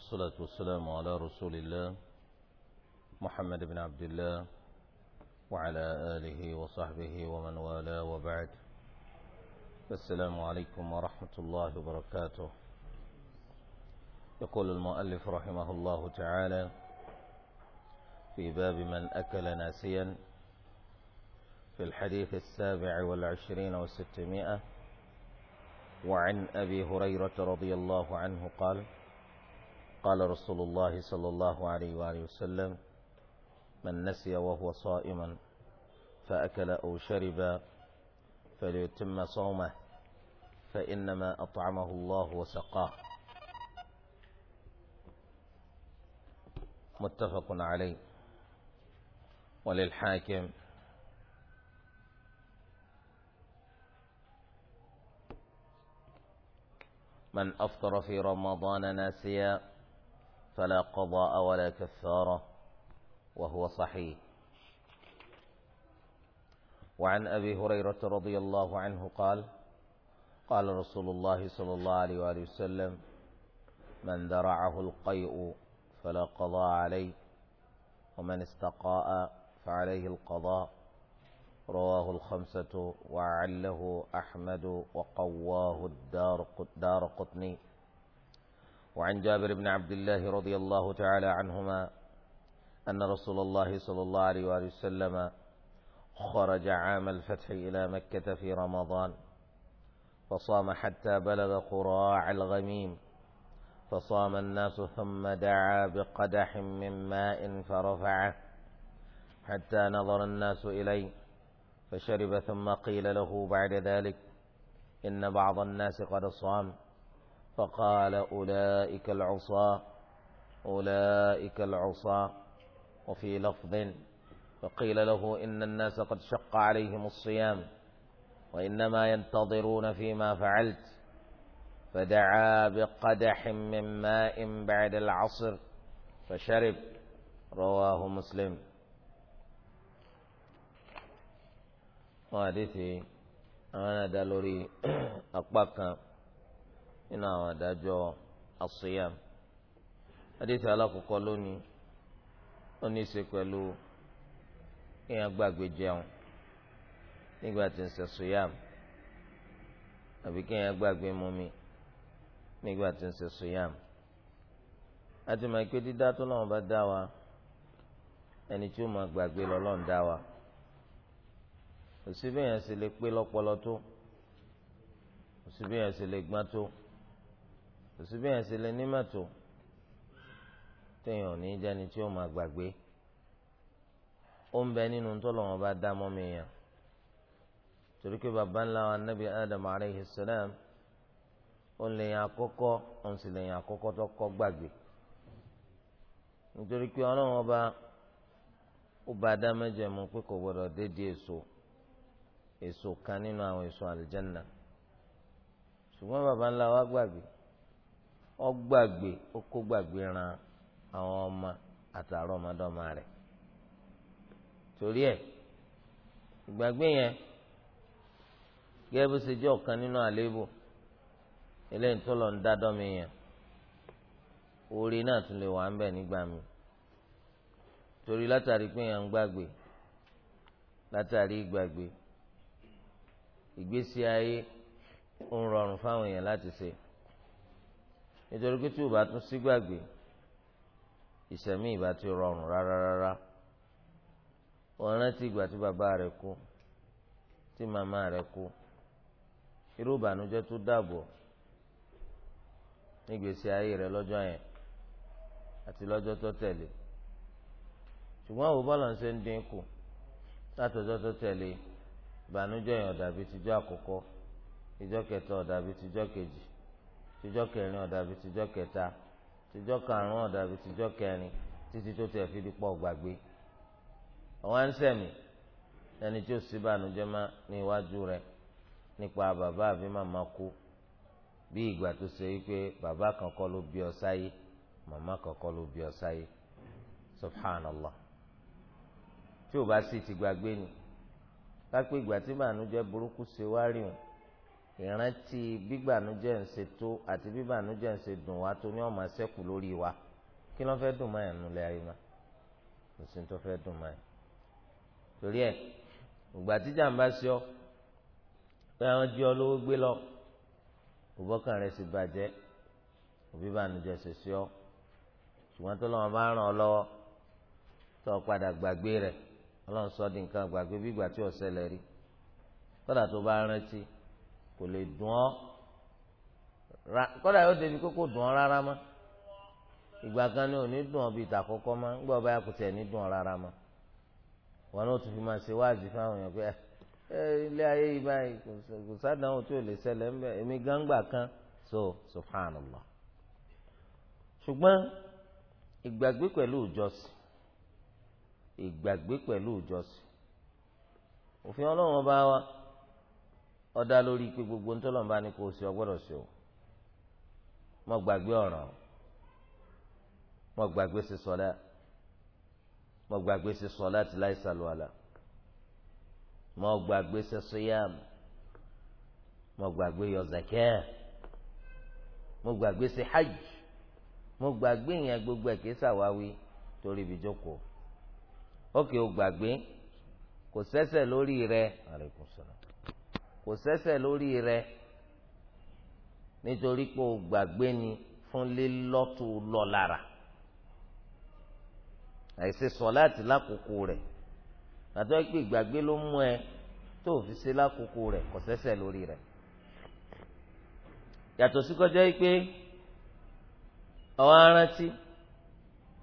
والصلاة والسلام على رسول الله محمد بن عبد الله وعلى آله وصحبه ومن والاه وبعد السلام عليكم ورحمة الله وبركاته يقول المؤلف رحمه الله تعالى في باب من أكل ناسيا في الحديث السابع والعشرين وستمائة وعن أبي هريرة رضي الله عنه قال قال رسول الله صلى الله عليه وآله وسلم من نسي وهو صائما فأكل أو شرب فليتم صومه فإنما أطعمه الله وسقاه متفق عليه وللحاكم من أفطر في رمضان ناسيا فلا قضاء ولا كفارة وهو صحيح وعن أبي هريرة رضي الله عنه قال قال رسول الله صلى الله عليه وآله وسلم من ذرعه القيء فلا قضاء عليه ومن استقاء فعليه القضاء رواه الخمسة وعله أحمد وقواه الدار قطني وعن جابر بن عبد الله رضي الله تعالى عنهما أن رسول الله صلى الله عليه وآله وسلم خرج عام الفتح إلى مكة في رمضان فصام حتى بلغ قراع الغميم فصام الناس ثم دعا بقدح من ماء فرفعه حتى نظر الناس إليه فشرب ثم قيل له بعد ذلك إن بعض الناس قد صام فقال أولئك العصاة أولئك العصاة وفي لفظ فقيل له إن الناس قد شق عليهم الصيام وإنما ينتظرون فيما فعلت فدعا بقدح من ماء بعد العصر فشرب رواه مسلم وحديثي أنا دلوري أقبقا nínú àwọn àdájọ́ àṣeyàm adéṣe alákòókò lónìí ó ní í ṣe pẹ̀lú kéèyàn gbàgbé jẹun nígbà tí ń ṣe ṣeyàm àbí kéèyàn gbàgbé mumi nígbà tí ń ṣe ṣeyàm àti mọ̀ pé dídá tó lọ́wọ́ bá dá wa ẹni tí ó máa gbàgbé lọ́lọ́run dá wa òsì bẹ́ẹ̀ yẹn sì lè pé lọ́pọlọ tó òsì bẹ́ẹ̀ yẹn sì lè gbọ́n tó kò sí bẹ́ẹ̀ ṣe lè nímọ̀ tó téèyàn ní jẹ́ni tí ó máa gbàgbé ó ń bẹ nínú tọ́lọ́wọ́n bá dá mọ́ mi yàn torí pé baba ńlá wa nabi adam aleyhi salam ó lè yàn àkọ́kọ́ òun sì lè yàn àkọ́kọ́ tó kọ́ gbàgbé nítorí pé ọlọ́wọ́n bá ó bá dá mẹ́jẹ̀mú pé kò gbọdọ̀ dédé èso èso kan nínú àwọn èso àlùjánnà ṣùgbọ́n baba ńlá wa gbàgbé. ọgbàgbé okógbàgbé ran àwọn ọmọ àtàrà ọmọdọmọ rẹ torí ẹ ìgbàgbé yẹn gẹ́gẹ́ bó ṣe jẹ́ ọ̀kan nínú àléébù eléyìí tó lọ ń dá dọ́mi yẹn orí náà tún lè wà ń bẹ̀ nígbà mi torí látàrí pé yẹn ń gbàgbé látàrí ìgbàgbé ìgbésí ayé ń rọrùn fáwọn èèyàn láti ṣe. nítorí pé tí o bá tún sígbàgbé ìsẹ̀mí ìbá ti rọrùn rárá rárá wọ́n rántí ìgbà tí bàbá rẹ̀ kú tí màmá rẹ̀ kú irú ìbànújẹ́ tó dàbọ̀ nígbèsè ayé rẹ̀ lọ́jọ́ yẹn àti lọ́jọ́ tó tẹ̀lé ṣùgbọ́n àwọn bọ́ọ̀lù ń ṣe ń dín kù látọjọ́ tó tẹ̀lé ìbànújẹ́ yẹn ọ̀dàbí tijọ́ àkọ́kọ́ ìjọ́ kẹta ọ̀dàbí tijọ́ kejì tíjọ́ kẹrin ọ̀dà bíi tíjọ́ kẹta tíjọ́ karùn-ún ọ̀dà bíi tíjọ́ kẹrin títí tó tẹ̀ fi di pọ̀ gbàgbé ọ̀wá ń sẹ̀mí ẹni tí ó sì bànújẹ́ má ní iwájú rẹ nípa bàbá àbí màmá kú bí ìgbà tó ṣe wípé bàbá kan ló bí ọ sáyé màmá kan ló bí ọ sáyé subhanallah tí ò bá sì ti gbàgbé ni ká pé ìgbà tí bànújẹ́ burúkú ṣe wá rí wọn ìrántí bíbànújẹ́ ń ṣe tó àti bíbànújẹ́ ń ṣe dùn wá tó ní ọmọ ṣẹ́kù lórí wa kí ló fẹ́ dùn mọ́ ẹ̀ nulẹ̀ ayé ma kò sí tó fẹ́ dùn mọ́ ẹ̀ torí ẹ̀ ìgbà tí jàǹbá sí ọ pé àwọn jí ọ lówó gbé lọ òbọ́kàn rẹ̀ sì bàjẹ́ òbí bànújẹ́ sì sí ọ ṣùgbọ́n tó lọ́wọ́ bá ràn ọ lọ́wọ́ tó padà gbàgbé rẹ̀ ọlọ́run sọ nǹkan gbàgbé bí ìgbà tí ọ̀sẹ̀ kò lè dùn ọ́ ra kọ́dà yóò débi kókó dùn ọ́ rárá mọ́ ìgbà kan ní òní dùn ọ́ bíi ìtàkọ́kọ́ mọ́ nígbà ọba yà kò tẹ̀ ní dùn ọ́ rárá mọ́ wọn náà tún fi máa ṣe wáàzì fáwọn èèyàn pé ẹ eh, eh, ilé ayé yìí báyìí kò sádàáhùn tí ò lè ṣẹlẹ̀ ń bẹ̀ èmi gángbà kan so subhanallah ṣùgbọ́n ìgbàgbé pẹ̀lú ìjọsìn ìgbàgbé pẹ̀lú ìjọsìn òfin ọlọ́run ọba wa ó dá lórí pé gbogbo ntọ́lọ́mbà ni kò sí ọgbọ́dọ̀ sí o mo gbàgbé ọ̀ràn mo gbàgbé sí sọlá mo gbàgbé sí sọlá ti láì sàlùwàlà mo gbàgbé sí sọyàm mo gbàgbé yọ zakẹ mo gbàgbé sí hajj mo gbàgbé yẹn gbogbo ẹ̀ kìí sàwáwí torí ibi jókòó ókè o gbàgbé kò sẹ́sẹ̀ lórí rẹ. aleykum salaam kò sẹ́sẹ̀ lórí rẹ nítorí pé o gbàgbé ni fún lílọ́tù lọ lára àìsè sọ̀láàtì lákòókò rẹ̀ àti wọ́n pé ìgbàgbé ló mú ẹ tó fi ṣe lákòókò rẹ̀ kò sẹ́sẹ̀ lórí rẹ̀ yàtọ̀ sí kọjá yìí pé àwọn arántí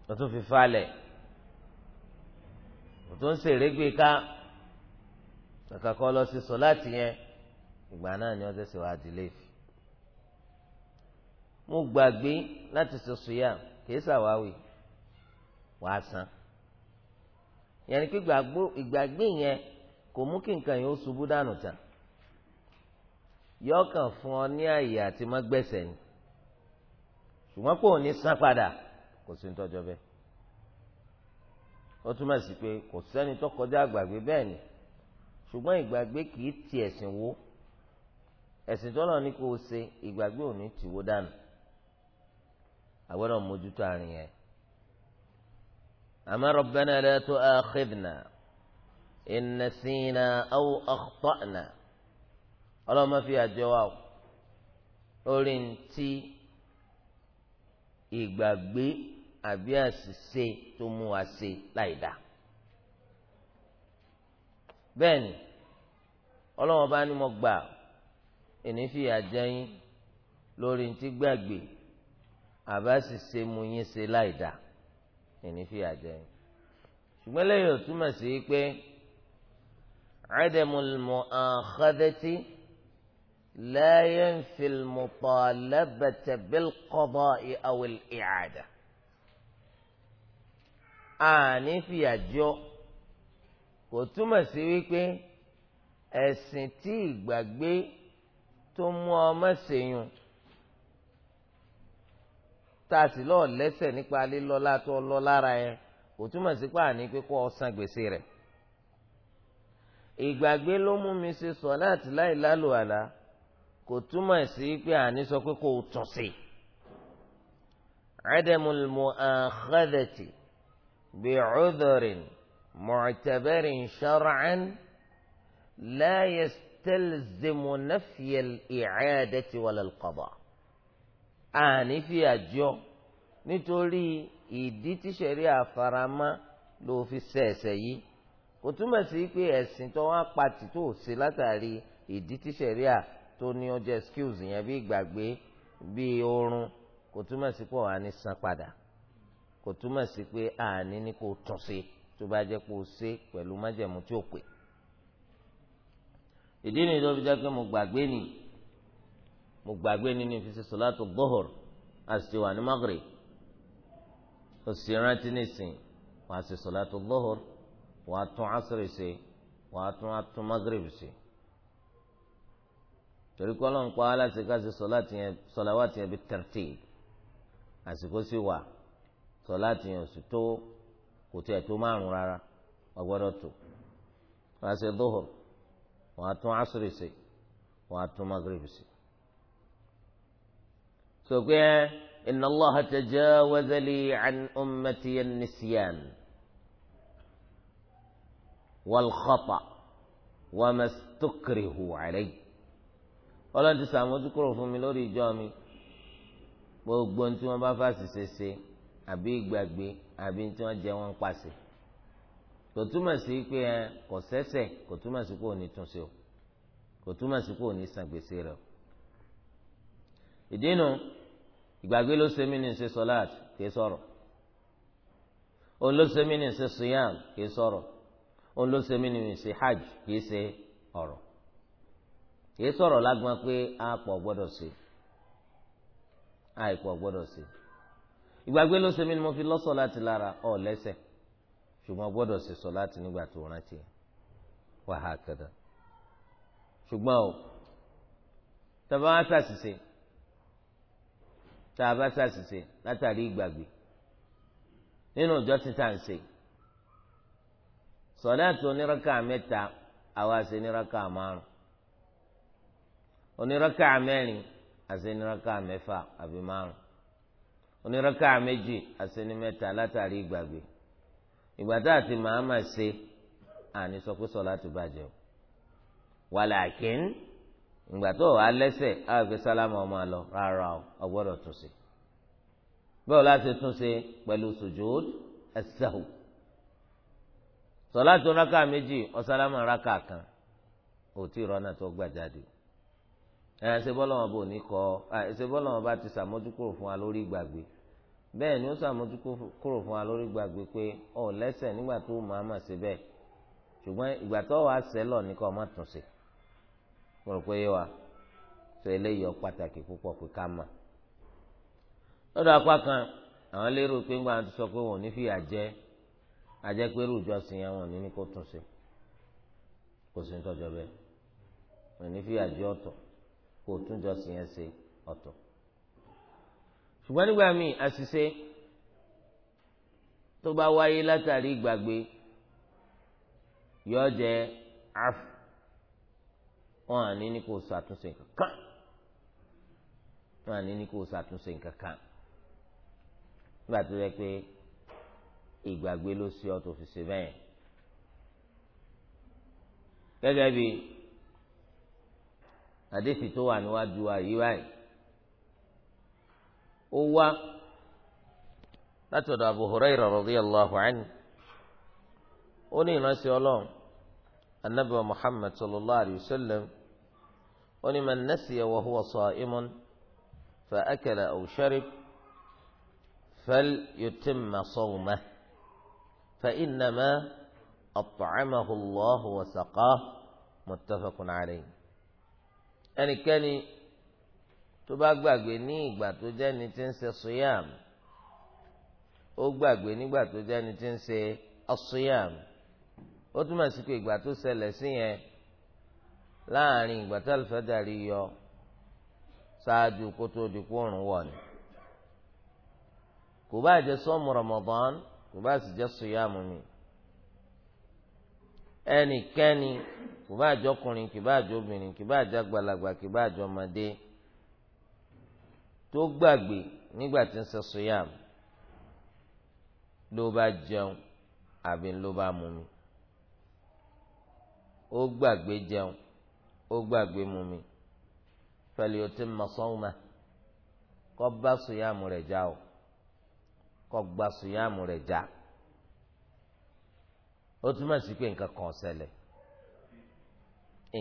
ló tún fi falẹ̀ ló tún ṣèrègbè ká kàkà kọ́ lọ sí sọ̀láàtì yẹn ìgbà náà ni wọ́n ṣẹ̀ṣẹ̀ wá di léèfì mo gbàgbé láti ṣe sùúyà kìí ṣàwáwì wàá san yẹn ni pé ìgbàgbé yẹn kò mú kí nǹkan yẹn ó ṣubú dànù tán yọ kàn fún ọ ní àyè àti mọ́gbẹ́sẹ̀ ni ṣùgbọ́n kò ní san padà kò sí ní tọ́jọ́ bẹ́ẹ̀ ó túmọ̀ sí pé kò sẹ́ni tó kọjá àgbàgbé bẹ́ẹ̀ ni ṣùgbọ́n ìgbàgbé kìí ti ẹ̀sìn wo ẹ̀sìn tó náà ní kó o ṣe ìgbàgbé òní tìwó dànù àwọ̀rọ̀ mójútó àrùn yẹn. àmọ́ rabbana la tu'akhidhna in nasina aw akhta'na ọlọ́run má fi àjọ wa o lórí ntí ìgbàgbé àbí àṣìṣe tó mú wa ṣe láì dá. bẹ́ẹ̀ ni bá ní mo gbà ìnífìyà jẹyìn lórí ntí gbàgbé àbá sì ṣe mu yín ṣe láì dá ìnífìyà jẹyìn ṣùgbọ́n lẹ́yìn ò túmọ̀ sí pé adamul mu'akhadhati la yanfi al-mutalabata bil qada'i aw al-i'ada kò túmọ̀ sí wípé ẹ̀sìn tí ìgbàgbé tó mú ọmọ ṣèyún tá a sì lọ lẹ́sẹ̀ nípa lílọ́lá tó lọ lára yẹn kò túmọ̀ sí pé àní pé kó o san gbèsè rẹ̀ ìgbàgbé ló mú mi ṣe sọ̀láàtì láì lálò àlá kò túmọ̀ sí pé àní sọ pé kó o tún sí i. عدم المؤاخذة بعذر معتبر شرعا لا يستطيع تستلزم نفي الإعادة ولا القضاء àní fi àjọ nítorí ìdí tí sẹ̀rí àfaramá ló fi ṣe ẹ̀ṣẹ̀ yìí kò túmọ̀ sí pé ẹ̀sìn tó wá pati tó ṣe látàrí ìdí tí sẹ̀rí à tó ní ọjọ́ excuse yẹn bí ìgbàgbé bí oorun kò túmọ̀ sí pé àní san padà kò túmọ̀ sí pé àní ní kò tún ṣe tó bá jẹ́ pé o ṣe pẹ̀lú májẹ̀mú tí ò pè é ìdí nìyí tó fi jẹ́ pé mo gbàgbé ni mo gbàgbé ni ní fi ṣe sọ̀látù gbọ́hùr àti wà ní maghrib òsì rántí nìsín wàá ṣe sọ̀látù gbọ́hùr wàá tún asiri ṣe wàá tún atún maghrib ṣe torí kọ́ ń pa aláṣẹ ká ṣe sọ̀láwàtì yẹn bí tẹ̀rẹ̀tì àsìkò sí wà sọ̀láàtì yẹn ò tó kò tiẹ̀ tó márùn rárá ọgbọ́dọ̀ tó wàá ṣe dóhùr wọ́n á tún asúrì sí wọ́n á tún magrebi sí. sọ̀gbẹ́ inna Allaha tajawaza li an ummati an-nisyan wal khata wa mastukrihu alayhi. ọlọ́run ti sàmójúkúrò fún mi lórí ìjọ gbogbo ohun tí wọ́n bá fà ṣiṣẹ́ ṣe àbí jẹ wọ́n ń kò túmọ̀ sí pé ẹ kò sẹ́sẹ̀ kò túmọ̀ sí pé ò ní túnṣe o kò túmọ̀ sí pé ò ní san gbèsè rẹ o. ìdínú ìgbàgbé ló ṣe mí ní ṣe sọláàt kì í sọ̀rọ̀ òun ló ṣe mí ní ṣe siyam kì í sọ̀rọ̀ òun ló ṣe mí ní ṣe hajj kì í ṣe ọ̀rọ̀ kì í sọ̀rọ̀ lágbọn pé a pọ̀ gbọ́dọ̀ ṣe a gbọ́dọ̀ ṣe ìgbàgbé ló ṣe mí ní mo fi lọ́sọ̀ láti lára ọ̀ lẹ́sẹ̀ ṣùgbọ́n gbọ́dọ̀ ṣe sọ láti nígbà tó rántí wàhálà kẹdà ṣùgbọ́n o tàbá wá ṣàṣìṣe tàbá ṣàṣìṣe látàrí ìgbàgbé nínú ọjọ́ títà ń ṣe sọ̀dáàtì onírọ́kà mẹ́ta àwa ṣe nírọ́kà márùn onírọ́kà mẹ́rin àṣe nírọ́kà mẹ́fà àbí márùn onírọ́kà méjì àṣe látàrí ìgbàgbé. ìgbà tá a ti máa máa ṣe àní sọ pé sọlá ti bàjẹ́ o wàlàkín ìgbà tó wà lẹ́sẹ̀ àgbẹ sálámà ọmọ àlọ rárá o ọgbọ́dọ̀ tún ṣe bẹ́ẹ̀ láti tún ṣe pẹ̀lú sujud as-sahw sọlá tó rákà méjì ọ̀sálámà rákà kan ò tí ì rọ́nà tó gbà jáde ẹ̀ ṣe bọ́lọ́wọ́n bò ní kọ́ ẹ̀ ṣe bọ́lọ́wọ́n bá ti ṣàmójúkúrò fún wa lórí ìgbàgbé bẹ́ẹ̀ ni ó sàmójú kúrò fún wa lórí gbàgbé pé ọ lẹ́sẹ̀ nígbà tó máa mà sí bẹ́ẹ̀ ṣùgbọ́n ìgbà tó wàá sẹ́lọ̀ ní tún sí mo rò pé wa sọ eléyìí ọ pàtàkì púpọ̀ pé ká mà. lọ́dọ̀ apá kan àwọn lérò pé ńgbà tó sọ pé wọn ò ní fìyà jẹ ajẹ́ pé rúùjọ́sìn yẹn wọn kò sí tọ́jọ́ bẹ́ẹ̀ wọn ò ní fìyà jẹ ọ̀tọ̀ kó tún ṣùgbọ́n nígbà míì àṣìṣe tó bá wáyé látàrí ìgbàgbé yóò jẹ af wọn à ní ní kò ṣàtúnṣe kankan wọn à ní ní kò ṣàtúnṣe kankan nígbà tó yẹ pé ìgbàgbé ló ṣe ọ tó fi ṣe bẹ́ẹ̀ gẹ́gẹ́ bí àdéhìí tó wà níwájú wa yìí báyìí. ó wá láti ọ̀dọ̀ Abu Hurairah radiyallahu anhu ó ní ìránṣẹ́ ọlọ́run anabi Muhammad sallallahu alayhi wa sallam ó ní man nasiya wa huwa sa'imun fa akala aw sharib fal yutimma sawmahu fa innama at'amahu Allahu wa saqahu muttafaqun alayhi ẹnikẹ́ni. tó bá gbàgbé ní ìgbà tó jẹ́ni tí ń ṣe suyam ó gbàgbé nígbà tó jẹ́ni tí ń ṣe asuyam ó túmọ̀ sí pé ìgbà tó ṣẹlẹ̀ sí yẹn láàrin ìgbà tó alifájàrí yọ ṣáájú kó tó di kóòrùn wọ̀ ni kò bá jẹ́ sọ́mu Ramadan kò bá sì jẹ́ suyam mi ẹnikẹ́ni kò bá jọkùnrin kì bá jọbìnrin kì bá jàgbàlagbà kì bá jọmọdé tó gbàgbé nígbà tí ń ṣe siyam ló bá jẹun àbí ló bá mumi ó gbàgbé jẹun ó gbàgbé mumi falyatimma sawmahu kó bá siyam rẹ̀ já o kó gba siyam rẹ̀ já ó túmọ̀ sí pé nǹkan kan ṣẹlẹ̀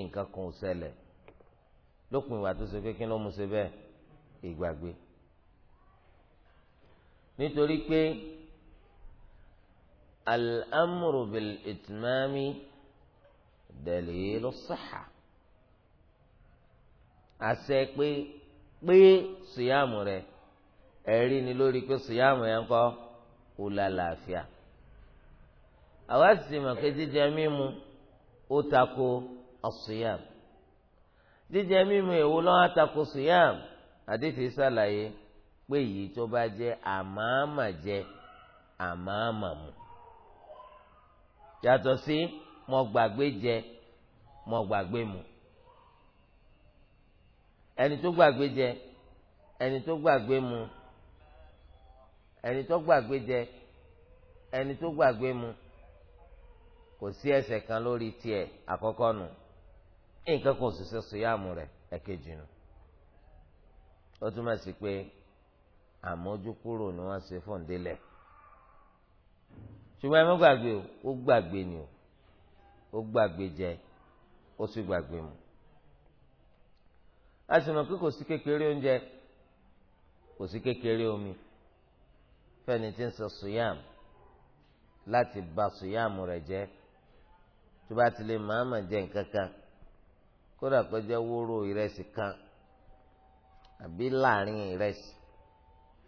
nǹkan kan ṣẹlẹ̀ lópin ìwà tó ṣe pé kí ló mú ṣe bẹ́ẹ̀ ìgbàgbé nítorí pé al-amru bil-itmami dalilu sihha àṣẹ pé pé síyàmù rẹ ẹ̀rí ni lórí pé síyàmù yẹn kọ́ kò lálàáfíà àwa sì mọ̀ pé jíjẹ mímu ó tako as jíjẹ mímu èwo lọ́wọ́ tako siyam. àdìsí sàlàyé pé èyí tó bá jẹ́ àmàmà jẹ́ àmàmà mu yàtọ̀ sí mo gbàgbé jẹ mo gbàgbé mu ẹni tó gbàgbé jẹ ẹni tó gbàgbé mu ẹni tó gbàgbé jẹ ẹni tó gbàgbé mu kò sí ẹ̀ṣẹ̀ kan lórí tiẹ̀ àkọ́kọ́ nù nǹkan kan ò sì ṣe sùyàmù rẹ̀ ẹ̀kejì nù. ó túmọ̀ sí pé àmójúkúrò ni wọ́n ṣe fún délẹ̀ ṣùgbọ́n ẹ mọ́ gbàgbé o ó gbàgbé ni o ó gbàgbé jẹ ó sì gbàgbé mu a sì mọ̀ pé kò sí kékeré oúnjẹ kò sí kékeré omi fẹ́ni tí ń sọ sùyàmù láti ba suyam rẹ̀ jẹ́ tó bá ti lè máa mà jẹ nǹkan kan kódà kó wóró ìrẹsì kan àbí láàrin ìrẹsì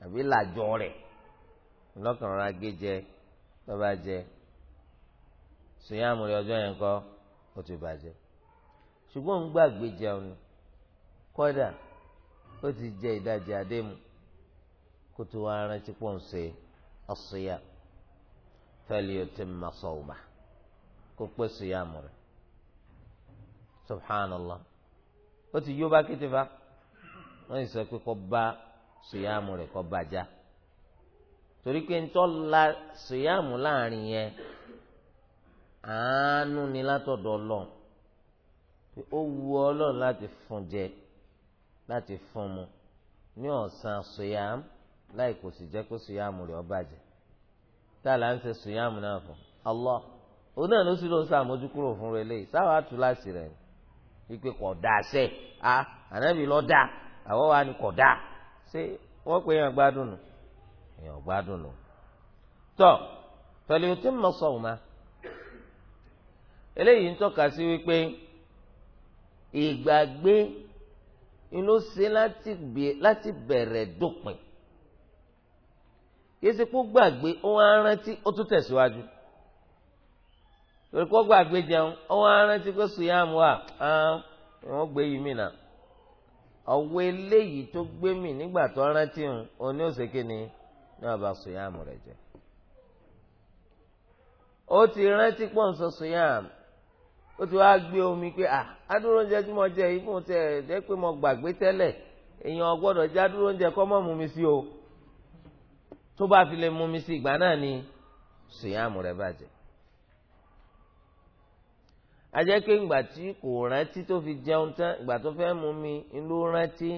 àbí làjọ rẹ̀ lọ́kàn rà gé jẹ tó bá jẹ sùnyàmù rẹ̀ ọjọ́ yẹn kọ́ ó ti bàjẹ́ ṣùgbọ́n ń gbàgbé jẹun ni kọ́dà ó ti jẹ ìdajì àdéhùn kó tó wá rántí pọ̀ ń ṣe ọ̀ṣùyà fẹ́lẹ́ ó ti mọ̀ sọ̀wùmà kó pé sùnyàmù subhanallah ó ti yó bá wọ́n sì sọ pé kó bá sùyàmù rẹ̀ kó bàjá torí pé ńtọ́ la sùyàmù láàrin yẹn àánú ni látọ̀dọ̀ ọlọ́run pé ó wu ọlọ́run láti fún jẹ láti fún mu ní ọ̀sán sùyàmù láì kò sì jẹ́ kó sùyàmù rẹ̀ ó bàjẹ́ tá a là ń ṣe sùyàmù náà fún Allah òun náà ló sì ló ń sàmójúkúrò fún rẹ léyìí sáwàá tú láti rẹ̀ ni wípé kò dáa sẹ́ẹ̀ ah, ànábì lọ́ọ́ dáa àwọn wa ni kò dáa ṣé wọ́n pe èèyàn gbádùn nù èèyàn gbádùn nù. tọ́ pẹ̀lú tí mo sọ ọ́ ma eléyìí ń tọ́ka sí wípé ìgbàgbé inú ṣe láti bẹ̀rẹ̀ dópin kìí gbàgbé ó wá ó tún tẹ̀síwájú torí kó gbàgbé jẹun ó wá rántí pé sùyàmù wà wọ́n gbé yìí mìíràn ọwọ́ eléyìí tó gbé mì nígbà tó rántí hùn oní òsèké ni náà bá sòyàmù rẹ̀ jẹ́ ó ti rántí pọ̀ ń sọ sòyàmù ó ti wá gbé omi pé à adúró oúnjẹ tí mo jẹ yìí fún tẹ ẹ jẹ pé mo gbàgbé tẹ́lẹ̀ èèyàn gbọ́dọ̀ já dúró oúnjẹ kọ́ mọ́ mú mi sí o tó bá fi lè mú mi sí ìgbà náà ni sòyàmù rẹ̀ bàjẹ́ ajẹ́ pé ìgbà tí kò rántí tó fi jẹun tán ìgbà tó fẹ́ mú mi ló rántí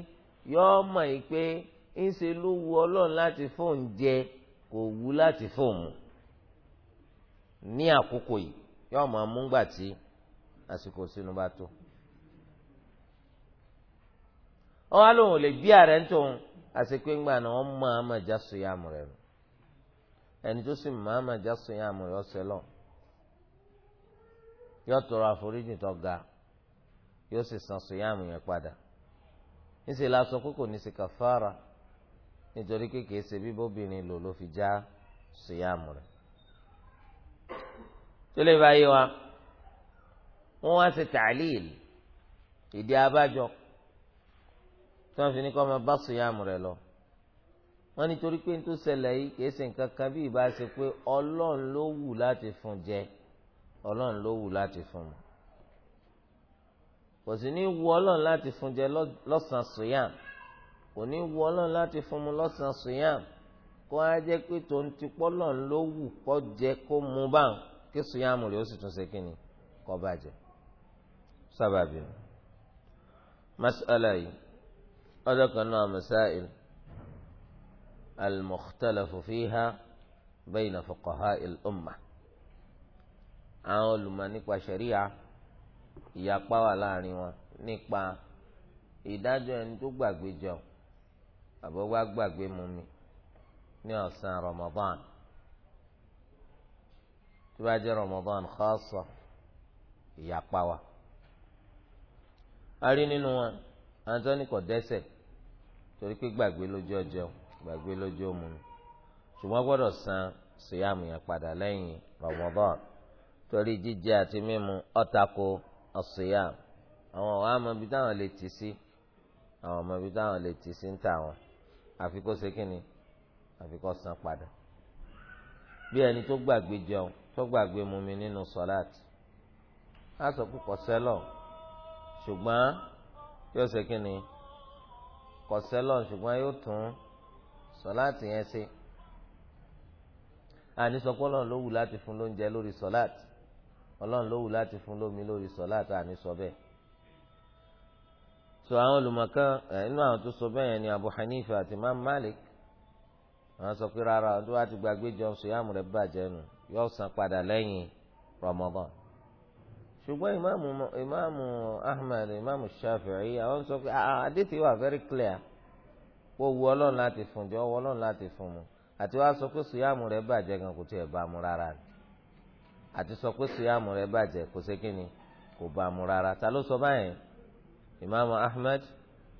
yóò mọ̀ yìí pé ńṣe ló wu ọlọ́run láti fóun jẹ kò wu láti fóun mu ní àkókò yìí yóò mọ̀ mú gbà tí àsìkò sínú bá tó. wọ́n lóun lè bí ààrẹ ń tóun àsìkò ńgbà náà wọ́n mọ̀ àmọ̀ já sùn rẹ̀ ẹni tó sì mọ̀ àmọ̀ já sùn rẹ̀ ọ̀sẹ̀ lọ́wọ́ yóò tọrọ àforíjì tó ga yóò sì san sùyàmù yẹn padà níṣẹ́ la sọ pé kò ní sí kàfàrà nítorí pé kìí ṣe bíbóbìnrin lò ló fi já sùyàmù rẹ̀ tó lè báyìí wa wọ́n wá ṣe tàlíl ìdí abájọ tí wọ́n fi ní kọ́ máa bá sùyàmù rẹ̀ lọ wọ́n nítorí pé ní ṣẹlẹ̀ yìí kìí ṣe nǹkan kan bí ìbá pé ọlọ́run ló wù láti fún jẹ ọlọ́run ló wù láti fún un kò sì ní wù ọlọ́run láti fún jẹ lọ́sàn-án sùyàm kò ní wù ọlọ́run láti fún mu lọ́sàn-án sùyàm kó á jẹ́ pé tòun ti pọ́lọ́run ló wù kó jẹ kó mu báwọn kí sùyàmù rẹ̀ ó sì tún ṣe kínni kó bàjẹ́ sábàbí mi. mas'ala yìí ọjọ́ kan náà masáìl al fiha bayna fuqaha al-ummah àwọn olùmọ̀ nípa ṣẹ̀ríà ìyapa wà láàrin wọn nípa ìdájọ́ ẹni tó gbàgbé jẹun àbọ̀ wá gbàgbé mu mi ní ọ̀sán Ramadan tó bá jẹ́ Ramadan khassa ìyapa wà. a rí nínú wọn antoni kò dẹ́ṣẹ̀ torí pé gbàgbé lójú ọjọ́ gbàgbé lójú omu ṣùgbọ́n gbọ́dọ̀ san síyàmù yẹn padà lẹ́yìn Ramadan torí jíjẹ àti mímu ọ̀tako ọ̀sìyà àwọn ọ̀hún àmọ́ ibi táwọn lè tì sí àwọn ọmọ ibi táwọn lè tì sí ń tà wọn àfi kó ṣe kínni àfi kó san padà bí ẹni tó gbàgbé jẹun tó gbàgbé mumi nínú sọláàtì á sọ pé kò sẹ́lọ̀ yóò ṣe kínni kò yóò tún sọláàtì yẹn ṣe àní sọpọ́lọ́ ló wù láti fún lóúnjẹ lórí sọláàtì ọlọ́run ló wù láti fún lómi lórí sọ láti àní sọ bẹ́ẹ̀. tó àwọn olùmọ̀kan inú àwọn tó sọ bẹ́ẹ̀ yẹn ni Abu Hanifa àti Imam Malik àwọn sọ pé rárá ọdún wa ti gbàgbé jọun sùyàmù rẹ̀ bàjẹ́ nù yóò san padà lẹ́yìn Ramadan. ṣùgbọ́n ìmáàmù ìmáàmù Ahmed ìmáàmù Shafi'i àwọn sọ pé àdé ah, ah, wà very clear kó wu ọlọ́run láti fún jọ wu ọlọ́run láti fún mu àti wàá sọ pé sùyàmù rẹ̀ bàjẹ́ gan kò tiẹ̀ bá mu rárá ni àti sọ pé síyàmù rẹ bàjẹ́ kò sí kíni kò bá mu rárá ta ló sọ báyìí imaamu ahmed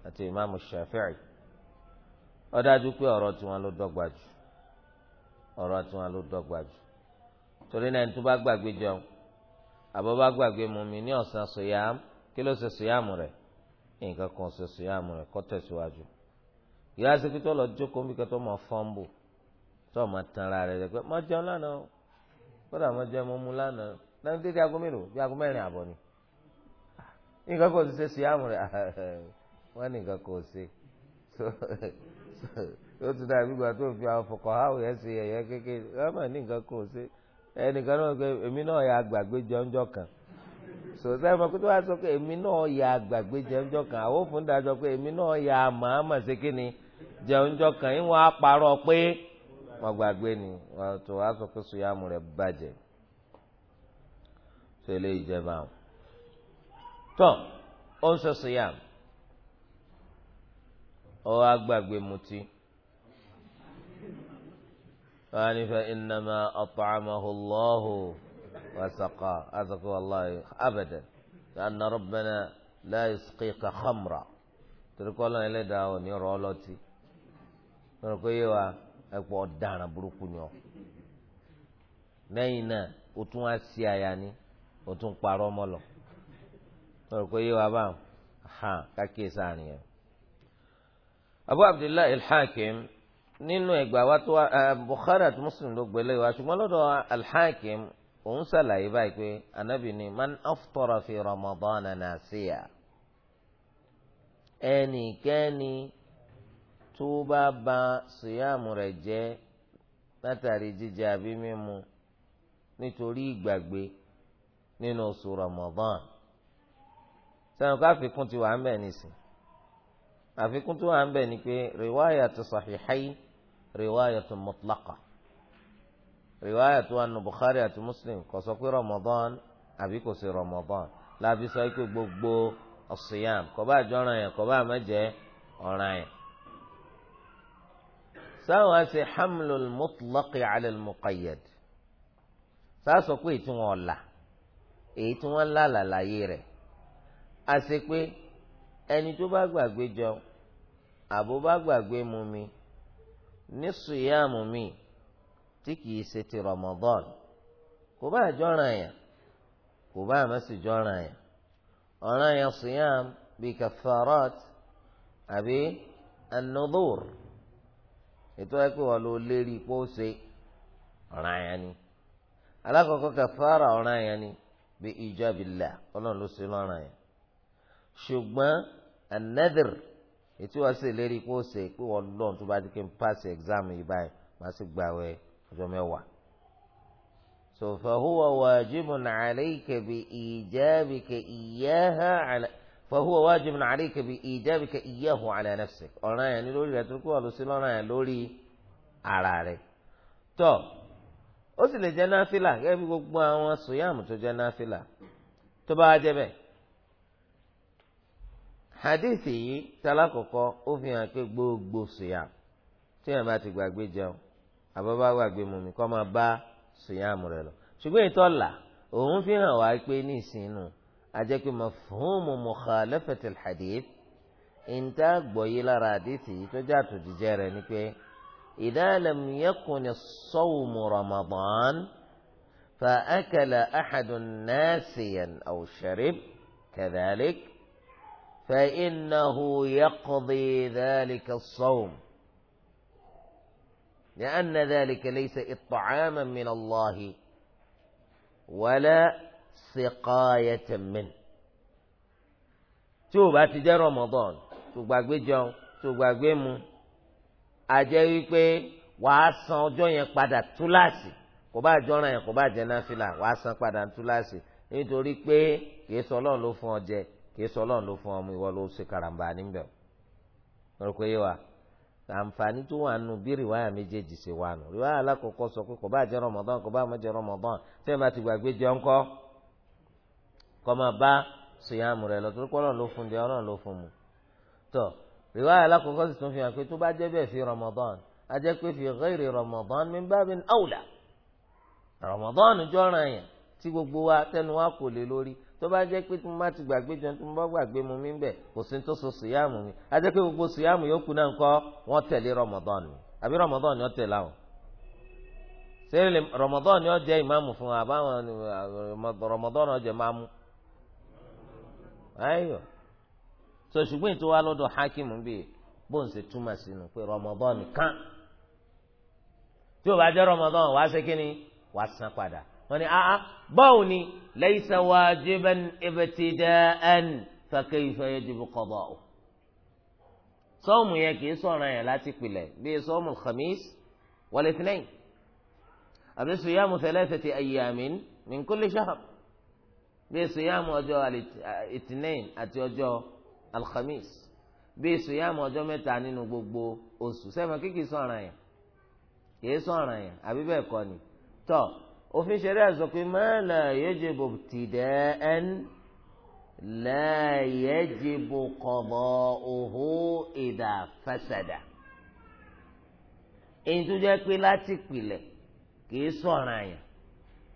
àti imaamu shafi'i ó dájú pé ọ̀rọ̀ tiwọn ló dọ́gba jù ọ̀rọ̀ tiwọn ló dọ́gba jù torí náà ní tó bá gbàgbé jẹun àbọ̀ bá gbàgbé mu mi ní ọ̀sán síyàm kí ló ṣe síyàmù rẹ̀ nǹkan kan ṣe síyàmù rẹ̀ kọ́ tẹ̀síwájú ìyá sèkítọ́ lọ jókòó mi kẹ́tọ́ mọ̀ fọ́nbù tó ọmọ tanra rẹ̀ rẹ̀ pé má jẹun lánàá o. kódà àwọn jẹ́ ọmọ mu lánàá náà dédé aago mélòó bí aago mẹ́rin àbọ̀ ni nǹkan kò ṣe sí àmú rẹ̀ wọ́n ní nǹkan kò ṣe yóò tún dàbí ìgbà tó fi yẹn ṣe kékeré ní nǹkan kò ṣe ẹnìkan náà pé èmi náà yà wa sọ pé èmi náà yà kan àwọn òfin dájọ pé èmi náà yà màmá ṣe kí ni kan wọn gbàgbé ni ọtọ wa sọ pé sùyàmù rẹ bàjẹ́ tó ilé ìjẹba o tọ ó ń sọ sùyàmù ó wá gbàgbé mutí wọn á ní fa innama at'amahu Allahu wa saqa azọkọ wàlláhi abadan anna rabbana la torí kọ́ lọ́n ẹlẹ́dàá ò ní rọ́ ọlọ́tí lọ́rọ̀ pé yé wa ẹ̀pọ̀ ọ̀daràn burúkú ni ọ. lẹ́yìn náà o tún wá sí àyà ni o tún parọ́ ọmọ lọ. lọ́rọ̀ pé yé wa bá hàn kákìí sáàrin yẹn. abu abdullahi al-hakim nínú ẹgbàá wa tó bukhari àti muslim ló gbẹlẹ wa ṣùgbọ́n lọ́dọ̀ al òun ṣàlàyé báyìí pé anabi ni man aftara fi ramadan nasiya ẹnikẹ́ni tó bá ba síyàmù rẹ̀ jẹ́ látàrí jíjẹ àbí mímu nítorí ìgbàgbé nínú oṣù Ramadan sẹ́wọ̀n ká àfikún ti wà ń bẹ̀ nísìn àfikún tó wà ń bẹ̀ ni pé rìwáyà tó sàhìhàì rìwáyà tó mọ̀tlákà rìwáyà tó wà nù Bukhari àti Muslim kò sọ pé Ramadan àbí kò sí Ramadan láàbí sọ pé gbogbo ọ̀sìyàm kò bá àjọ yẹn kò bá àmẹ́jẹ ọ̀ràn yẹn sáwọn àti hamlul mutlaqi alal muqayyad sáàsọ pé ètò wọn ọ̀la èyí tí wọ́n lá làlàyé rẹ̀ àṣẹ pé ẹni tó bá gbàgbé jọ àbó bá gbàgbé mu mi ní sùyàmù mi tí kìí ṣe ti Ramadan kò bá àjọràn yẹn kò bá àmọ́ jọràn yẹn ọ̀ràn yẹn sùyàm bíi kafarat àbí an ètò ẹ pé wọn ló lérí pé ó ṣe ọ̀ràn yẹn ni alákọ̀ọ́kọ́ kàfàrà ọ̀ràn yẹn ni bí ijabillah ọlọ́run ló ṣe lọ́ràn yẹn ṣùgbọ́n anadr ètò wọn ṣe lérí pé ó ṣe pé wọn lọ́run tó bá ti kí n pass exam yìí báyìí màá sì gbààwẹ̀ ọjọ́ mẹ́wàá so fahuwa wajibun alayka bi ijabika iyyaha فهو واجب عليك بإيجابك إياه على نفسك أنا يعني لوري لا تركوا لسنا أنا يعني لوري على tó ó sì lè jẹ́ náfìlà gẹ́gẹ́ bí gbogbo àwọn sòyàmù tó jẹ́ náfìlà tó bá jẹ́ bẹ́ẹ̀ hadithi yìí talakọ̀kọ́ ó fi hàn pé gbogbo sòyàmù tí yàrá ti gbàgbé jẹun àbábá gbàgbé mumi kọ́ máa bá sòyàmù rẹ lọ ṣùgbọ́n ìtọ́là اجاك مفهوم مخالفة الحديث انت بويلا راديسي تجاتو جيجيري نكوي إذا لم يكن الصوم رمضان فأكل أحد ناسيا أو شرب كذلك فإنه يقضي ذلك الصوم لأن ذلك ليس إطعاما من الله ولا siqayata min tí o bá ti jẹ́ Ramadan tó gbàgbé jẹun tó gbàgbé mu àjẹ́ wípé wàá san ọjọ́ yẹn padà túláàsì kò bá jọ́ra yẹn kò bá jẹ́ náfìlà wàá san padà túláàsì nítorí pé kìí sọ ọlọ́run ló fún ọ jẹ kìí sọ ọlọ́run ló fún ọ mu ìwọ ló ṣe karambà níbẹ̀ rẹ pé wa àǹfààní tó wà nù bí rìwáyà méjèèjì ṣe wà nù rìwáyà alákọ̀ọ́kọ́ sọ pé kò bá jẹ́ Ramadan kò bá má jẹ́ Ramadan tẹ́lẹ̀ bá ti gbàgbé jẹun kọ́ kọ́ máa bá sèyàmù rẹ̀ lọ torí pé ọlọ́run ló fún un jẹ ọlọ́run ló fún un mu tọ́ rìwáyà alákòókò sì tún fi hàn pé tó bá jẹ́ bẹ́ẹ̀ fi Ramadan a jẹ́ pé fi ghairi Ramadan min babin awla Ramadan jọ́ràn yẹn tí gbogbo wa tẹnu wa kò lè lórí tó bá jẹ́ pé mo bá ti gbàgbé jẹun tó bá gbàgbé mu mi bẹ̀ kò sí tó so sùyàmù mi a jẹ́ pé gbogbo sùyàmù yòókù náà kọ́ wọ́n tẹ̀lé Ramadan mi àbí Ramadan ni wọ́n àwọn. ṣé Ramadan ni wọ́n ìmáàmù fún wa àbáwọn Ramadan ni wọ́n jẹ́ ayọ̀ so ṣùgbọ́n ètò wa lọ́dọ̀ hakimu bíi bóun ṣe túmọ̀ sínú pé Ramadan nìkan tí o bá jẹ́ Ramadan wàá ṣe kí ni wàá san padà wọ́n ní aa báwo ni laysa wajiban ibtida'an fa kayfa yajibu qada'u sọ́ọ̀mù yẹn kì í sọ̀ràn yẹn láti pilẹ̀ bíi sọ́ọ̀mù khamis wal ithnain àbí siyamu thalathati ayyamin min kulli shahr bíi sèyáàmù ọjọ́ ìtìnẹ́yìn àti ọjọ́ alhamis bíi sèyáàmù ọjọ́ mẹ́ta nínú gbogbo oṣù sẹ́mi kíkì sọ̀ràn yẹn kìí sọ̀ràn yẹn àbí bẹ́ẹ̀ kọ́ ni tọ́ òfin ṣẹlẹ̀ sọ pé mẹ́lá yajibu ibtida'an la yajibu qada'uhu idha fasada èyí tó jẹ́ pé láti pilẹ̀ kìí sọ̀ràn yẹn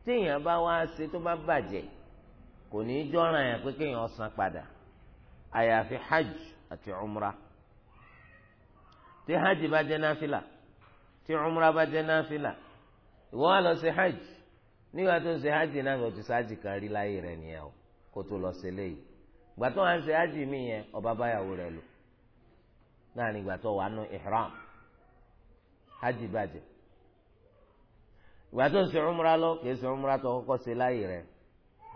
tíyẹn bá wá ṣe tó bá bàjẹ́ kò ní í jọ́ràn yẹn pé kéèyàn san padà àyàfi hajj àti umra tí hajj bá jẹ́ náfìlà tí umra bá jẹ́ náfìlà ìwọ wá lọ sí hajj nígbà tó hajj náà lọ ti sáàjì kan rí láyé o kó tó lọ sí hajj mi yẹn ọba báyàwó rẹ̀ lò náà ní tó hajj tó ń umra lọ kì í umra tó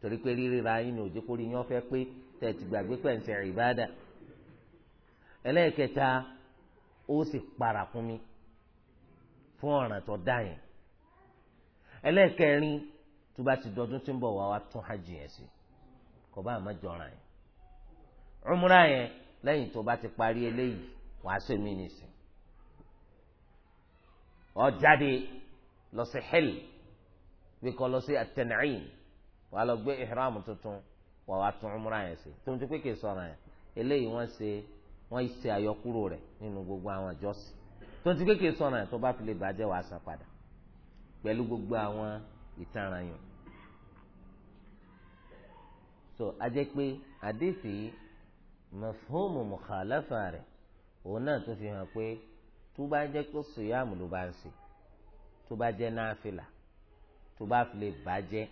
torí pé ríra yín ní òjò kórìí yín ọ̀fẹ́ pé tẹ̀tì gbàgbé pẹ̀nsẹ̀ ó sì para fún mi fún ọ̀ràn tó dá yẹn ẹlẹ́ẹ̀kẹrin tó bá ti dọdún tí ń bọ̀ wá wá tún hajj yẹn sí kò bá jọra yẹn umra yẹn tó bá ti parí eléyìí wàá ṣe mí nìsín ọ lọ sí hell lọ sí wàá lọ gbé ihram tuntun wà wá tún umra yẹn ṣe tó ń tó pé kì í sọ̀rọ̀ yẹn eléyìí wọ́n ṣe wọ́n ṣe àyọkúrò rẹ̀ nínú gbogbo àwọn ìjọsìn tó ń tó pé kì í sọ̀rọ̀ yẹn tó bá fi lè bàjẹ́ wàá san padà pẹ̀lú gbogbo àwọn ìtanràn yẹn so ajẹ́ pé àdéfì mafhumu mukhalafa rẹ̀ òun náà tó fi hàn pé tó bá jẹ́ pé sùyàmù ló bá ń ṣe tó bá jẹ́ náfìlà tó bá fi lè bàjẹ́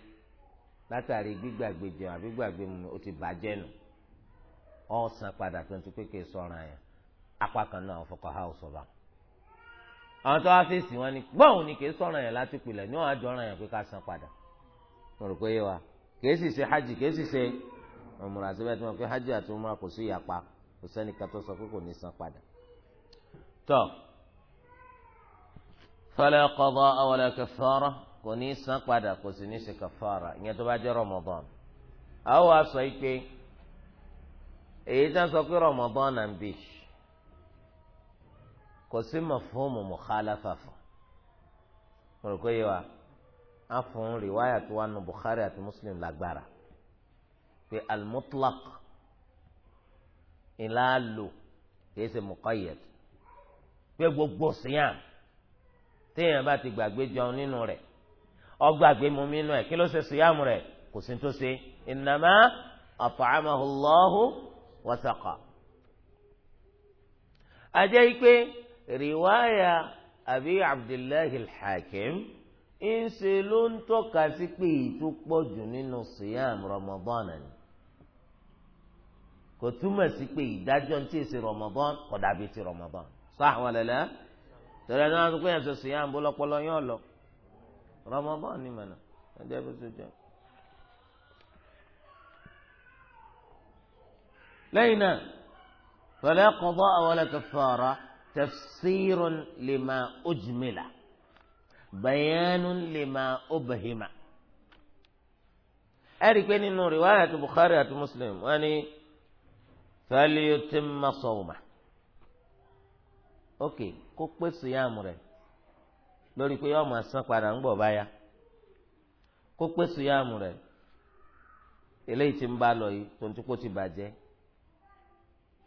látàrí gbígbàgbé jẹun àbí gbàgbé mu o ti bàjẹ́ nù ọ̀sán padà tó ń ti pékè sọ̀ràn yẹn apá kan náà fọkàn ha ò sọ̀rọ̀ àwọn tó wá fèsì wọn ni gbọ́n ni kì sọ̀ràn yẹn láti pilẹ̀ ní wọn àjọ ọ̀ràn yẹn pé ká san padà mo rò pé yé wa kì sì ṣe hajj kì sì ṣe ọmọràn àti bẹ́ẹ̀ tí wọn pé hajj san kò ní san padà kò sì ní ṣe kàfàrà ìyẹn tó bá jẹ́ Ramadan àwọn wa sọ pé èyí tí wọ́n sọ pé Ramadan náà ń bì kò sí mafhumu mukhalafa fún mo rò pé yẹ wa á fún rìwáyà tó wà nù Bukhari àti Muslim lágbára pé al ìlà lò kìí ṣe muqayyad pé gbogbo siyam téèyàn bá ti gbàgbé jọun nínú rẹ̀ ọgbàgbé mu mi nù ẹ kí ló ṣe síyàmù rẹ kò sí tó ṣe innama at'amahu Allahu wa saqa. ajẹ́ ipe riwaya abi abdullahi al-hakim ń ṣe ló ń tọ́ka sí pé ètò pọ̀ jù nínú síyàmù rọmọbọ́nà ni kò túmọ̀ sí pé ìdájọ́ ti ṣe rọmọbọ́n kọ̀dà bíi ti rọmọbọ́n sọ àwọn ọ̀lẹ́lẹ́ tẹ̀lé náà wọ́n ti pé ẹ̀sọ̀ síyàmù bọ́lọ́pọ́lọ́ yọ̀ lọ. Ramadan ni mana? Ada apa saja. لينا فلا قضاء ولا كفارة تفسير لما أجمل بيان لما أبهم ẹ̀rí pé nínú rìwáyà àti Bukhari àti Muslim wọ́n ní fẹ́lẹ́ yóò ti ń mọ sọ̀wọ́mà. ok kó pèsè yàmù rẹ̀ lórí pé yọọ máa san padà ń gbọ báyà kó pé sùyàmù rẹ eléyìí ti ń bá lọ yìí tó ń kó ti bàjẹ́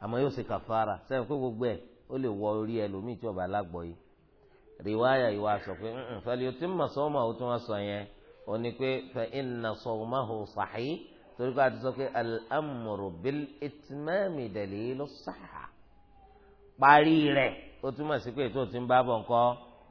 àmọ́ yóò ṣe kàfàrà sẹ́yìn pé gbogbo ẹ̀ ó lè wọ orí ẹlòmíì tí ọba alágbọ̀ yìí rìwáyà ìwà sọ pé fẹ́lẹ́ o ti mọ̀ sọ́mọ́ àwọn tí wọ́n sọ yẹn ní pé inna sawmahu sahih torí pé a ti sọ pé al-amru bil itmami dalilu sahha parí rẹ̀ túmọ̀ sí pé ètò ń bá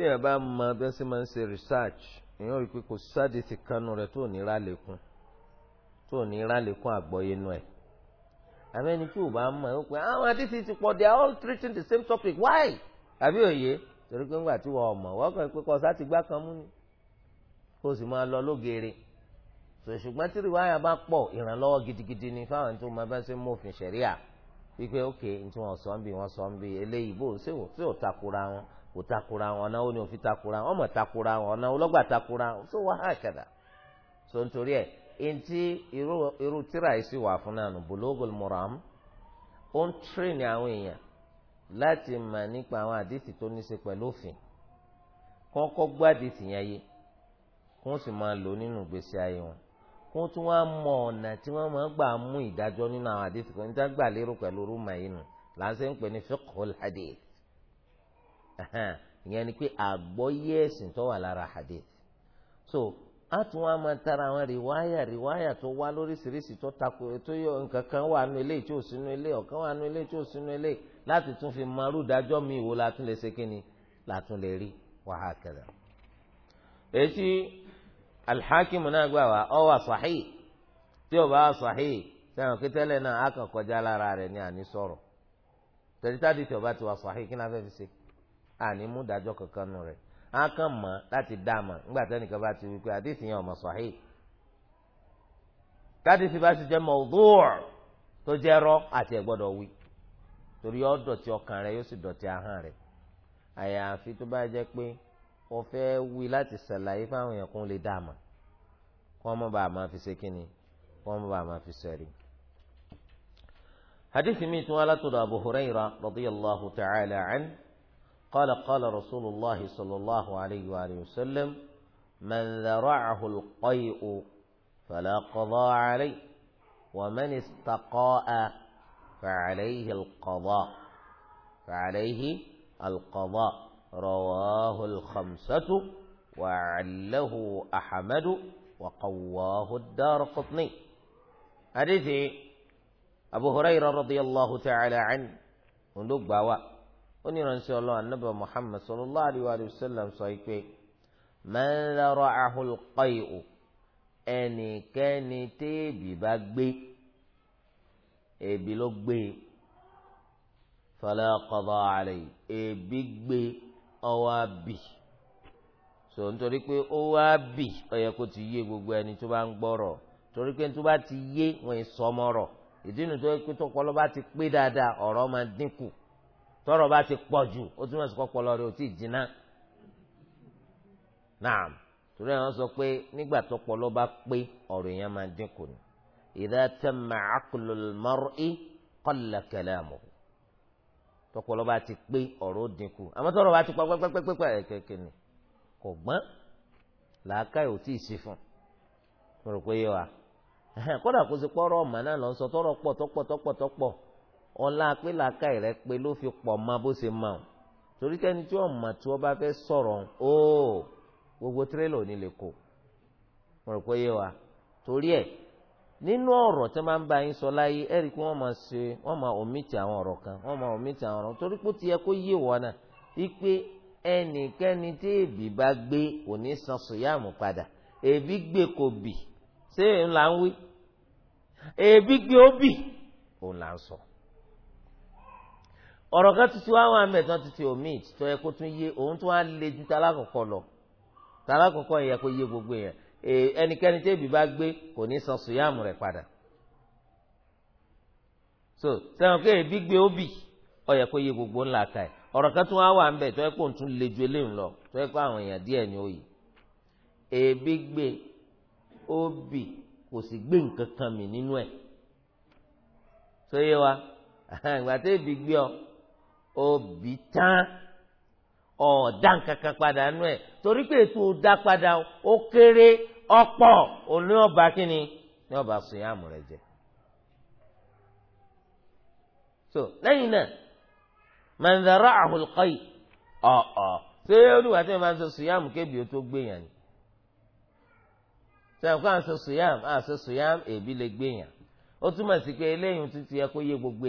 tí èèyàn bá mọ bí wọ́n ṣe máa ń ṣe research èèyàn rí i pé kò sádìsì kanu rẹ̀ tó nira lẹ́kùn tó nira lẹ́kùn àgbọ́yé nù ẹ̀ àmọ́ ẹni tí ò bá mọ̀ ó pé àwọn àdìsí ti pọ̀ they are all treating the same topic why àbí òye torí pé ńgbà tí wọ́n mọ̀ wọ́n pé kọ́sá ti gbá kan mú ni kó o sì máa lọ lógeere ṣùgbọ́n tí rìwáyà bá pọ̀ ìrànlọ́wọ́ gidigidi ni fáwọn tó máa bá ṣe mú òfin ṣẹ̀ríà wípé ok ntí wọ́n sọ ń bì wọ́n sọ ń bì eléyìí bó ṣé ò takora wọn kò takura wọn náà ó ní òfin takura wọn mọ̀ takura wọn náà ọlọ́gbà takura wọn tó wá àkàdà so nítorí ẹ̀ eŋti irú irú tíra yìí sì wà fún náà nù Bulugul Maram ó ń tírìnì àwọn èèyàn láti mà nípa àwọn àdìsí tó ní í ṣe pẹ̀lú òfin kọ́kọ́ gbọ́ àdìsí yẹn yé kó sì máa lò nínú ìgbésí ayé wọn kó tún wá mọ ọ̀nà tí wọ́n máa gbà mú ìdájọ́ nínú àwọn àdìsí kan níta gbà lérò pẹ̀lú rúmà yìí nù là ń ń pè ní fiqhul ìyẹn ni pé àgbọ́yé ẹ̀sìn tó wà lára so a tún wá máa tara àwọn rìwáyà rìwáyà tó wá lóríṣiríṣi tó takò tó yọ nǹkan kan wà nínú eléyìí tí ò sínú ọ̀kan wà fi marú dájọ́ mi ìwo la lè ṣe kí ni la lè rí kẹlẹ. èsì náà gbà wá ọ wà tí ò bá wà kọjá lára rẹ̀ ní àní sọ̀rọ̀ ti wà kí náà fẹ́ àní mú dájọ́ kankan nù rẹ̀ á kàn mọ́ láti dá a mọ̀ nígbà tí ẹnìkan bá ti wí pé àdìsí yẹn ọmọ sahih kádìsí bá ti jẹ́ mawdu' tó jẹ́ rọ́ àti ẹ̀ gbọ́dọ̀ wí torí yóò dọ̀tí ọkàn rẹ̀ yóò sì dọ̀tí ahọ́n rẹ̀ àyàfi tó bá jẹ́ pé ó fẹ́ wí láti ṣàlàyé fáwọn èèyàn kún lè dá a mọ̀ kó ọmọ bá a máa fi ṣe kíni kó ọmọ bá a máa fi ṣẹ̀rí. hadith mi tún wá látọ̀dọ̀ Abu Hurairah radiyallahu ta'ala anhu. قال قال رسول الله صلى الله عليه وآله وسلم من ذرعه القيء فلا قضاء عليه ومن استقاء فعليه القضاء فعليه القضاء رواه الخمسة وعله أحمد وقواه الدار قطني حديث أبو هريرة رضي الله تعالى عنه ونبوا onírànṣẹ́ ọlọ́run anábì muhammad sallallahu alayhi wa sallam sọ pé man zara'ahu al-qay'u ẹnikẹ́ni téèbì bá gbé èbí ló gbé fala qada alayhi èbí gbé ọwọ́ àbì so nítorí pé ó wá bì ó yẹ kó ti yé gbogbo ẹni tó bá ń gbọ́rọ̀ torí pé tó bá ti yé wọn ìsọmọrọ̀ ìdí nu tó yẹ pé tọpọlọ bá ti pé dáadáa ọ̀rọ̀ máa dínkù tọrọ bá ti pọ̀ jù ó túmọ̀ sí kọ́pọ̀lọ́ rẹ̀ ò tí ì jiná náà torí àwọn sọ pé nígbà tó pọ̀ ló bá pé ọ̀rọ̀ yẹn máa dínkù ni idha tamma aqlul mar'i qalla kalamuhu tọpọlọ bá ti pé ọ̀rọ̀ dínkù àmọ́ tọrọ bá ti pọ̀ pẹ́pẹ́pẹ́pẹ́ kẹ̀kẹ́ ni kò gbọ́n làákàyè ò tí ì sí fún un mo rò pé yẹ wa kódà kó ti pọ̀ ọ̀rọ̀ ọ̀mà náà lọ sọ tọrọ pọ̀ tọpọ̀ tọpọ̀ tọpọ̀ ọlá pé làákàyè rẹ pé ló fi pọ̀ ma bó ṣe ma o torí tẹ́ni tí wọ́n mọ̀ tí wọ́n bá fẹ́ sọ̀rọ̀ o gbogbo tirẹ́là ò ní lè kó mo rò pé yé wa torí ẹ̀ nínú ọ̀rọ̀ tí wọ́n máa ń bá yín sọ láyé ẹ̀rí pé wọ́n máa ṣe wọ́n máa omiti àwọn ọ̀rọ̀ kan wọ́n máa omiti àwọn ọ̀rọ̀ torí pé tiẹ̀ kó yé wọ́n náà wípé ẹnikẹ́ni tí èbí bá gbé kò ní san sùyàmù padà èbí gbé kò bì ṣé ń ń wí èbí gbé ó bì òun là ń sọ. So ọ̀rọ̀ kan tuntun wá wà mẹ́tọ́ títí omid tó yẹ kó tún yé òun tún wá lé ju talákọ̀kọ́ lọ talákọ̀kọ́ yẹ kó yé gbogbo yẹn ẹnikẹ́ni tẹ́bi bá gbé kò ní san sùyàmù rẹ̀ padà so sẹ́wọ̀n kí èbí gbé óbì ó yẹ kó yé gbogbo ńlá ka ẹ̀ ọ̀rọ̀ kan tún wá wà mẹ́tọ́ tó yẹ kó tún lé ju eléyìí lọ tó yẹ kó àwọn èèyàn díẹ̀ ni ó yìí èbí gbé óbì kò sì gbé nǹkan kan mì nínú ẹ̀ tó yé wa ìgbà tẹ́bi gbé ọ òbí tán ọ̀ọ́dá nǹkan kan padà nú ẹ̀ torí pé ètò ọ̀dá padà ó kéré ọ̀pọ̀ òní ọba kínni ní ọba sùnyàmù rẹ̀ je. so lẹ́yìn náà mẹ́ndàrá àhùlùkọ́yì ọ̀ọ̀ ṣé olùwà tí wọ́n máa ń sọ sùnyàmù kébi ó tó gbéyàn ni sọ̀rọ̀ kó à sọ sùnyàmù à sọ sùnyàmù èbí lè gbéyàn ó túmọ̀ sí pé eléyìí tuntun yẹ kó yé gbogbo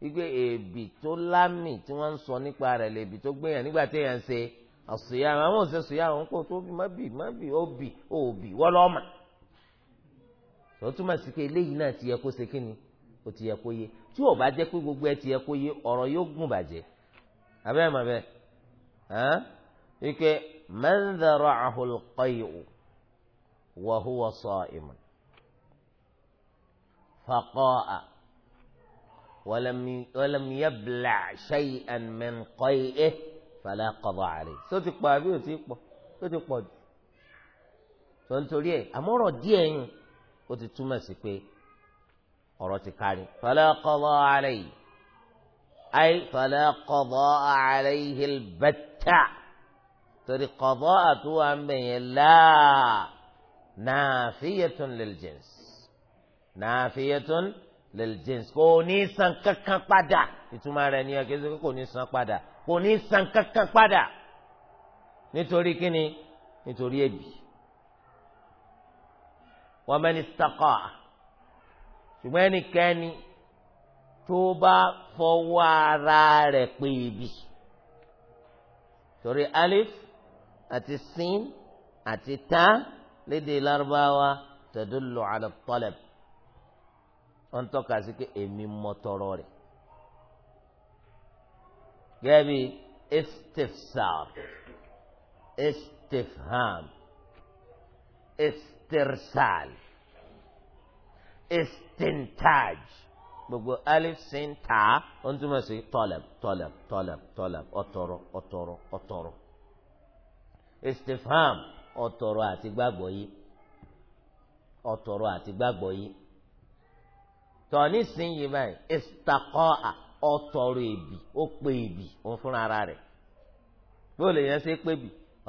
wípé èébì tó lámì tí wọ́n ń sọ nípa rẹ̀ lèébì tó gbẹ̀yàn nígbà tí èèyàn ń ṣe àṣùyà àwọn òṣè ṣùyà àwọn kò tó bí má bì má bì ó bì ó bì wọ́n lọ́ mà. tó túmọ̀ sí pé eléyìí náà ti yẹ kó ṣe kíni ó ti yẹ kó yé tí ò bá jẹ́ pé gbogbo ẹ ti yẹ kó yé ọ̀rọ̀ yóò gùn bàjẹ́ abẹ́ mọ̀ bẹ́ẹ̀ hàn wípé man dhara'ahu al-qay'u wa walam yabla shay'an min qay'ihi fala qada alayhi tó ti pọ̀ àbí ò ti pọ̀ tó ti pọ̀ jù tó ń torí ẹ̀ àmọ́rọ̀ díẹ̀ yín ó ti túmọ̀ sí pé ọ̀rọ̀ ti kárí fala qada alayhi ay fala qada alayhi al-batta torí qada àtúwà ń bẹ̀yẹn láà nàáfíyẹ̀tún lil jins nàáfíyẹ̀tún lẹ́lẹ́jẹ̀ns kò ní san kankan padà ìtumọ̀ rẹ̀ ni ẹ̀kẹ́ kò ní san padà kò ní san kankan padà nítorí kíni nítorí ẹ̀bì wa man istaqa ṣùgbọ́n ẹnikẹ́ni tó bá fọwọ́ ara rẹ̀ pé ibi torí alif àti sin àti ta lédè lárúbáwá tadullu ala talab wọ́n tọ́ka sí pé èmi mọ tọrọ rẹ̀ gẹ́gẹ́ bí istifsar istifham istirsal istintaj gbogbo alif sin ta ó ń túmọ̀ sí tọ́lẹ̀m tọ́lẹ̀m tọ́lẹ̀m tọ́lẹ̀m ọ̀tọ̀rọ̀ ọ̀tọ̀rọ̀ ọ̀tọ̀rọ̀ istifham ọ̀tọ̀rọ̀ àti gbàgbọ́ yìí ọ̀tọ̀rọ̀ àti gbàgbọ́ yìí. tọ́ nísìnyí báyìí istakọ́ à ọ̀tọ̀rọ̀ èbì ó pe èbì òun ara rẹ̀ bí o lè yẹn ṣe pé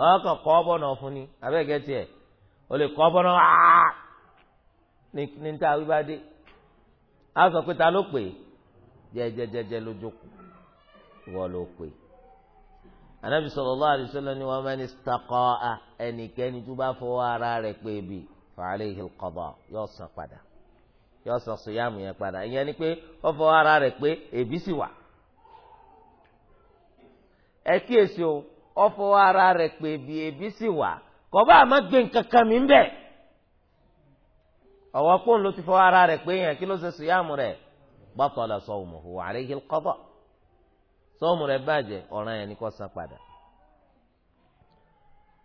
ọkàn kọ́ bọ̀nà fún ni abẹ́gẹ́ tiẹ̀ o lè kọ́ áá ní a sọ pé ta ló pè jẹjẹjẹjẹ lójú kù ló pè é anabi sallallahu alaihi wasallam ni wa man istaqa'a ẹnikẹ́ni tó bá fọwọ́ ara pé yóò yọ san sùyàmù yẹn padà ìyẹn ni pé ó fọ ara rẹ pé ebi sì wà ẹ kíyèsí o ó fọ ara rẹ pé ebi sì wà kọba àmọ́ gbé nkankan mi ń bẹ ọwọ kó ló ti fọ ara rẹ pé yẹn kí ló ṣe sùyàmù rẹ bàtàlà sawmuhu alayhi al-qada sọọmù rẹ̀ bàjẹ́ ọ̀ràn yẹn ni kò padà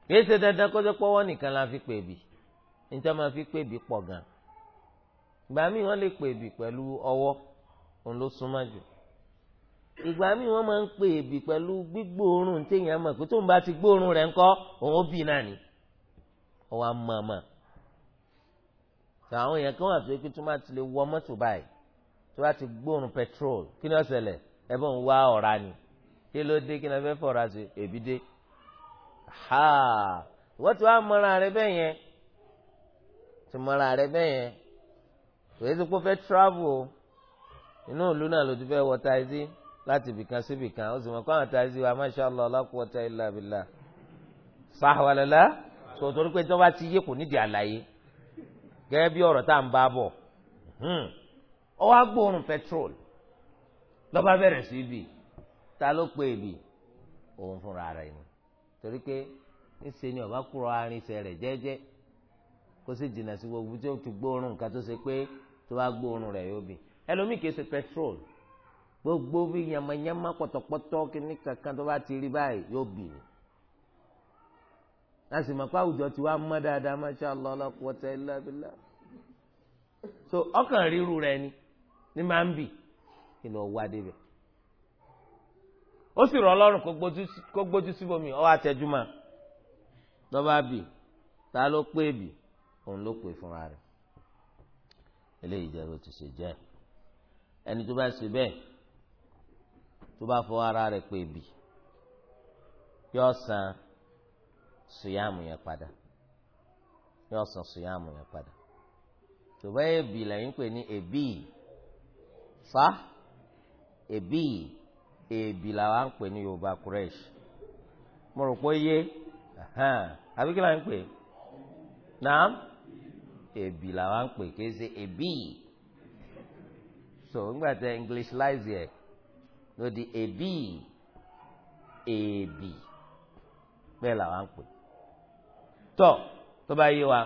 ṣe dandan kó nìkan ìgbà míì wọ́n lè pè èbì pẹ̀lú ọwọ́ òun ló súnmọ́ jù ìgbà míì wọ́n máa ń pè èbì pẹ̀lú gbígbóòórùn téèyàn mọ̀ pé tóun bá ti gbóòórùn rẹ̀ ńkọ́ òun ó bì náà ni ọwọ́ àmọ̀ọ́mọ̀ tàwọn èèyàn kan wà tó pé tó máa ti lè wọ mọ́tò báyìí tó bá ti gbóòórùn petrol kí ni ó ṣẹlẹ̀ ẹ bọ́ ń wá ọ̀ra ni kí ló dé kí ni a fẹ́ fọ̀ra sí èbí dé ha wọ́n ti wá mọ́ra rẹ bẹ́ẹ̀ ti mọ́ra rẹ bẹ́ẹ̀ kò yẹ kó fẹ́ travel o inú òlu náà ló ti fẹ́ wọ táìsì láti ibìkan sí ibìkan ó sì wa masha Allah la quwwata illa billah sàwàlẹ́lá tó pé tó ti yé kò nídìí àlàyé gẹ́gẹ́ bí ọ̀rọ̀ tá à ń bá bọ̀ ọ hmm. wá gbóòórùn petrol lọ́ba bẹ̀rẹ̀ sí ibì ta ló pe ibì òun fúnra rẹ̀ ni torí pé ńṣe ni ọba kúrò arinṣẹ́ rẹ̀ jẹ́jẹ́ kó sì jìnnà sí gbogbo tí ó ti gbóòórùn nǹkan pé tó bá oorun rẹ yóò bi ẹlòmíì kìí ṣe petrol gbogbo bí yamayama pọ̀tọ̀pọ̀tọ̀ kíní kankan tó bá ti rí báyìí yóò bì ní. láti mọ̀ pé àwùjọ ti wá mọ́ dáadáa so ọkàn ríru rẹ ni n'i máa ń bì kí ló wá débẹ̀. ó sì rọ ọlọ́run kó gbójú síbòmí ọ wá tẹjú mọ́ lọ́ba bì ta ló pé bì òun ló pè fúnra rẹ̀. eléyìí jẹ́ bó ti ṣe jẹ́ ẹni tó bá ṣe bẹ́ẹ̀ tó bá fọ ara rẹ̀ pé bì yóò san sùyàmù yẹn padà san sùyàmù yẹn padà tó bá pé ní ebi fa ebi èbì làwa ń pè ní yorùbá kuresh mo rò pé yé àbí kí èbì làwọn ń pè kìí ṣe èbì so nígbà tẹ english láìsí ẹ ló di èbì èbì bẹ́ẹ̀ làwọn ń pè tọ́ tó bá yé wa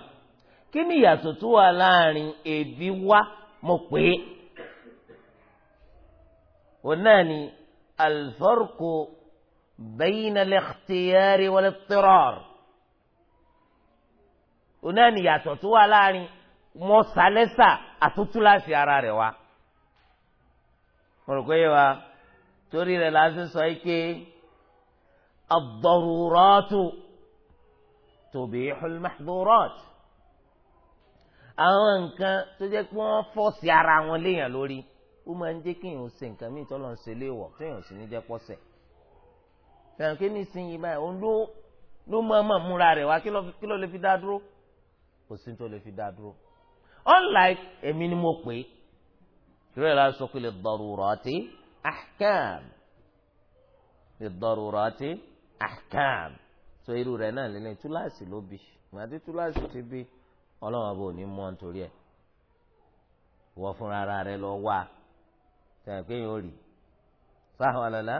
kí ni ìyàtọ̀ tó wà láàrin èbí wá mo pè é wọn náà ni alfarko bayna al-ikhtiyari wal-idtirar òun náà nìyàtọ̀ tó wà láàrin mọ sálẹ́sà àtúntú láti ara rẹ̀ wá. mo rò pé yé wa torí rẹ̀ la fi sọ pé ad-daruratu tubihul mahdurat àwọn nǹkan tó jẹ́ pé wọ́n fọ́ọ̀sì ara wọn léèyàn lórí ó máa ń jẹ́ kí èèyàn ṣe nǹkan míì tọ́lọ́ ń ṣe léèwọ̀ tó èèyàn sì ní jẹ́ pọ́sẹ̀. fẹ̀ràn kí nísìnyí báyìí òun ló ló máa máa múra rẹ̀ wá kí ló lè fi dá dúró kò sí tó lè fi dá dúró unlike èmi ni mo pè é ìrẹ́ la sọ pé lè darurati ahkam lè darurati ahkam so irú rẹ̀ náà lélẹ̀ túláàsì ló bí màtí túláàsì ti bí ọlọ́wọ́n bò ní mọ́ nítorí ẹ̀ wọ́n fúnra ara rẹ̀ lọ wá tẹ̀yìn pé yóò rí sáwọn àlàlá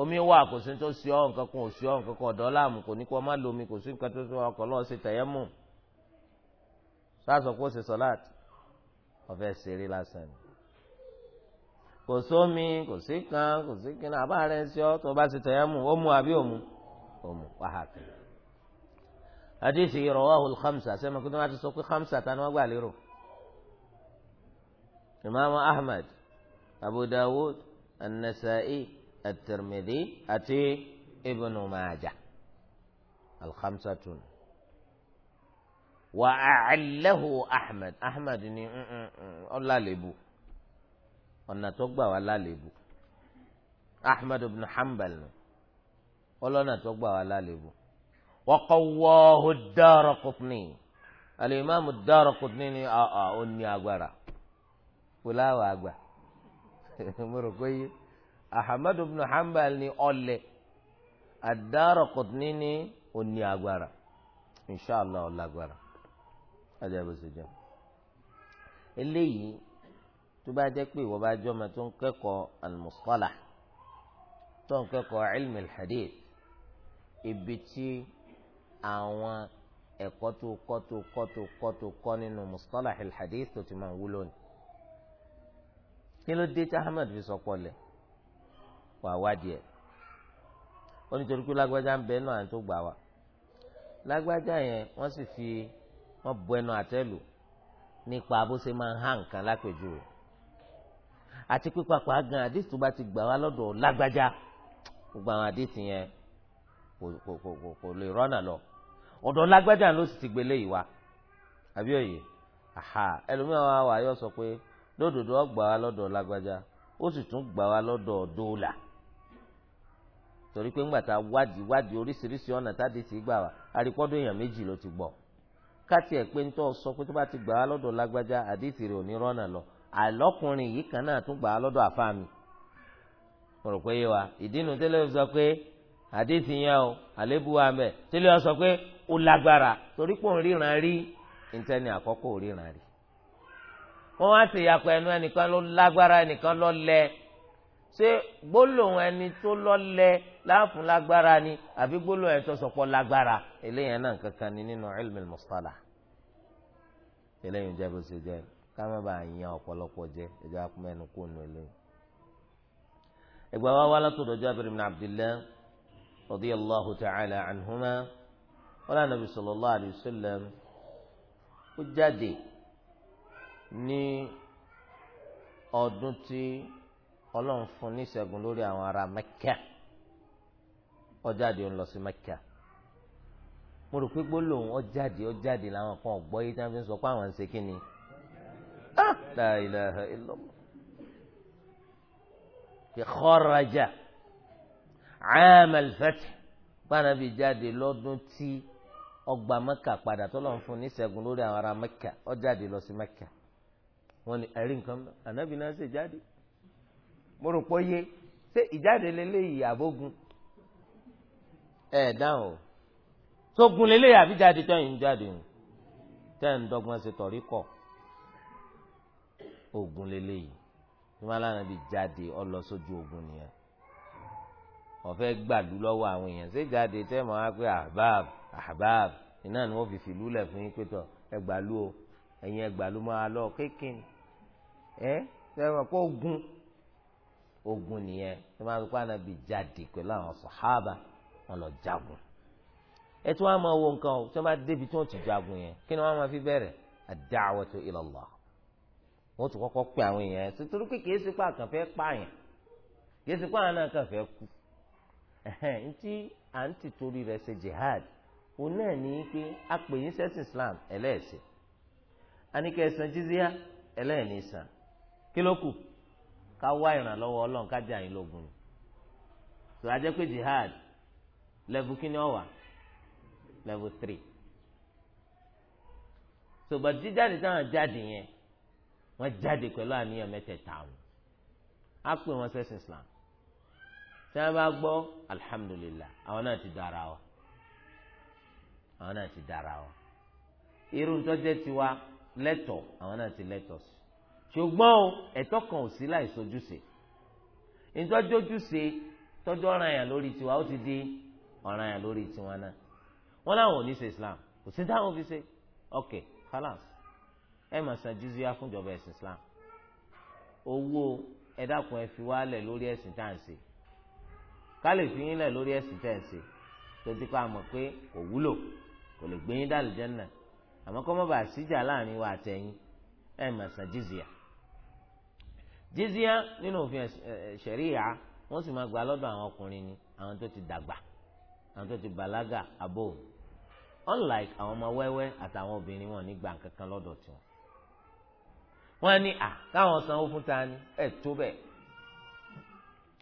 omi wà kò sí tó sí ọ nǹkan kan ò sí ọ nǹkan kan ọ̀dọ́ láàmú kò ní kó má lomi kò sí nǹkan tó tó ọkọ̀ lọ́ọ́ sí tẹ̀yẹ́ sáàsọ kó ṣe sọláàt ọ̀fẹ́ ṣeré lásán ni kò sómi kò sí kan kò sí kíni àbá rẹ̀ ṣe ọ́ tó bá ṣe tẹ̀yẹ́ mu ó mu àbí òmu òmu wàhálà hadithi yìí rawahu al-khamsa sẹ́mi kí ni wọ́n ti sọ pé khamsa tani wọ́n gbà lérò imaamu ahmed abu dawud an-nasa'i at ibnu maaja al-khamsa wà á lẹ́hu ahmed ahmed ni mm, ọ̀làlẹ́bù ọ̀nà tó gbà wá lálẹ́bù ahmed ibn hanbal ni ọlọ́nà tó gbà wá lálẹ́bù waqawwahu ad-Daraqutni al-imam ad-Daraqutni ni ọ̀ọ́ ó ní agbára fúláwà àgbà mo rò pé ahmed ibn hanbal ni ọ̀lẹ́ ad-Daraqutni ni ó ní agbára inshàlá ọ̀làgbára àjẹbù sì jẹ eléyìí tó bá jẹ́ pé ìwọ bá jọ ọmọ tó ń kẹ́kọ̀ọ́ al-mustalah tó ń kẹ́kọ̀ọ́ ilmi al-hadith ibi tí àwọn ẹ̀kọ́ tó kọ́ tó kọ́ tó kọ́ tó kọ́ nínú mustalah al tó ti máa wúlò ní. kí ló dé tí ahmed fi sọpọ lẹ wà wádìí ẹ ó nítorí lágbájá ń bẹ náà à tó gbà wá lágbájá yẹn wọ́n sì fi. wọ́n bu ẹnu àtẹ́lù nípa bó ṣe máa ha nkan nǹkan lápèjúwe àti pípapà gan àdìsí tó bá ti gbà wá lọ́dọ̀ lágbájá gbogbo àwọn àdìsí yẹn kò lè rọ́nà lọ ọ̀dọ̀ lágbájá ló sì ti gbélé wa wà sọ pé ọ gbà wá lọ́dọ̀ lágbájá ó sì tún gbà wá lọ́dọ̀ dóòlà torí pé ńgbà tá a wádìí wádìí oríṣiríṣi ọ̀nà tá a káti ẹ̀ pé ńtọ́ sọ pé tó bá ti gbà á lọ́dọ̀ lágbájá àdìsí rẹ̀ ò ní rọ́nà lọ àlọ́kùnrin yìí kan náà tún gbà á lọ́dọ̀ àfa mi mo rò pé yé wa ìdínú tẹ́lẹ̀ sọ pé àdìsí yẹn o àlébù wa mẹ́ tẹ́lẹ̀ sọ pé ó lágbára torí pò ń ríran rí ìtẹ́ni àkọ́kọ́ ò ríran rí wọ́n wá sì yàpọ̀ ẹnu ẹnìkan ló lágbára ẹnìkan ló lẹ ṣé gbólóhùn ẹni tó lọ lẹ láàfún lágbára ni àbí gbólóhùn ẹni tó sọpọ̀ lágbára eléyàn náà kankan ni nínú ilmi mustalah eléyàn jẹ bó ṣe jẹ káwọn bá yan ọ̀pọ̀lọpọ̀ jẹ ẹjọ́ akúmẹ́nu kó nu eléyìí. ẹgbẹ́ wa wá látọ̀dọ̀ Jabir ibn Abdillah radiyallahu ta'ala anhuma wala nabi sallallahu alayhi wa sallam ó jáde ní ọdún tí ọlọ́run fún ní ìṣẹ́gun lórí àwọn ará Mẹ́kà ó ń lọ sí Mẹ́kà mo rò pé gbólóhùn ọjáde ọjáde làwọn kan ọgbọ́ yìí tí wọ́n fi ń sọ pé àwọn ń ṣe kí ni ah! la ilaha illallah fi kharaja amal fath gbọ́dọ̀ fi jáde lọ́dún tí ọgbà mẹ́kà padà tó lọ́n fún níṣẹ́gun lórí àwọn ará mẹ́kà ọjáde lọ sí mẹ́kà wọ́n ní ẹ̀rí nǹkan ànábì náà ṣe jáde mo rò pé yé ṣé ìjáde lélẹ́yìí àbógun ẹ̀ sógun lélẹ́yà àbí jáde tẹ́yìn jáde nù tẹ́yìn dọ́gbọ́n ṣe tọ̀rí kọ̀ ogun lélẹ́yìí níwọ̀n aláàánú bi jáde ọlọ sójú ogun nìyẹn ọ̀fẹ́ gbàlú lọ́wọ́ àwọn èèyàn ṣé jáde tẹ́ mọ́ wá ahbab ahbab iná ni wọ́n fi fìlú lẹ̀ fún yín pé tọ̀ ẹ gbàlú o ẹ̀yin ẹ gbàlú máa lọ kéèké ni ẹ tẹ́ mọ́ pé ogun ogun nìyẹn tí wọ́n jáde pẹ̀lú àwọn sàhábà wọn lọ jagun ẹ tún wá máa wo nǹkan o tí wọ́n bá débi tí wọ́n ti jagun yẹn kí ni wọ́n máa fi bẹrẹ ad-da'watu ila Allah wọ́n tún pe àwọn èèyàn ẹ̀ torí pé kì í sípò pààyàn kú ntí à ń ti torí jihad òun náà ní í a pè yín Islam ẹlẹ́ẹ̀sìn àníkẹ́ ẹ̀sán jizíyá kí ló kù ká wá ìrànlọ́wọ́ Ọlọ́run ká àyín a jẹ́ pé jihad lẹ́bù kí ni level three so but jíjáde táwọn jáde yẹn wọ́n jáde pẹ̀lú àníyàn mẹ́tẹ̀ẹ̀ta àwọn á pè wọ́n sẹ́sìn Islam tí wọ́n bá gbọ́ alhamdulillah àwọn náà ti dára wa àwọn náà ti dára wa irú ntọ́jẹ́ tiwa lẹ́tọ̀ àwọn náà ti lẹ́tọ̀ sí ṣùgbọ́n o ẹ̀tọ́ kan ò sí láì sojúṣe ntọ́jọ́júṣe tọ́jọ́ ọ̀ranyàn lórí tiwa ó ti di ọ̀ranyàn lórí tiwọn náà wọn làwọn ò ní ṣe islam kò sí táwọn fi ṣe ok khalas ẹ máa san jizya fúnjọba ẹ̀sìn islam owó ẹ dákun ẹ fi wálẹ̀ lórí ẹ̀sìn tá à ń ṣe ká lè fi yín lẹ̀ lórí ẹ̀sìn tá à ń ṣe tó ti pa àmọ̀ pé kò wúlò kò lè gbé yín dàlù jẹ́nà àmọ́ kọ́ mọ́ bàa síjà láàrin wa àtẹ̀yìn ẹ máa san jizya jizya nínú òfin ṣẹ̀ríyà wọ́n sì máa gbà lọ́dọ̀ àwọn ọkùnrin ni àwọn tó ti dàgbà àwọn tó ti bàlágà abóhùn unlike àwọn ọmọ wẹ́wẹ́ àtàwọn obìnrin wọn nígbà kankan lọ́dọ̀ tiwọn. wọ́n ní à káwọn sanwó fún ta ni ẹ̀ tó bẹ́ẹ̀.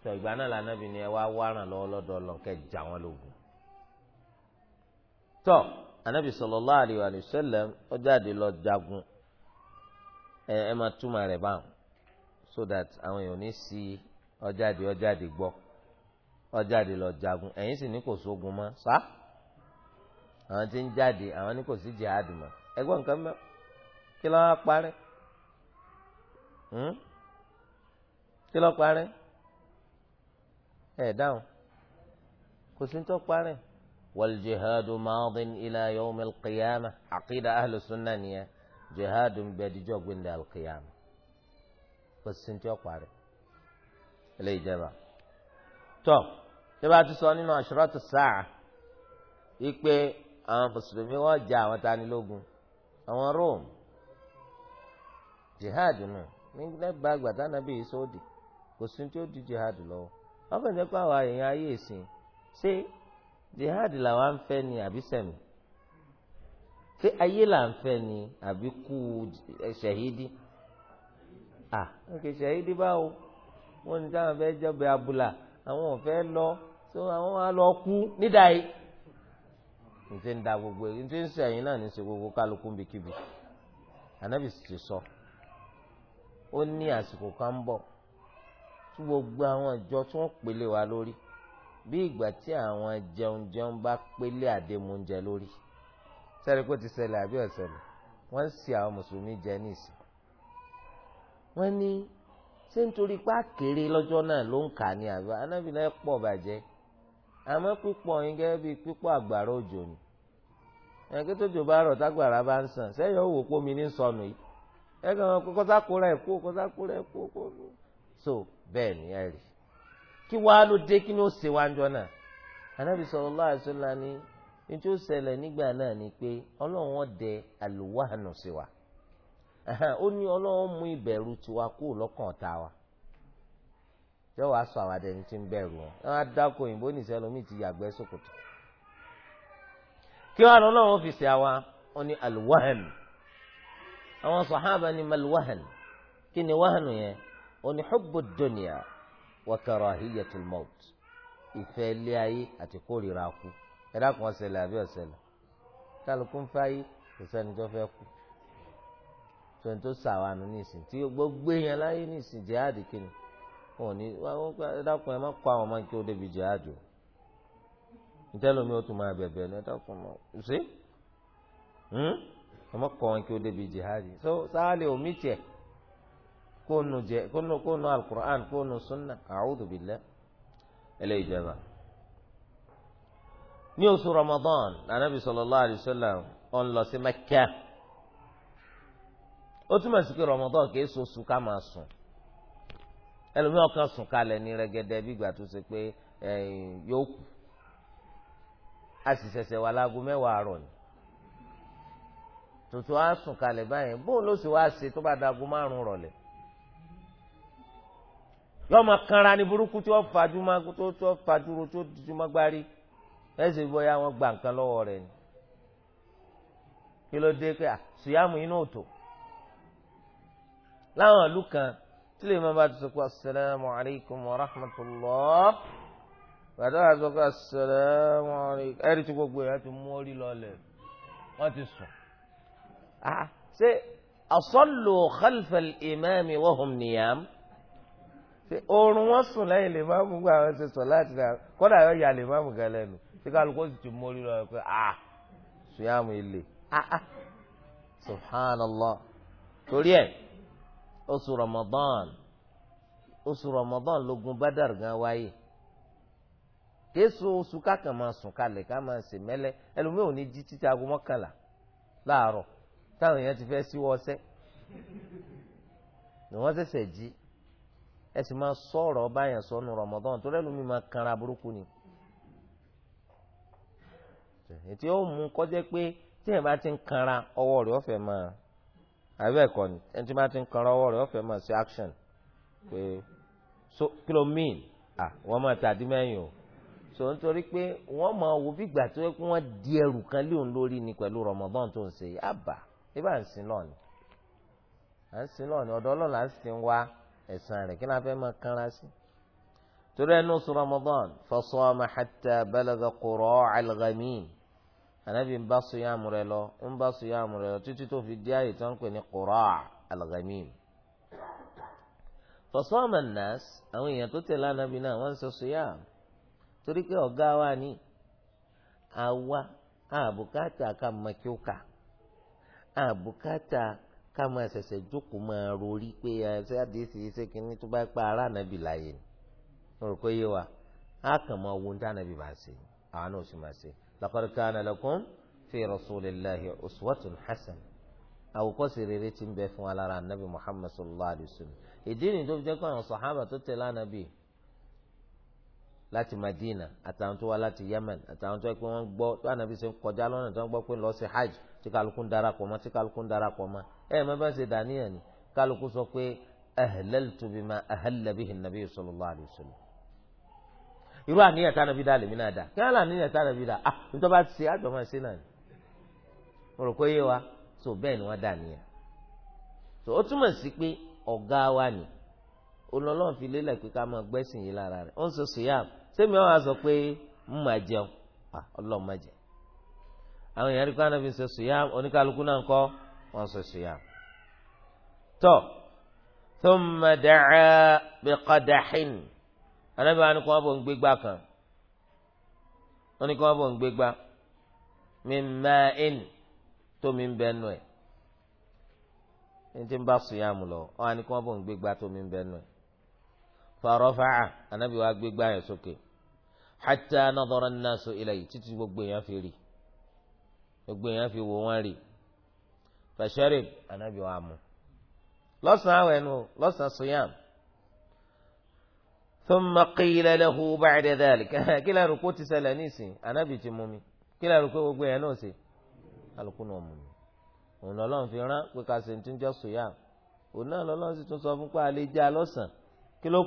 sọ ìgbà náà lànàbì ni ẹ wá wárán lọ́wọ́ lọ́dọ̀ lọ kẹ́ jà wọ́n lógun. tọ́ anabi sallallahu alaihi wasallam ó jáde lọ jagun ẹ ẹ máa túmọ̀ rẹ̀ báwọn so that àwọn èèyàn ní sí ọjáde ọjáde gbọ́ ọjáde lọ jagun ẹ̀yin sì ní kò sógun mọ́ sáà. àwọn tí ń jáde àwọn ní kò sí jihad mọ́ ẹgbọ́n nǹkan mọ́ kí ló wá hmm? kí wal jihadu maadin ila yawm al-qiyamah aqida ahlu sunna jihadu ń bẹ díjọ́ al-qiyamah kò sí tó parẹ́ ilé a saa àwọn mùsùlùmí wọ́n jà àwọn tanilógun àwọn Rome jihad nù nígbà bá gbàtà nàbí sódì kò sí tí ó di jihad lọ́wọ́ wọ́n fẹ́ẹ́ nípa àwọn èèyàn ayé ìsìn ṣé jihad làwọn ń fẹ́ ni àbí sẹ̀mí ṣé ayé là ń fẹ́ ni àbí kú ṣẹ̀hídì à òkè ṣẹ̀hídì báwo wọ́n ní táwọn fẹ́ẹ́ jọba abúlà àwọn ò fẹ́ lọ tó àwọn á lọ kú nídàá ntí ń da gbogbo e, ntí ń sẹyìn náà ní í ṣe gbogbo kálukú bíkíbi ànábì sì ti sọ ó ní àsìkò kan ń bọ̀ tí gbogbo àwọn ìjọ tí wọ́n pèlè wa lórí bí ìgbà tí àwọn jẹun jẹun bá pèlè àdémúnjẹ lórí sẹ́ni pé ti ṣẹlẹ̀ àbí ọ̀sẹ̀lẹ̀ wọ́n ń ṣì àwọn mùsùlùmí jẹ ní ìsìn wọ́n ní ṣé nítorí pé àkèrè lọ́jọ́ náà ló ń kà ní àbá anábìlẹ̀ pọ̀ bàjẹ́ àmọ́ pípọ̀ yín gẹ́gẹ́ bíi pípọ̀ àgbàrá òjò ni ẹ̀kí tó jò bá rọ̀ tágbàrá bá ń sàn sẹ́yìn ó wò ní sọnù yìí so bẹ́ẹ̀ ni ẹ rí kí wàá ló dé kí ni ó ṣe náà anábì pé ọlọ́run dẹ sí ó ní ọlọ́run mú ìbẹ̀rù tiwa lọ́kàn ọ̀tá wa yóò wá sọ àwọn adẹni tí ń bẹ̀rù wọn ẹ wá dáko òyìnbó nìṣẹ́ lomi ti yàgbẹ́ sókòtò. kí wọn lọ́wọ́ wọn fi ṣe àwa wọn ni alwahan àwọn sàhábà ni malwahan kí ni wahan yẹn wọn ni hubbu dunya wa karahiyatul maut ìfẹ́ ilé ayé àti kórìíra kú ẹ dákun ọ̀sẹ̀lẹ̀ àbí ọ̀sẹ̀lẹ̀ kálukú ń fáyé kò sẹ́ni tó fẹ́ kú tòun tó sàwánu nísìn tí gbogbo èèyàn láyé nísìn jihad kìnnì òní dákun ẹ má kọ àwọn ọmọ kí ó débi jẹ àjò ntẹ́lómi ó tún máa bẹ̀bẹ̀ ní ẹ̀dákun mọ́ ṣé hmm? ẹ má kọ wọn kí ó débi jẹ àjò so sáálé omi tiẹ̀ kó nu jẹ kó nu kó nu alukur'an kó nu sunna a'udhu billah ẹlẹ́ ìjọba. ní oṣù ramadan anabi sallallahu alayhi wa sallam ó ń lọ sí mẹ́kà ó túmọ̀ sí pé ramadan kì í so oṣù ká máa sùn ẹlòmíràn kan sùn kalẹ̀ ní rẹ́gẹ́dẹ́ bí ìgbà tó ṣe pé yóò kú a sì ṣẹ̀ṣẹ̀ wà láago mẹ́wàá àárọ̀ ni tòtò á sùn kalẹ̀ báyẹn bóun ló sì wáá ṣe tó bá daago márùn-ún rọ̀lẹ́ yọ ọmọ kanra ní burúkú tí wọ́n fajú má tó tó fajúro tó dúdú má gbárí ẹsẹ̀ bóyá wọ́n gba nǹkan lọ́wọ́ rẹ̀ ni kí ló dé pé àṣùyàmù inú òtò láwọn ìlú kan tí lè má bá ti sọ pé asalaamu alaykum wa rahmatulah bàtà wà sọ asalaamu alaykum ẹ̀rí tí gbogbo yẹn ti mú orí lọlẹ̀ wọ́n ti sùn. ṣé asọ́lù khalfal imaami wọ́hùn niyam ṣe oorun wọn sùn lẹ́yìn lè má mú àwọn ṣe sọ láti rà kọ́dà yóò yà lè má mú gan lẹ́nu ṣé kálukó sì ti mórí lọ pé a sùn yà mú ilé subhanallah torí ẹ̀. oṣù Ramadan oṣù Ramadan lógun Badar gan wáyé kéésù oṣù kákan máa sùn kalẹ̀ ká máa sè mẹ́lẹ́ ò ní jí títí aago mọ́kànlá láàárọ̀ táwọn èèyàn ti fẹ́ ni wọ́n ṣẹ̀ṣẹ̀ jí ẹ sì máa sọ̀rọ̀ báyàn Ramadan máa kanra burúkú ni mú kọjá pé tí ti ń kanra ọwọ́ rẹ̀ àbẹ ẹkọ ni ẹni tí wọn ti ń kan ọwọ́ rẹ̀ ọfẹ máa ṣe action pé so kí ló mean ah wọn máa tàdí mẹyìn o so nítorí pé wọn máa wo bí ìgbà tó yẹ kí wọn di ẹrù kan lé òun lórí ni pẹ̀lú Ramadan tó ń ṣe yìí àbá ibà ń sin lọ ni à ń sin lọ ni ọ̀dọ̀ Ọlọ́run ń sin wá ẹ̀san rẹ̀ kí ni fẹ́ máa kanra sí torí ẹnu sọ Ramadan fasama hatta balagha qura' al-ghamin anabi ń bá sọyàmù rẹ lọ ń bá sọyàmù rẹ lọ títí tó fi dé àyè tó ń pè ní qura al-ghamim. fasama an-nas àwọn èèyàn tó tẹ̀lé anabi náà wọ́n ń sọ sọyàmù torí pé ọ̀gá wa ni àwa àbùkátà ká máa kí ó kà àbùkátà ká máa ṣẹ̀ṣẹ̀ jókòó máa rorí pé ẹsẹ̀ àdéhìí ṣe kínní tó bá pa ara ànábì láàyè ni mo yé wa á kàn máa wo ní tí máa ṣe àwọn náà sì máa ṣe laqad kana lakum fi rasulillahi uswatun hasan àwòkọ́ṣe rere tí ń bẹ fún alára anabi muhammad sallallahu alayhi wa sallam ìdí nìyí tó fi jẹ́ pé àwọn sàhábà tó tẹ̀lé anabi láti madina àtàwọn tó wá láti yemen àtàwọn tó yẹ pé wọ́n gbọ́ tó anabi ṣe ń kọjá lọ́nà tó ń gbọ́ pé lọ sí hajj tí kálukú ń darapọ̀ mọ́ tí kálukú ń darapọ̀ mọ́ ẹ̀ má bá ṣe dàníyàn ni kálukú sọ pé ahlaltu bima ahalla bihi nabi sallallahu alayhi irú àníyàn tá nàbí dá lèmi náà dá kí wọn là níyàn tá nàbí dá ah nítorí bá ti ṣe àjọ máa ṣe náà ni mo rò pé yé wa tó bẹ́ẹ̀ ni wọ́n dà níyàn tó ó túmọ̀ sí pé wa ni olólùwọ̀n fi lélẹ̀ pé ká máa gbẹ́sìn yìí lára rẹ̀ ó ń sọ sùyàm sẹ́mi wọn sọ pé ń máa jẹun ah, ọlọ́ọ̀ máa jẹ àwọn èèyàn rí pé ànábi ń sọ náà ń kọ́ anabi wa ni kò wọn bò ń gbégbá kan wọn ni kò wọn bò ń gbégbá mi máa ń tómi ń bẹ nù ẹ ntí ń bá sùyàmù lọ wọn ni kò wọn bò ń gbégbá tómi ń bẹ nù ẹ farafa'a anabi wa gbégbá yẹn sókè hatta nadara an-nasu ilayhi títí gbogbo èèyàn fi rí gbogbo èèyàn fi wò wọn rí fa anabi wa mu lọ́sàn-án àwẹ̀ nù lọ́sàn ثم قيل له بعد ذلك كلا ركوع تسالنيسي انا بيتي مومي كلا ركوع gbogbo yẹn náà ṣe alùpùpù náà mú mi òun lọ́lọ́run fi rán pé ká ṣèǹtì ń jọ sòyà òun náà lọ́lọ́run sì tún sọ a a lọ́sàn kí ló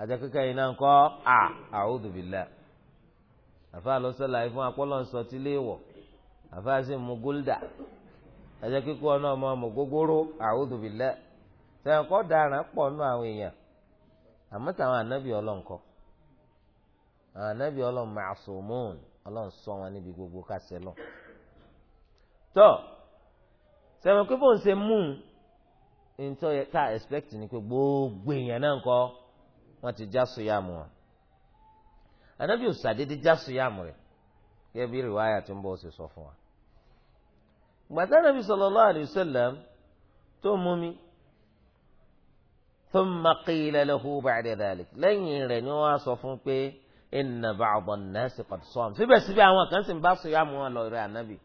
àjẹkẹ́kẹ́ yìí náà ń kọ́ à a'udhu billah àfa lọ́sọ̀lá yìí fún akọ́lọ́nsọ tí lè wọ̀ àfa sì mú gúldà àjẹkẹ́kẹ́ ọ̀nà ọmọ ọmọ gógóró a'udhu billah sẹ́yìn kọ́ daràn pọ̀ nù àwọn èèyàn àmọ́ anabi ànábì ọlọ́nkọ́ àwọn ànábì ọlọ́n màṣùmùn ọlọ́n sọ wọn níbi gbogbo kásẹ̀ lọ. tọ́ sẹ́yìn kí bóun ṣe mú un yẹ ká expect ni pé gbogbo èèyàn náà ń kọ́ wọ́n ti já sùyàmù wọn anabi ò sàdédé já sùyàmù rẹ̀ gẹ́gẹ́ bí rìwáyà tó ń sọ fún wa. gbàtà sallallahu alayhi wa sallam tó mú mi thumma qila lahu ba'da dhalik lẹ́yìn ni sọ fún pé inna an-nasi qad àwọn kan sì ń bá sùyàmù wọn lọ anabi.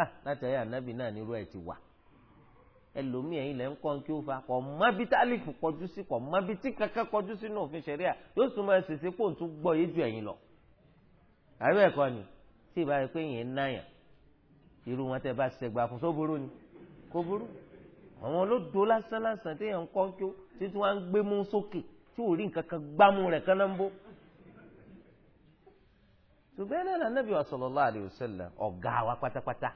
ah láti anabi náà ẹ̀ ẹlòmíì ẹ̀yin lẹ́ ń kọ́ kí ó fa kọ́ mọ́ bí tálífù kọjú sí kọ́ mọ́ bí tí kankan kọjú sínú òfin ṣẹ̀ríà yóò tún máa ṣèṣe kó tún gbọ́ yé ju ẹ̀yin lọ. àbí ẹ̀kọ́ ni tí ìbá rẹ pé yẹn ń náyà irú wọn tẹ bá ṣẹgbà fún só burú ni kó burú. àwọn olódo lásán lásán tí yẹn ń kọ́ kí ó títí wọn á ń gbé mú sókè tí ò rí nǹkan gbámú rẹ̀ kán náà ń bó. ṣùgbọ́n wa sallallahu alaihi wasallam ọ̀gá wa pátápátá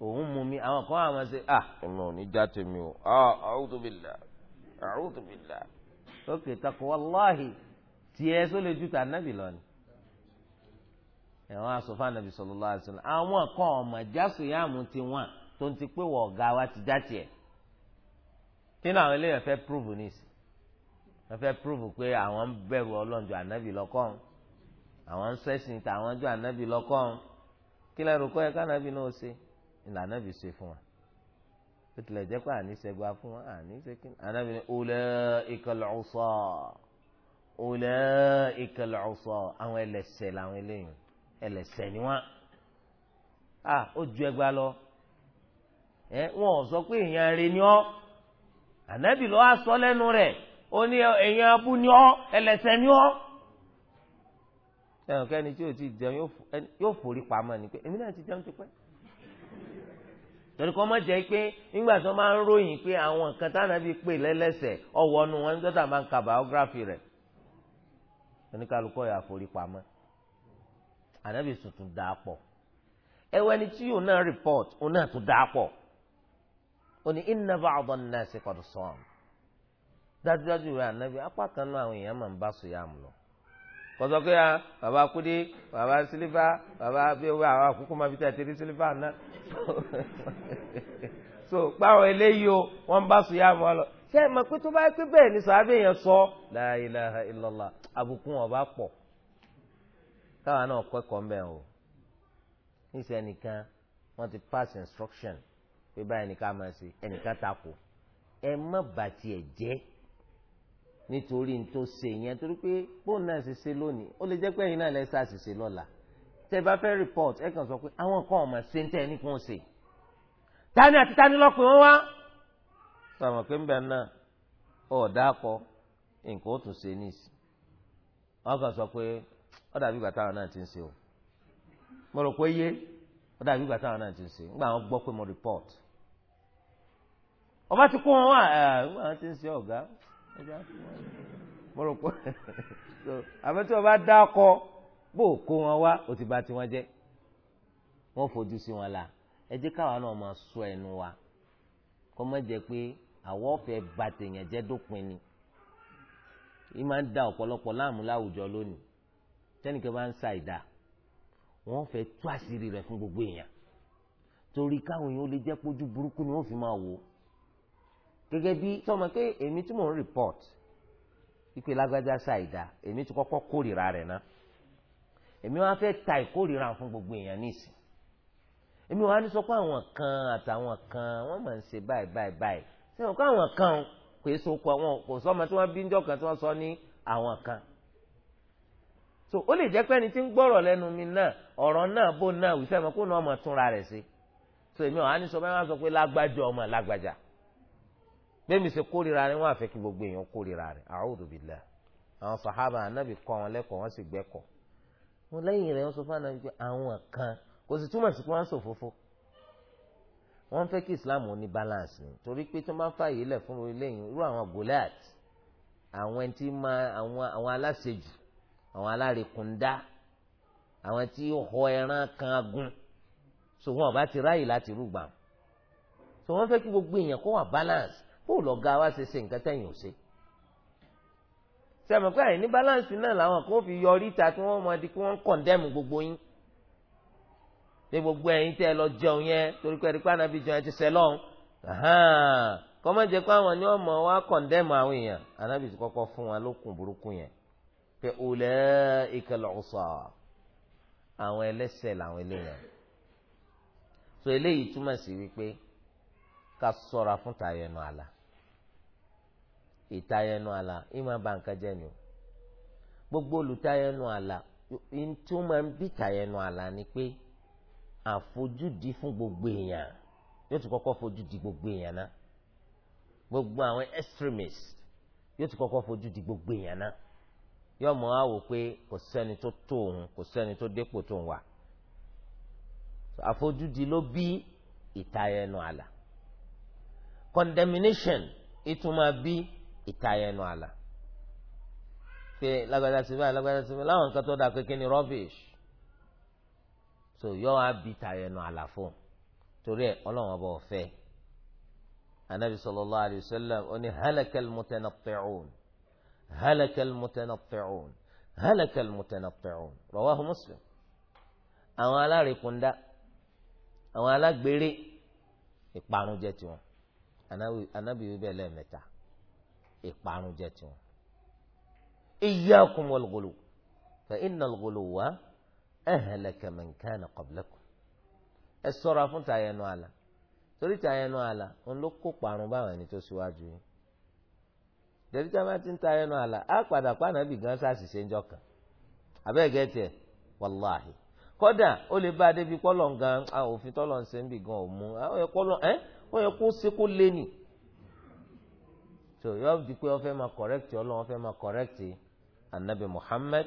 òun mú mi àwọn kan àwọn ṣe ah èmi ò já tèmi o ah, a'udhu billah a'udhu billah takò wàláhì tiẹ̀ ni ẹ̀wọ̀n asòfà nàbì sallallahu alaihi wasallam àwọn kan ọ̀mọ̀ jásù yáàmù ti wọ́n tó ń ti pé wọ̀ ọ̀gá wa ti já tiẹ̀ kí àwọn eléyàn fẹ́ prove nísì wọ́n fẹ́ prove pé àwọn ń bẹ̀rù ọlọ́njọ ànábì lọ́kàn àwọn ń sẹ́sìn tàwọn jọ ànábì lọ́kàn kí ìlànà bí ṣe fún wa ó tilẹ̀ jẹ́ pé àní ṣẹgbà fún wa àní ṣẹkí ànábì ní ulaika al-usa ulaika al-usa àwọn ẹlẹ́ṣẹ̀ làwọn eléyìí ẹlẹ́ṣẹ̀ ni wọ́n à ó ju ẹgbàá lọ ẹ wọn ò sọ pé èèyàn rẹ ni ọ ànábì lọ́wọ́ sọ lẹ́nu rẹ̀ ó ní èèyàn abú ni ọ ẹlẹ́ṣẹ̀ ni ọ ẹnìkan ẹni tí yóò ti jẹun yóò forí pamọ́ ni pé èmi náà ti jẹun ti pẹ́ torí kọ́ mọ̀ jẹ́ pé nígbà tí wọ́n máa ń ròyìn pé àwọn nǹkan táwọn bí pè lẹ́lẹ́sẹ̀ ọ̀wọ́ nu wọn nígbà tí wọ́n máa ń ka biography rẹ̀ oníkálukọ́ yà forí pamọ́ ànábì sùn tún dáa pọ̀ ẹwẹ́ ni tí yóò náà report òun náà tún dáa pọ̀ ó ní inna ba'da an-nasi qad sawm dájúdájú rẹ̀ ànábì apá kan náà àwọn èèyàn máa ń bá sùn yà mú lọ kọsọ pé ah, bàbá kúdí bàbá sílífà bàbá bíwá àwọn àkókò máa fi tẹ̀sí sílífà náà so gbáwọn eléyìí o wọ́n bá sùn yá mọ́ lọ ṣé ẹ mọ̀ pé tó bá pé bẹ́ẹ̀ ni sàábẹ̀ yẹn sọ la ilaha illallah àbùkù pọ̀ káwa náà kọ́kọ́ mbẹ́ o níṣẹ́ nìkan wọ́n ti pass instruction pé báyìí nìkan máa ṣe ẹnìkan takò ẹ má bàtì ẹ̀ jẹ́ nítorí tó ṣe yẹn torí pé bóun náà ṣe ṣe lónìí ó lè jẹ́ pé ẹ̀yin náà lẹ́ sá ṣe ṣe lọ́la tẹ́ bá fẹ́ ẹ kàn sọ pé àwọn kan ọ̀mọ̀ ṣe ń ẹ ní kí ṣe tani àti tani lọ́pẹ́ wọn wá. sọ̀rọ̀ pé ń bẹ̀ náà ọ̀dà kọ nǹkan ó tún ṣe níìsì wọ́n kàn sọ pé ó dàbí ìgbà táwọn náà ti ń ṣe o mo rò pé yé ó dàbí ìgbà táwọn náà ti ń ṣe nígbà wọn gbọ́ pé mo report ọba ti kó wọn wá ẹ ah, ẹ wọn ti ń ṣe ọ̀gá ẹja fún wọn mo rò pé so àmọ́ tí wọ́n bá dá ọkọ bó kó wọn wá ó ti bà tiwọn jẹ́ wọ́n fojú sí wọn la ẹ jẹ́ káwa náà máa sọ ẹnu wa kó má jẹ́ pé àwọn ọ̀fẹ́ bà tèèyàn jẹ́ dópin ni yìí máa ń da ọ̀pọ̀lọpọ̀ láàmú láwùjọ lónìí tẹ́nìkan bá ń sa ìdá wọ́n fẹ́ tú àṣírí rẹ̀ fún gbogbo èèyàn torí káwọn èèyàn ó lè jẹ́ pójú burúkú ni wọ́n fi máa wò ó gẹ́gẹ́ bí sọmọ pé èmi tí mò ń report ìpè lágbájá ṣàìdá èmi ti kọ́kọ́ kórìíra rẹ̀ ná èmi wá fẹ́ ta ìkórìíra fún gbogbo èèyàn nísìn èmi wá ní sọ pé àwọn kan àtàwọn kan wọ́n máa ń ṣe báyìí báyìí báyìí sẹ́wọ̀n pé àwọn kan kò èso kọ àwọn kò sọ́mọ tí wọ́n bí ń jọ́kan tí wọ́n sọ ní àwọn kan so ó lè jẹ́ pé ẹni tí ń gbọ́rọ̀ lẹ́nu mi náà ọ̀rọ̀ náà bó náà wíṣẹ́ mọ́ kó náà mọ̀ túnra rẹ̀ sí so èmi wá ní sọ pé wọ́n á sọ pé lágbájá ọmọ lágbájá bẹ́ẹ̀mi ṣe kórìíra rẹ̀ wọ́n àfẹ́ kí gbogbo èèyàn kórìíra rẹ̀ a'udhu billah àwọn sàhábà anábì kọ́ wọn lẹ́kọ̀ọ́ wọ́n sì gbẹ́kọ̀ wọn lẹ́yìn rẹ̀ wọ́n sọ fún anábì pé àwọn kan kò sì túmọ̀ sí pé wọ́n sọ fófó wọ́n fẹ́ kí islam ó ní balance ni torí pé tó máa ń fààyè lẹ̀ fún eléyìí irú àwọn goliath àwọn ẹni tí máa àwọn àwọn aláṣejù àwọn alárekùndá àwọn tí họ ẹran kan agun so wọn ò bá ti ráàyè láti rúgbà so wọ́n fẹ́ kí gbogbo èèyàn kó wà balance bóòlù ọ̀gá wa ṣe ṣe nǹkan tẹ̀yìn ò ṣe sẹ́mi pé àìní balance náà làwọn kò fi yọrí ta kí wọ́n máa di kí wọ́n kọ̀ndẹ́mù gbogbo yín pé gbogbo ẹ̀yin tẹ́ ẹ lọ jẹun yẹn torí pé ẹ̀ríkpá nàbí jẹun ẹ ti sẹ́ lọ́hùn kọ́mọ jẹ́ pé àwọn ni wọ́n mọ̀ wá kọ̀ndẹ́mù àwọn èèyàn anábì ti kọ́kọ́ fún wa lókun burúkú yẹn pé òlẹ́ ìkẹlẹ̀ àwọn ẹlẹ́sẹ̀ làwọn so eléyìí túmọ̀ sí wípé ká sọ̀ra fún ìtayẹnu àlà ìmọ̀ bá nǹkan jẹ́ ni o gbogbo olùtayẹnu àlà tí ó máa ń bí ìtayẹnu àlà ni pé àfojúdi fún gbogbo èèyàn yóò ti kọ́kọ́ fojúdi gbogbo èèyàn náà gbogbo àwọn extremists yóò ti kọ́kọ́ fojúdi gbogbo èèyàn náà yóò mọ̀ á wò pé kò sẹ́ni tó tó òun kò sẹ́ni tó dépò tó ń wà àfojúdi ló bí ìtayẹnu àlà condemnation ìtumọ̀ bíi ìtayẹnu àlà ṣe lágbádá sí báyìí lágbádá sí báyìí láwọn nǹkan tó dáa kékeré ni rubbish so yọ wá bí ìtayẹnu àlà fún torí ẹ ọlọ́run ọba ọ̀fẹ́ anabi sallallahu alayhi wa sallam ó ní halakal mutanatti'un halakal mutanatti'un halakal mutanatti'un rawahu muslim àwọn alárìkúndá àwọn alágbèrè ìparun jẹ tiwọn anabi wíbẹ lẹ́ẹ̀mẹ́ta. ìparun jẹ́ tiwọn. iyyakum wal ghulu fa innal ghuluwa ahlaka man kana qablakum. ẹ ṣọ́ra fún tàyẹnu àlà torí tàyẹnu àlà òun ló kó parun báwọn ẹni tó síwájú yìí. tẹ̀lé tí a máa ti ń tàyẹnu àlà á padà gan sàṣìṣe ńjọ kan àbẹ́ẹ̀gẹ́ tiẹ̀ wàláhì kódà ó lè bá a débi kọ́lọ̀ gan òfin tọ́lọ̀ ń sẹ́ ń bì gan òmu ó yẹ kó ṣe kó lé so yọ di pé ó fẹ́ máa correct Ọlọ́run ó fẹ́ máa correct anabi Muhammad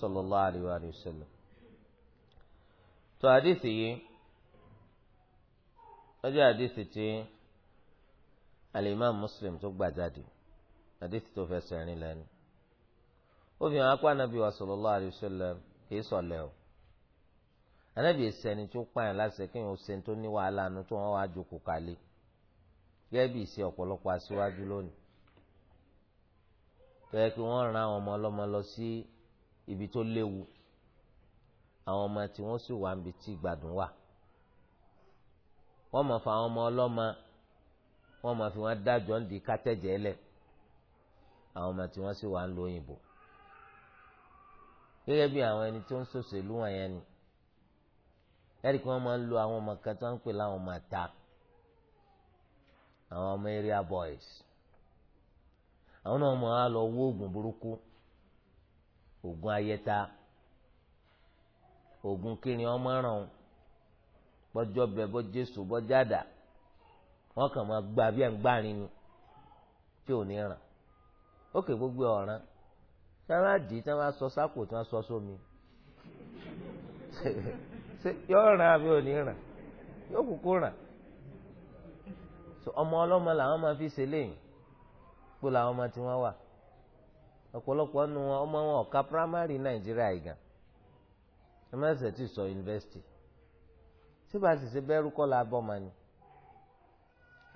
sallallahu alayhi wa sallam tó àdìsí yìí ó jẹ́ àdìsí tí alimami Muslim tó gbà jáde àdìsí tó fẹsẹ̀ rìn lẹ́nu ó fi hàn ápá anabi wa sallallahu alayhi wa sallam kì í sọlẹ̀ o anabi ìsẹni tó pààyàn láṣẹ kí wọn ṣe tó ní wàhálà nu tó wọn wá jókòó kalẹ̀ gẹ́gẹ́ bí ìṣe ọ̀pọ̀lọpọ̀ aṣíwájú lónìí tọ́yẹ pé wọ́n ran àwọn ọmọ ọlọ́mọ lọ sí ibi tó léwu àwọn ọmọ tí wọ́n sì wà níbi tí ìgbàdùn wà wọ́n mọ̀ fún àwọn ọmọ ọlọ́mọ wọ́n mọ̀ fi wọ́n dájọ́ ń di kátẹ́jẹ́ lẹ̀ àwọn ọmọ tí wọ́n sì wà ń lo òyìnbó gẹ́gẹ́ bí àwọn ẹni tó ń ṣòṣèlú wọn yẹn ni ẹ̀rí kí wọ́n máa ń lo àwọn ọmọ kan tó ń pè láwọn ọmọ ta àwọn ọmọ area boys. àwọn náà máa wá lọ wó oògùn burúkú oògùn ayẹta oògùn kiri ọmọ bọ́jọ́ bẹ bọ́jọ́ èso bọ́jọ́ àdá wọ́n kàn máa gba bí ẹ̀ tí ò ní ràn ókè gbogbo ọ̀ràn tí tí wọ́n sọ sápò tí wọ́n sọ sómi yóò ràn àbí ò ní ràn yóò kúkú ràn ọmọ ọlọ́mọ làwọn máa fi ṣe léyìn kó làwọn ọmọ tí wọ́n wà ọ̀pọ̀lọpọ̀ nu wọn ọmọ wọn ọ̀ka primary nàìjíríà ìgàn ẹ má ṣe ti sọ yunifásitì síbà sì ṣe bẹ́rù kọ́ la bọ́ ma ni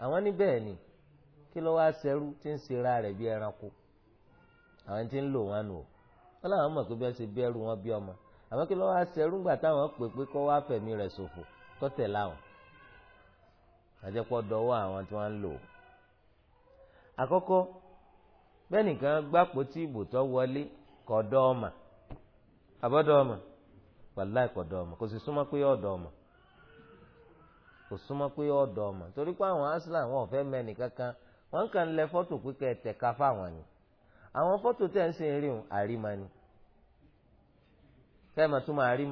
àwọn níbẹ̀ ni kí ló wáá ṣẹrú tí ń ṣera rẹ̀ bí ẹranko àwọn tí ń lò wọn nù ó láwọn mọ̀ pé bẹ́ẹ̀ ṣe bẹ́rù wọn bí ọmọ àmọ́ kí ló wáá ṣẹrú ńgbà táwọn pè pé kọ́ wáá fẹ̀mí rẹ̀ ṣòfò tọ́tẹ̀ láwọn àjẹpọ̀ dọwọ́ àwọn tí wọ́n ń lò ó àkọ́kọ́ bẹ́ẹ̀ nìkan gbàpò tí ìbò tó wọlé kọ̀dọ̀ ọmọ àbọ̀dọ̀ ọmọ wàláì kọ̀dọ̀ ọmọ kò sì súnmọ́ pé ọ̀dọ̀ ọmọ kò súnmọ́ pé ọ̀dọ̀ ọmọ torí pé àwọn aslam wọn ò fẹ́ mẹ́ni kankan wọ́n kàn ń lẹ fọ́tò pípẹ́ tẹ̀ka fáwọn ni àwọn fọ́tò tẹ̀ ń sìn rí òun àríma ni kẹ́ẹ̀mà tún máa rí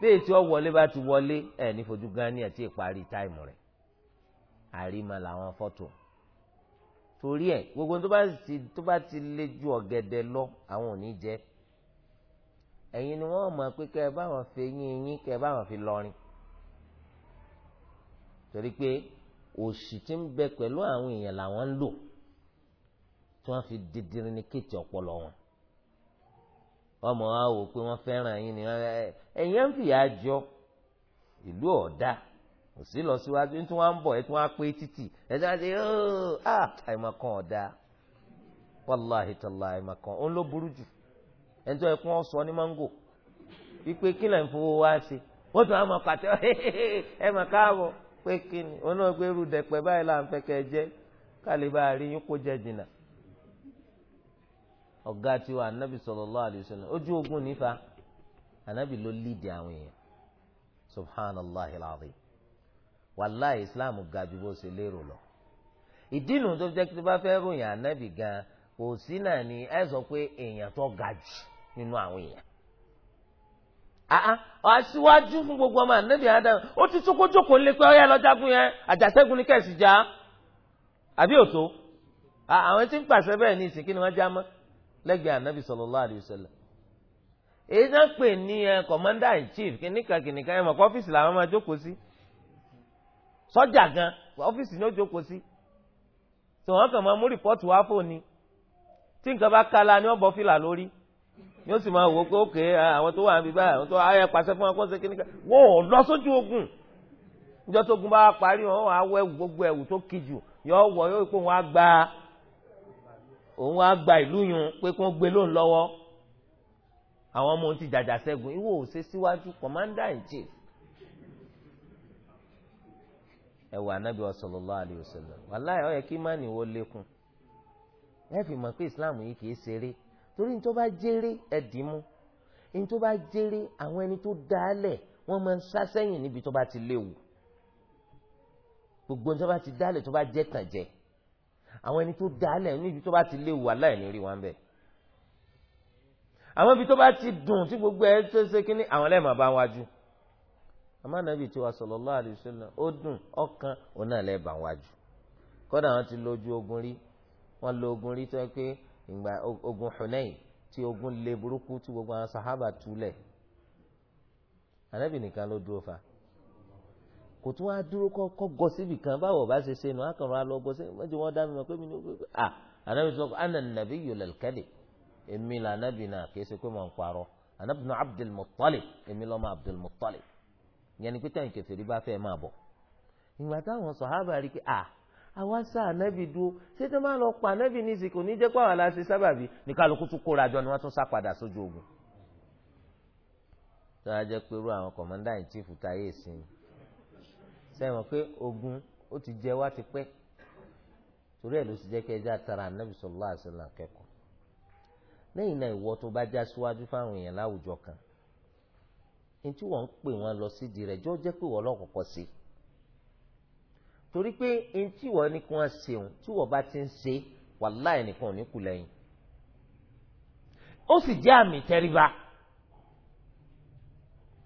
bẹ́ẹ̀ tí ó wọlé bá ti wọlé ẹ̀ ní fojú gan ni ẹ̀ tí ì parí táìmù rẹ̀ àríma làwọn fọ́tò torí ẹ gbogbo tó bá ti tó bá ti lé ju ọ̀gẹ̀dẹ̀ lọ àwọn ò ní jẹ ẹ̀yin ni wọ́n mọ̀ pé kẹ́ ẹ bá wọn fi yín yín kẹ́ ẹ bá wọn fi lọrin torí pé òṣì tí ń bẹ pẹ̀lú àwọn èèyàn làwọn ń lò tí wọ́n fi didiri ní kéètì ọpọlọ wọn ọmọ wa wò pé wọ́n fẹ́ràn yín ni ẹ̀yin ń fìyà jọ ìlú ọ̀dà kò sí lọ síwájú ní tí wọ́n ń tí wọ́n pé títì ẹ̀ tí wọ́n á ṣe ah! kan àìmọ̀kan ọ̀dà wàláhì tàlá àìmọ̀kan ó ń ló burú jù ẹni tó yẹ sọ ní máńgò wípé kí lẹ́yìn fowó wá ṣe ó tún àmọ̀ pé kí ni rú báyìí là ń kálíbà rí yín kó tiwa anabi lọ alaihi wasallam ojú ogun nífa wàláì islam ga ju bó ṣe lérò lọ ìdí nu tó jẹ́ pé tó bá fẹ́ ròyìn ànábì gan kò sí náà ni ẹ sọ pé èèyàn tó ga jù nínú àwọn èèyàn aṣíwájú fún gbogbo ọmọ ànábì adam ó ti sókójókòó lé ọyá lọ́jàgún yẹn àjàṣẹ́gun ní kẹ̀sì já àbí òtó àwọn tí ń pàṣẹ bẹ́ẹ̀ ní ni wọ́n já mọ́ ànábì èyí náà pè ní eh, in chief sọ́jà gan ọ́fíìsì ni ó jókòó sí tó wọn kàn máa mú rìpọ́ọ̀tù wá fóònù tí nǹkan bá kala ni wọ́n bọ́ fìlà lórí ni ó sì máa wò ó pé ókè ah, àwọn tó wà níbi báyìí àwọn tó ayẹ pàṣẹ fún wọn kó ṣe kíníkà wọn ò lọ sójú ogun níjọ́ tó gun bá parí wọn á wọ ẹ̀wù gbogbo ẹ̀wù tó ki jù yọ wọ yóò pé òun á gba òun á gba ìlú yun pé kó gbé lóun lọ́wọ́ àwọn ọmọ òun ti jàjà ṣẹ́gun ìwọ ò ṣe síwájú commander in chief ẹwà anabi wa sallallahu alayhi wa sallam wàláyé ó yẹ kí mánì wo lékun ẹ fi mọ̀ pé islam yìí kì í ṣeré torí ní tó bá jèrè ẹdìmú ní tó bá jèrè àwọn ẹni tó dálẹ̀ wọ́n máa ń sá sẹ́yìn níbi tó bá ti léwu gbogbo ní tó bá ti dálẹ̀ tó bá jẹ́ tàn jẹ́ àwọn ẹni tó dálẹ̀ níbi tó bá ti léwu wàláyé ní rí wọn bẹ́ẹ̀ àwọn ibi tó bá ti dùn tí gbogbo ẹ ṣe ṣe kínní àwọn lẹ́ẹ̀ bá wájú àmọ́ nàbì tiwa sallallahu alaihi wasallam ó dùn ọkàn òun náà lẹ́ẹ̀ bá wájú kódà wọn ti lójú ogun rí wọn lo ogun rí tó yẹ pé ìgbà ogun Hunain tí ogun le burúkú tí gbogbo àwọn sahaba túlẹ̀ ànábì nìkan ló dúró fa kò tún wá dúró kọ́ gọ síbì kan báwo bá ṣe ṣe nù akọ̀rọ̀ alọ́ gọ sí wọ́n ti wọ́n dá mi mọ̀ pé mi ní ogun à ànábì sọ pé ànà nàbí yòlẹ̀ kẹ́lẹ̀ èmi là ànábì náà kì í ṣe pé mo ń parọ́ ànábì náà Abdul Muttalib lọ́mọ Abdul ìyẹn ni pé tẹ̀yìn kèfèrí bá fẹ́ máa bọ̀ ìgbà táwọn sọ̀hábà rí i pé à àwa sá ànábì dúró ṣé tó máa lọ pa ànábì ní ìsìnkú ní jẹ́ pàwọn aláṣẹ sábàbí ní kálukú tún kóra jọ ni wọ́n tún sá padà sójú ogun. tó a jẹ́ pé irú àwọn kọ̀mọ́ndà yìí ti fùtà yé sìn sẹ́wọ̀n pé ogun ó ti jẹ wá ti pẹ́ torí ẹ̀ ló ti jẹ́ kí ẹja tara ànábì sallallahu alaihi wasallam lẹ́yìn náà ìwọ tó bá já síwájú fáwọn èèyàn láwùjọ kan ní tí wọ́n ń pè wọ́n lọ sí di rẹ̀ jọ́ jẹ́ pé wọ́n lọ́kọ̀ọ̀kọ̀ sí i torí pé ní tí wọ́n ní kí wọ́n ṣeun tí wọ́n bá ti ń ṣe wàláì nìkan ò ní kù lẹ́yìn ó sì jẹ́ àmì tẹríba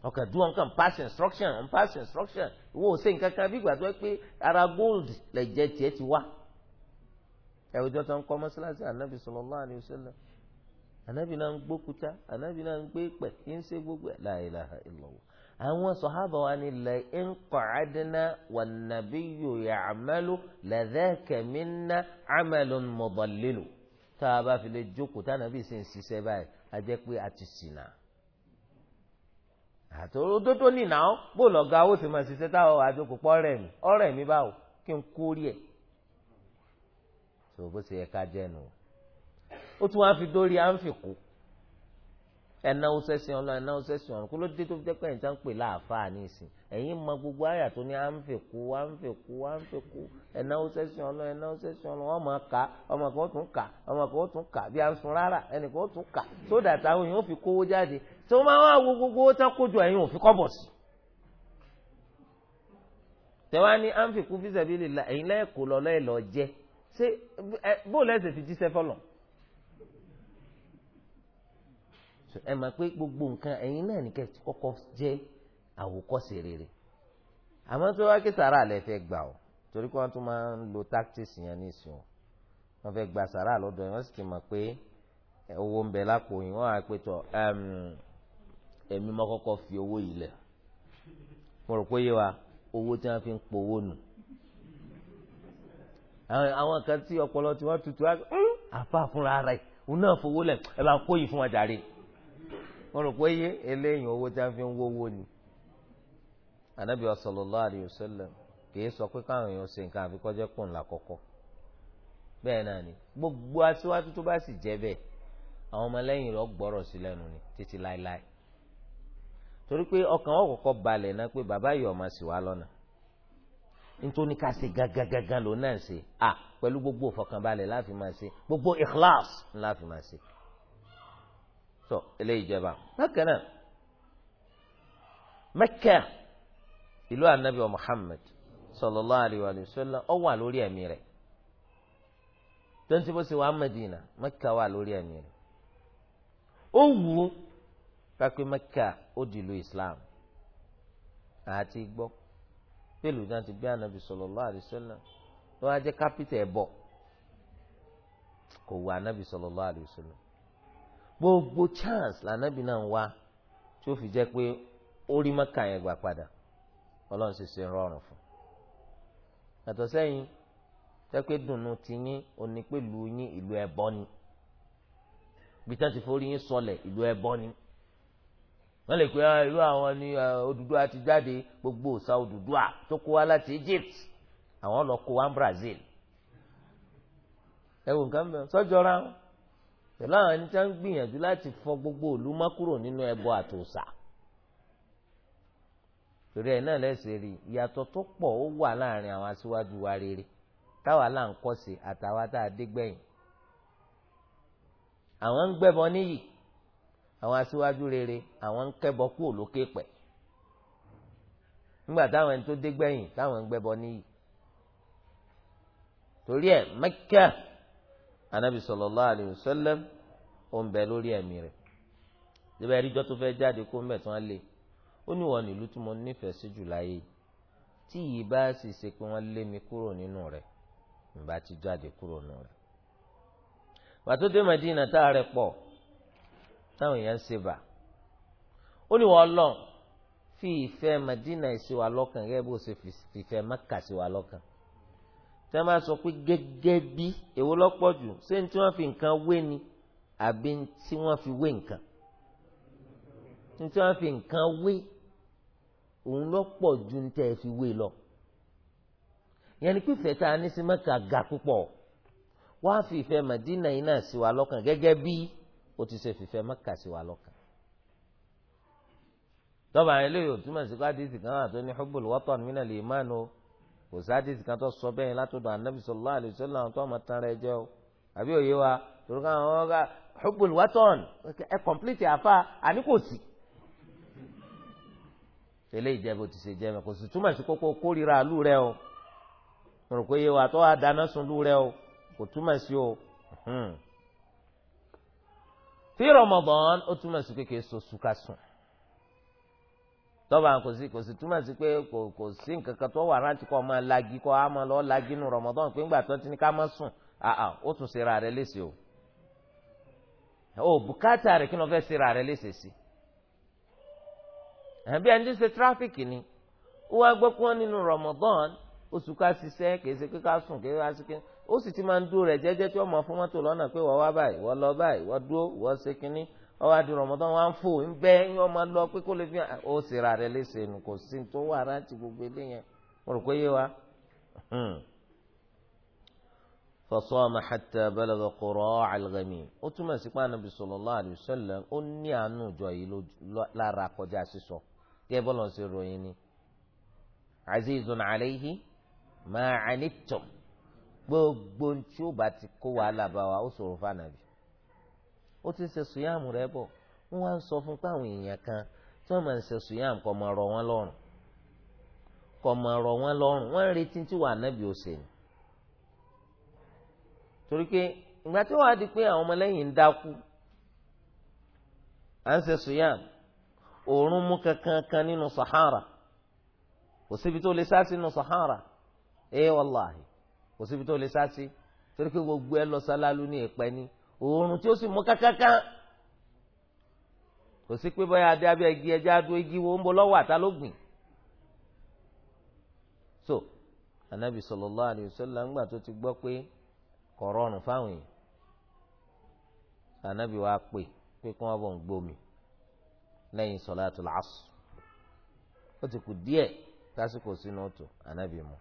ọkàn dúró nǹkan pass instruction and pass instruction ìwọ ò ṣe nǹkan kan bí ìgbà tó yẹ pé ara gold lẹ̀jẹ̀ tiẹ̀ ti wá ẹ̀wùjọ́ tó ń kọ́ mọ́ṣáláṣí ànábì sallallahu alaihi wasallam anabi náà ń gbókuta anabi náà ń gbé pẹ̀ kí ń ṣe gbogbo ẹ̀ la ilaha illallah àwọn sọ̀hábà wa ni la in qa'adna wan nabiyyu ya'malu la dhaka minna 'amalun mudallilu tá a bá fi lè jókòó tá ànábì sì ń ṣiṣẹ́ báyìí a jẹ́ pé a ti ṣìnà àtòrò dódó nìna ó bó lọ́gà ó sì máa ṣiṣẹ́ táwọn àjòkò pọ̀ ọ̀rẹ́ mi ọ̀rẹ́ mi báwo kí n kórìí ẹ̀ tó bó ṣe yẹ ká jẹ́ nù ó tún wá fi dórí à ń fi kú ẹnáwó sẹ́sìn ọlọ́ ẹnáwó sẹ́sìn ọ̀run kó ló dé tó fi dẹ́pẹ́ ẹ̀ńtà ń pè láàfáà ní ìsìn ẹ̀yìn mọ gbogbo àyà tó ní à ń fi kú à ń fi kú à ń fi kú ẹnáwó sẹ́sìn ọlọ́ ẹnáwó sẹ́sìn ọlọ́ ọmọ ká ọmọ kan tún ká ọmọ kan tún ká bí a ń sun rárá ẹnì kan tún ká sódà táwọn èèyàn fi kówó jáde tí máa wá wo gbogbo ó tán kójú ẹ̀yìn òfin kọ́ bọ̀ sí. tẹ̀wá ní à ń fi kú fíṣẹ̀bí ẹ mọ̀ pé gbogbo nǹkan ẹ̀yin náà ní kẹ́ẹ̀ kọ́kọ́ jẹ́ àwòkọ́ṣe rere àmọ́ tí wọ́n wá kí sàrà lẹ fẹ́ gbà ọ́ torí kí wọ́n tún máa ń lo tactics yẹn ní ìsìn o wọ́n fẹ́ gba sàrà lọ́dọ̀ yẹn wọ́n sì ti mọ̀ pé owó ń bẹ lápò yìí wọ́n á pé tọ̀ èmi mọ́ kọ́kọ́ fi owó yìí lẹ̀ mo rò pé yé wa owó tí wọ́n fi ń powó nù àwọn kan tí ọpọlọ tí wọ́n tutù hmm, àfa fúnra rẹ̀ òun náà fowó lẹ̀ ẹ bá kó yìí fún wa jàre wọn rò pé yé eléyìí owó tí wọn fi ń wówó ni anabi sallallahu alayhi sallam kìí sọ pé káwọn èèyàn ṣe nǹkan àfikọ́jẹ́ pọ̀ ńlá kọ̀kọ́ bẹ́ẹ̀ náà ni gbogbo aṣíwájú tó bá sì jẹ́ bẹ́ẹ̀ àwọn ọmọlẹ́yìn rẹ̀ gbọ́rọ̀ sí lẹ́nu ni títí láéláé torí pé ọkàn wọn kọ́kọ́ balẹ̀ náà pé bàbá yìí ọmọ sì wá lọ́nà nítorí ká ṣe gágágágá ló náà ṣe à pẹ̀lú gbogbo ìfọkànbalẹ̀ láfi máa ṣe gbogbo ikhlas láfi máa ṣe tó eléyìí jẹba bákan náà mẹkẹ ìlú anabi wa muhammed sallallahu alayhi wa sallam ó wà lórí ẹ̀mí rẹ̀ tonti bó ṣe wà Madina Mẹ́kà wà lórí ẹ̀mí rẹ̀ ó wù ú kápẹ́ Mẹ́kà ó di ìlú Islam àti gbọ́ pẹ̀lú náà ti bí anabi sallallahu alayhi wa sallam ló wá jẹ́ kápítà ẹ̀bọ kò wù anabi sallallahu alayhi wa gbogbo chance lànàbì náà ń wá tí ó fi jẹ́ pé ó rí mọ́kà yẹn gbà padà ọlọ́run sì ṣe rọrùn fún un. yàtọ̀ sẹ́yìn tẹ́pẹ́ dùnú ti yín onípẹ̀lú yín ìlú ẹ̀bọ ni bíi tán ti forí yín sọlẹ̀ ìlú ẹ̀bọ ni wọ́n lè pe ah, irú àwọn ni ah, Odùduwà ti jáde gbogbo òòṣà Odùduwà tó kó wá láti Egypt àwọn lọ kó wá Brazil ẹ wò nǹkan mẹ́rin sọ́jọ́ra wọn pẹ̀lú àwọn ẹni tí wọ́n ń gbìyànjú láti fọ gbogbo òlu mọ́ kúrò nínú ẹbọ àtòsà torí ẹ̀ náà lẹ́sẹ̀ rí ìyàtọ̀ tó pọ̀ ó wà láàrin àwọn aṣíwájú wa rere táwa là ń kọ́ sí àtàwa tá a dé gbẹ̀yìn àwọn ń gbẹ́bọ níyì àwọn aṣíwájú rere àwọn ń kẹ́bọ kúrò lókè pẹ̀ nígbà táwọn ẹni tó dé gbẹ̀yìn táwọn ń gbẹ́bọ níyì torí ẹ̀ Mẹ́kà anabi sallallahu alayhi wa sallam ó ń bẹ lórí ẹ̀mí rẹ̀ síbẹ̀ ẹ̀ríjọ́ tó fẹ́ jáde kó mẹ̀tán lé ó ní wọn nílùú tí mo nífẹ̀ẹ́ sí jù láyé tí yìí bá sì ṣe pé wọ́n lé mi kúrò nínú rẹ̀ n bá ti jáde kúrò nínú rẹ̀. pàtó dé Madina tá a rẹ pọ̀ táwọn èèyàn ṣe bà ó ní wọn lọ fi ìfẹ́ Madina sí wa lọ́kàn gẹ́gẹ́ bó ṣe fi ìfẹ́ Mẹ́kà wa lọ́kàn tẹ́ máa sọ pé gẹ́gẹ́ bí èwo lọ́pọ̀ jù ṣé ní tí wọ́n fi nǹkan wé ni àbí ní tí wọ́n fi wé nǹkan ní tí wọ́n fi nǹkan wé òun lọ́pọ̀ ju ní tẹ́ ẹ fi wé lọ yẹn ni pífẹ́ tá a ní sí mẹ́ka ga púpọ̀ wá fi ìfẹ́ Màdínà yìí náà sí wa lọ́kàn gẹ́gẹ́ bí o ti ṣe fìfẹ́ mẹ́ka sí wa lọ́kàn tọ́ba àwọn eléyìí ò túmọ̀ sí kó àdìsí kan àti oní hubbul watan minal iman o kò sáàdìsì kan tó sọ bẹ́ẹ̀ látọ̀dọ̀ anabi sallallahu alaihi wasallam tó ọmọ tán rẹ jẹ́ o àbí òye wa torí káwọn ọmọ ọgá hubbul watan ẹ kọ̀m̀plìtì àfa àní kò sí. tẹ́lẹ̀ ìjẹ́bù ti ṣe jẹ́ mi kò sì túmọ̀ sí kókó kórìíra àlù rẹ o mo rò pé iye wa tó wà dáná sun lù rẹ o kò túmọ̀ sí o. Hmm. fi Ramadan ó túmọ̀ sí kékeré so sùkà sùn. tọ́ba kò sí kò sí túmọ̀ sí pé kò kò sí nǹkan kan tó wà rántí kọ́ kọ́ lọ lagi nu pé ńgbà tó ti ní ká sùn àà ó tún o ò bùkátà rẹ kí ni wọ́n fẹ́ ṣe ra rẹ léṣe sí. ẹni tí ń ṣe ni ó wá gbọ́ pé wọ́n nínú oṣù ká ṣiṣẹ́ kì í ṣe pé ká sùn kì í wá sí ó sì ti máa ń dúró jẹ́jẹ́ tí ọwọ́ àti rọ̀mọ́tọ́ wọn á ń fò ń bẹ́ yín máa lọ pé kó lè fi hàn ó sì ra rẹ̀ léṣe nù kò sí tó wà láti gbogbo mo rò pé yé wa. Hmm. fasama hatta balagha qura' al ó túmọ̀ sí pé anabi ó ní àánú ìjọ yìí lára kọjá sísọ gẹ́gẹ́ bọ́lá ń ṣe ròyìn ni azizun alayhi ma gbogbo tí ó bá ti kó ó ti ń ṣe sùyàmù rẹ̀ bọ̀ wọ́n wá ń sọ fún pé àwọn èèyàn kan tí wọ́n máa ń ṣe sùyàmù kọ́ máa rọ̀ wọ́n lọ́rùn kọ́ máa rọ̀ wà nábì ni torí pé ìgbà tí wàá di pé àwọn ọmọlẹ́yìn ń dákú à ń ṣe kankan nínú sahara kò síbi tó lè sá sí nínú sahara ẹ wàláhì kò síbi tó lè sá sí torí pé gbogbo ẹ lọ sálálú ní ìpẹ́ oòrùn tí ó sì mú kákáká kò sí pé bóyá adé abẹ́ igi ẹja adó igi wo ń bọ lọ́wọ́ àtá ló gbìn. so anabi sallallahu alaihi wasallam ńgbà tó ti gbọ́ pé kò rọrùn fáwọn yìí anabi wa pè pé kí wọ́n bọ̀ ń gbómi lẹ́yìn salatul asr ó ti kù díẹ̀ tásìkò sínú ọ̀tún anabi mu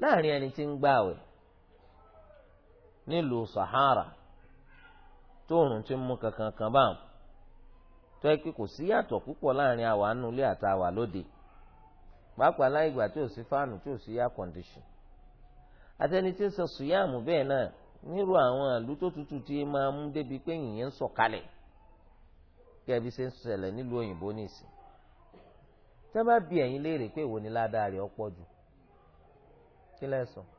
láàrin ẹni tí ń gbààwẹ̀ nílùú Sahara tóòrùn ti mú kankan kan báwọn tó yẹ kí kò sí yàtọ̀ púpọ̀ láàrin àwa nulẹ̀ àtàwà lóde pàápàá láì ìgbà tí ò sí fáànù tí ò sí air condition àtẹni tí ń sọ sùyàmù bẹ́ẹ̀ náà nírú àwọn àlù tó tutù tí máa mú débi pé yìnyín ń sọ̀kalẹ̀ kẹbi ṣe ń ṣẹlẹ̀ nílùú òyìnbó nìsín tẹ́ bá bi ẹ̀yin léèrè pé èwo ni ládàá rẹ̀ ọ̀pọ̀ jù kí lẹ́sàn-án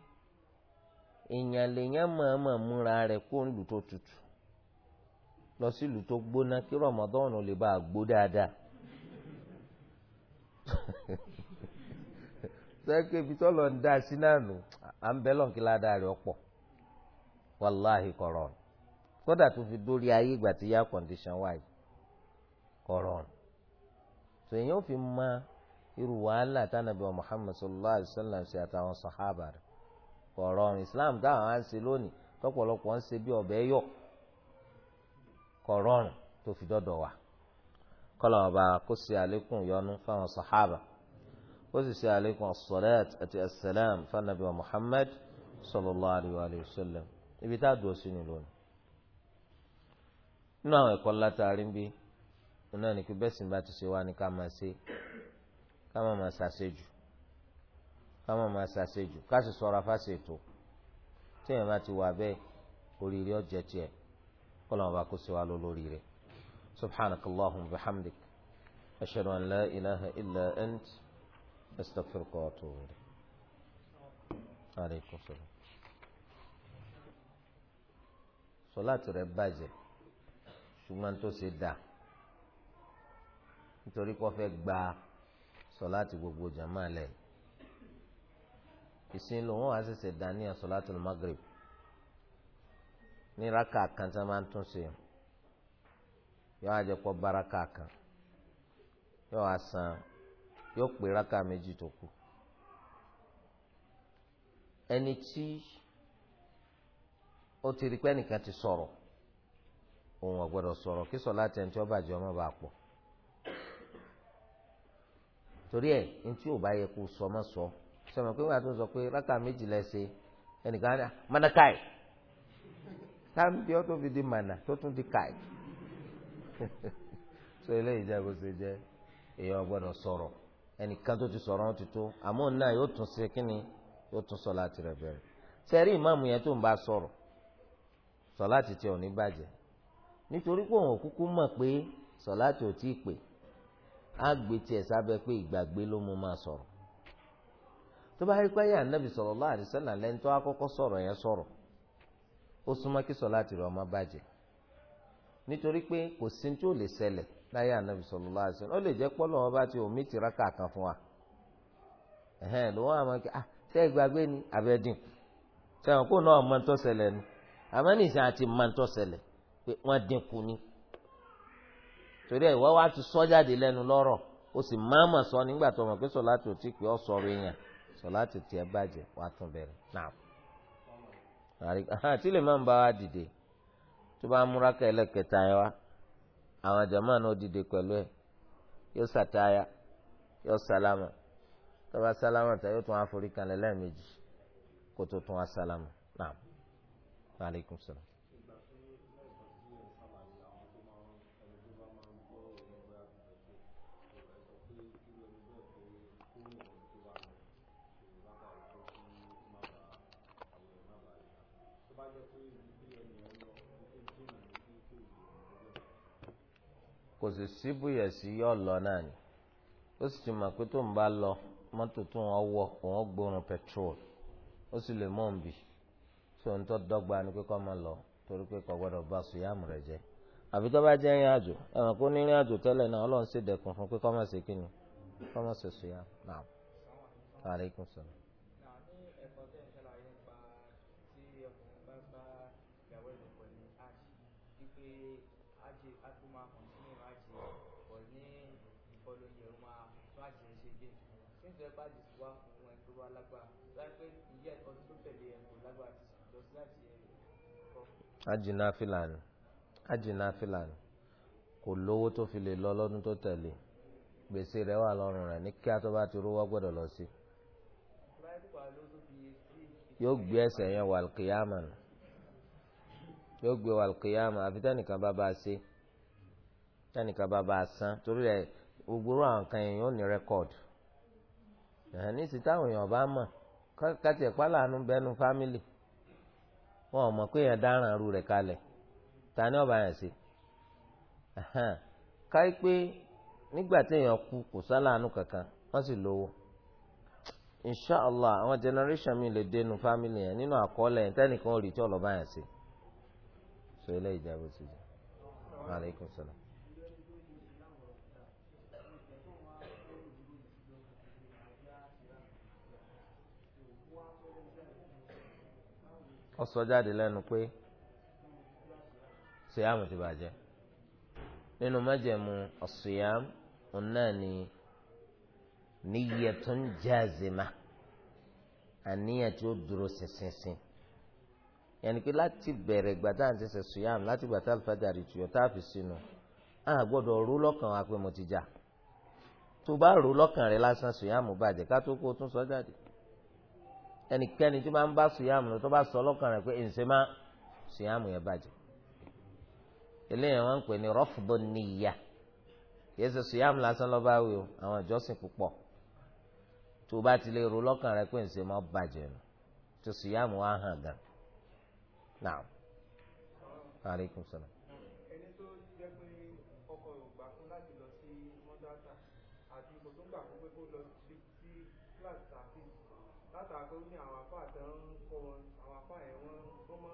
èèyàn lèèyàn mọ̀ọ́mọ̀ múra rẹ kó lù tó tutù lọ sí lù tó gbóná kí rọmọdọ́ọ̀nù lè bá a gbó dáadáa sẹ́kẹ́ ibi tó lọ ń dá sí náà nù à ń bẹ́ lọ́nkí ládàá ọ̀pọ̀ wàláhì kọ̀rọ̀ kódà tó fi dórí ayé ìgbà tí yá kọ̀ǹdíṣàn wáyé kọ̀rọ̀ tó èèyàn fi mọ irú wàhálà tánàbí wa kò rọrùn islam táwọn á ń ṣe lónìí tọ́pọ̀lọpọ̀ ń ṣe bí ọbẹ̀ yọ kò rọrùn tó fi dọ́dọ̀ wá kọ́lọ̀ ọba kó ṣe àlékún yọ́nú fáwọn sàhábà ó sì ṣe àlékún as-salat àti as-salam fanabi wa muhammad sallallahu alayhi wa sallam ibi tá a dùn sí ni lónìí nínú àwọn ẹ̀kọ́ látàrí bí náà ni pé bẹ́sìn bá ti ṣe wá ní ká máa ṣe ká máa máa ṣàṣejù ká má máa ṣàṣejù ká sì sọ̀rọ̀ afáṣetò téèyàn bá ti wà bẹ́ẹ̀ oríire ọ̀jẹ̀ tiẹ̀ kó làwọn bá kó sí wa lórí rẹ̀ subhanaka allahumma wa bihamdik ashhadu an la ilaha illa ant astaghfiruka wa atubu ilayk. sọláàtì rẹ̀ bàjẹ́ ṣùgbọ́n tó ṣe dáa nítorí kó fẹ́ gba sọláàtì gbogbo jàmáà lẹ́yìn. isi lòun wà asịsị dání asọlátùl magrib ní raka kan tí wọn máa ń tún ṣe yóò wá jẹ pọ baraka kan yóò wá san yóò pè raka méjì tó kù ẹni tí ó ti rí pé ẹnìkan ti sọ̀rọ̀ òun ò gbọ́dọ̀ kí sọ ẹni tí bàjẹ́ ọmọ bá pọ̀ torí ní tí sọmọ pé wà tó sọ pé rákà méjì lẹ́sẹ̀ ẹnìkan ní ah, manakai táǹbì ọ́ fi di mana tó tún di kai so eléyìí jẹ́ bó ṣe jẹ́ èèyàn gbọ́dọ̀ sọ̀rọ̀ ẹnìkan tó ti sọ̀rọ̀ wọn ti tó àmọ́ náà yóò tún ṣe kí ni yóò tún sọ láti rẹ̀ bẹ̀rẹ̀ sẹ́rí ìmáàmù yẹn tó ń bá sọ̀rọ̀ sọ láti tiẹ̀ ò ní bàjẹ́ nítorí pé òun kúkú mọ̀ pé sọ láti ò tí ì pè á gbé tiẹ̀ sábẹ́ pé ìgbàgbé ló mú máa sọ̀rọ̀ tọba bá yẹ pé yà nàbì sallallahu alaihi ntọ akọkọ tó yẹn sọ̀rọ̀ ó súnmọ́ kí sọ̀láàtì rẹ̀ má bàjẹ́ nítorí pé kò sí tí ó lè láyé anabi sọlọlọ ó lè ti omi tira rákà fún wa ẹ̀hẹ́n ló wọ́n a kí ah gbàgbé ni abẹ́dín sẹ́wọ̀n kó náà mọ́ tó ṣẹlẹ̀ ni àmọ́ nìṣẹ́ àti pé wọ́n ni torí ẹ̀ wọ́n wá ti sọláàtì tiẹ̀ bàjẹ́ wàá tún bẹ̀rẹ̀ náà àti lè má ń bá wa dìde tó bá múra yẹn wa àwọn jama náà dìde pẹ̀lú ẹ̀ yóò sàtáyà yóò sálámà tó bá tá yóò tún wá forí kó tó tún maaleykum salaam. kò sì síbúyẹ̀ sí yọ lọ náà ni ó sì ti mọ̀ pé tó ń bá lọ mọ́tò tó wọn wọ òun gbóòórùn petrol ó sì lè so nbì tó ń tọ́ dọgba ni pé kọ́ máa lọ torí pé kò gbọ́dọ̀ bá sùyàmù rẹ̀ jẹ́ àfi tó bá jẹ́ fún pé kọ́ máa ṣe kọ́ yẹn ṣe gé kí n fẹ́ bá di wá fún ẹ tó bá lágbára láìpẹ́ ìyá ọdún tó tẹ̀lé ẹ kò lágbára ti lọ sí láti ẹ kọ́. ajina filani ajina filani kò lówó tó fi lè lọ lọ́dún tó tẹ̀lé gbèsè rẹ̀ wà lọ́rùn rẹ̀ ní kíá tó bá ti rówó gbọ́dọ̀ lọ sí. yóò gbé ẹsẹ̀ yẹn wàlùkìyàmà yóò gbé wàlùkìyàmà àfi tẹnìkan bá bá a ṣe tẹnìkan bá bá a san torí rẹ̀. gbogbo àwọn kan yẹn yóò ní rẹ́kọ̀dù ní ìsìn táwọn èèyàn bá mọ̀ kátì ẹ̀pá làánú bẹnu fámìlì wọn ò mọ̀ pé èèyàn dáràn arú ta ni ọba yẹn sí káyí pé nígbà tí èèyàn kú kò sálàánú kankan wọ́n sì lówó inshallah àwọn generation mi lè dénú fámìlì yẹn nínú àkọọ́lẹ̀ yẹn ò rí tí ó sọ jáde lẹ́nu pé síyàmù ti bàjẹ́ nínú májẹ̀mú ọ̀sùyàm òun náà ni níyẹtún jáàzìmá àníyàn tí ó dúró ṣinṣinṣin yẹnni pé láti bẹ̀rẹ̀ gbàtà àti ṣe sùyàm láti gbàtà àlùfáàdàrí tuyọ̀ tá a fi sínú a gbọ́dọ̀ rú lọ́kàn wa pé mo ti jà tó bá rú lọ́kàn rẹ lásán sùyàmù bàjẹ́ ká tó kó tún sọ ẹnikẹ́ni tó máa ń bá sùyàmù lọ tó bá sọ ọlọ́kàn rẹ̀ pé ǹsẹ̀ má sùyàmù yẹn bàjẹ́ eléyàn wọn ń pè ní rọ́fùdó níyà kìí ṣe sùyàmù lásán lọ́ bá wí o àwọn ìjọsìn púpọ̀ tó bá ti lè ro lọ́kàn rẹ̀ pé ǹsẹ̀ bàjẹ́ nù tó sùyàmù wà hàn gan. Naam. ní àwọn a àtàn ń kọ́ àwọn afá ẹ̀ wọ́n tó mọ́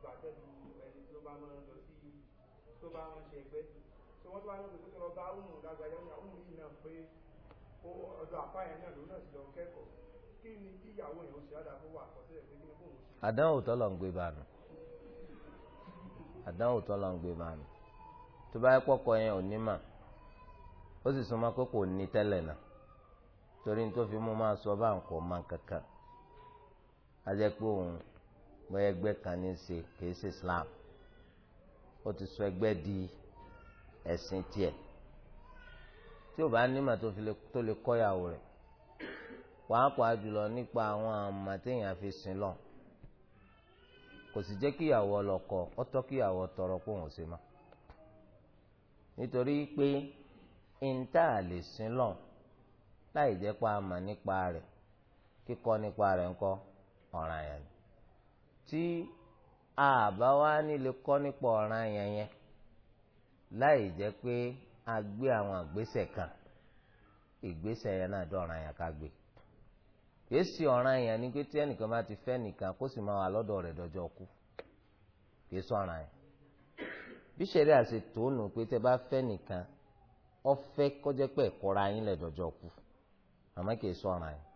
gbà pẹ̀lú ẹni tó bá mọ́ lọ sí tó bá ṣe ẹgbẹ́ tó wọ́n tó wá lọ́gbẹ̀ tó lọ bá ọmọ lágbàjá ní àwọn yìí náà pé ó ọjọ́ afá ẹ̀ náà ló náà sì lọ kẹ́kọ̀ọ́ kí ni kí ìyàwó ẹ̀ ó ṣe àdá fún àkọsílẹ̀ pé ajẹ́ pé òun bóyá ẹgbẹ́ kan ní ṣe kìí ṣe islam ó ti sọ ẹgbẹ́ di ẹ̀sìn tiẹ̀ tí ò bá nímọ̀ tó lè kọ́yàwó rẹ̀ pàápàá jùlọ nípa àwọn àmà téèyàn fi sin lọ kò sì jẹ́ kíyàwó ọlọ́kọ ó tọ́ kíyàwó tọrọ pé òun ṣe má nítorí pé ìntà lè sin lọ láì jẹ́ pa àmà nípa rẹ̀ kíkọ́ nípa rẹ̀ ńkọ́ ọ̀ràn yẹn tí àbá wa nílé kọ́ nípa ọ̀ràn yẹn yẹn láì jẹ́ pé a gbé àwọn àgbésẹ̀ kan ìgbésẹ̀ yẹn náà dọ̀ràn yẹn ká gbé kèésì ọ̀ràn yẹn ni pé tí ẹnìkan bá ti fẹ́ nìkan kó sì máa wà lọ́dọ̀ rẹ̀ dọjọ́ kú kèésì ọ̀ràn yẹn bí sẹ́rí àṣetòónù pé tẹ́ bá fẹ́ nìkan ọ ọ̀fẹ́ kọjá pé ẹ̀kọ́ra yín lẹ̀ dọjọ́ kú àmọ́ kèésì ọ̀ràn yẹn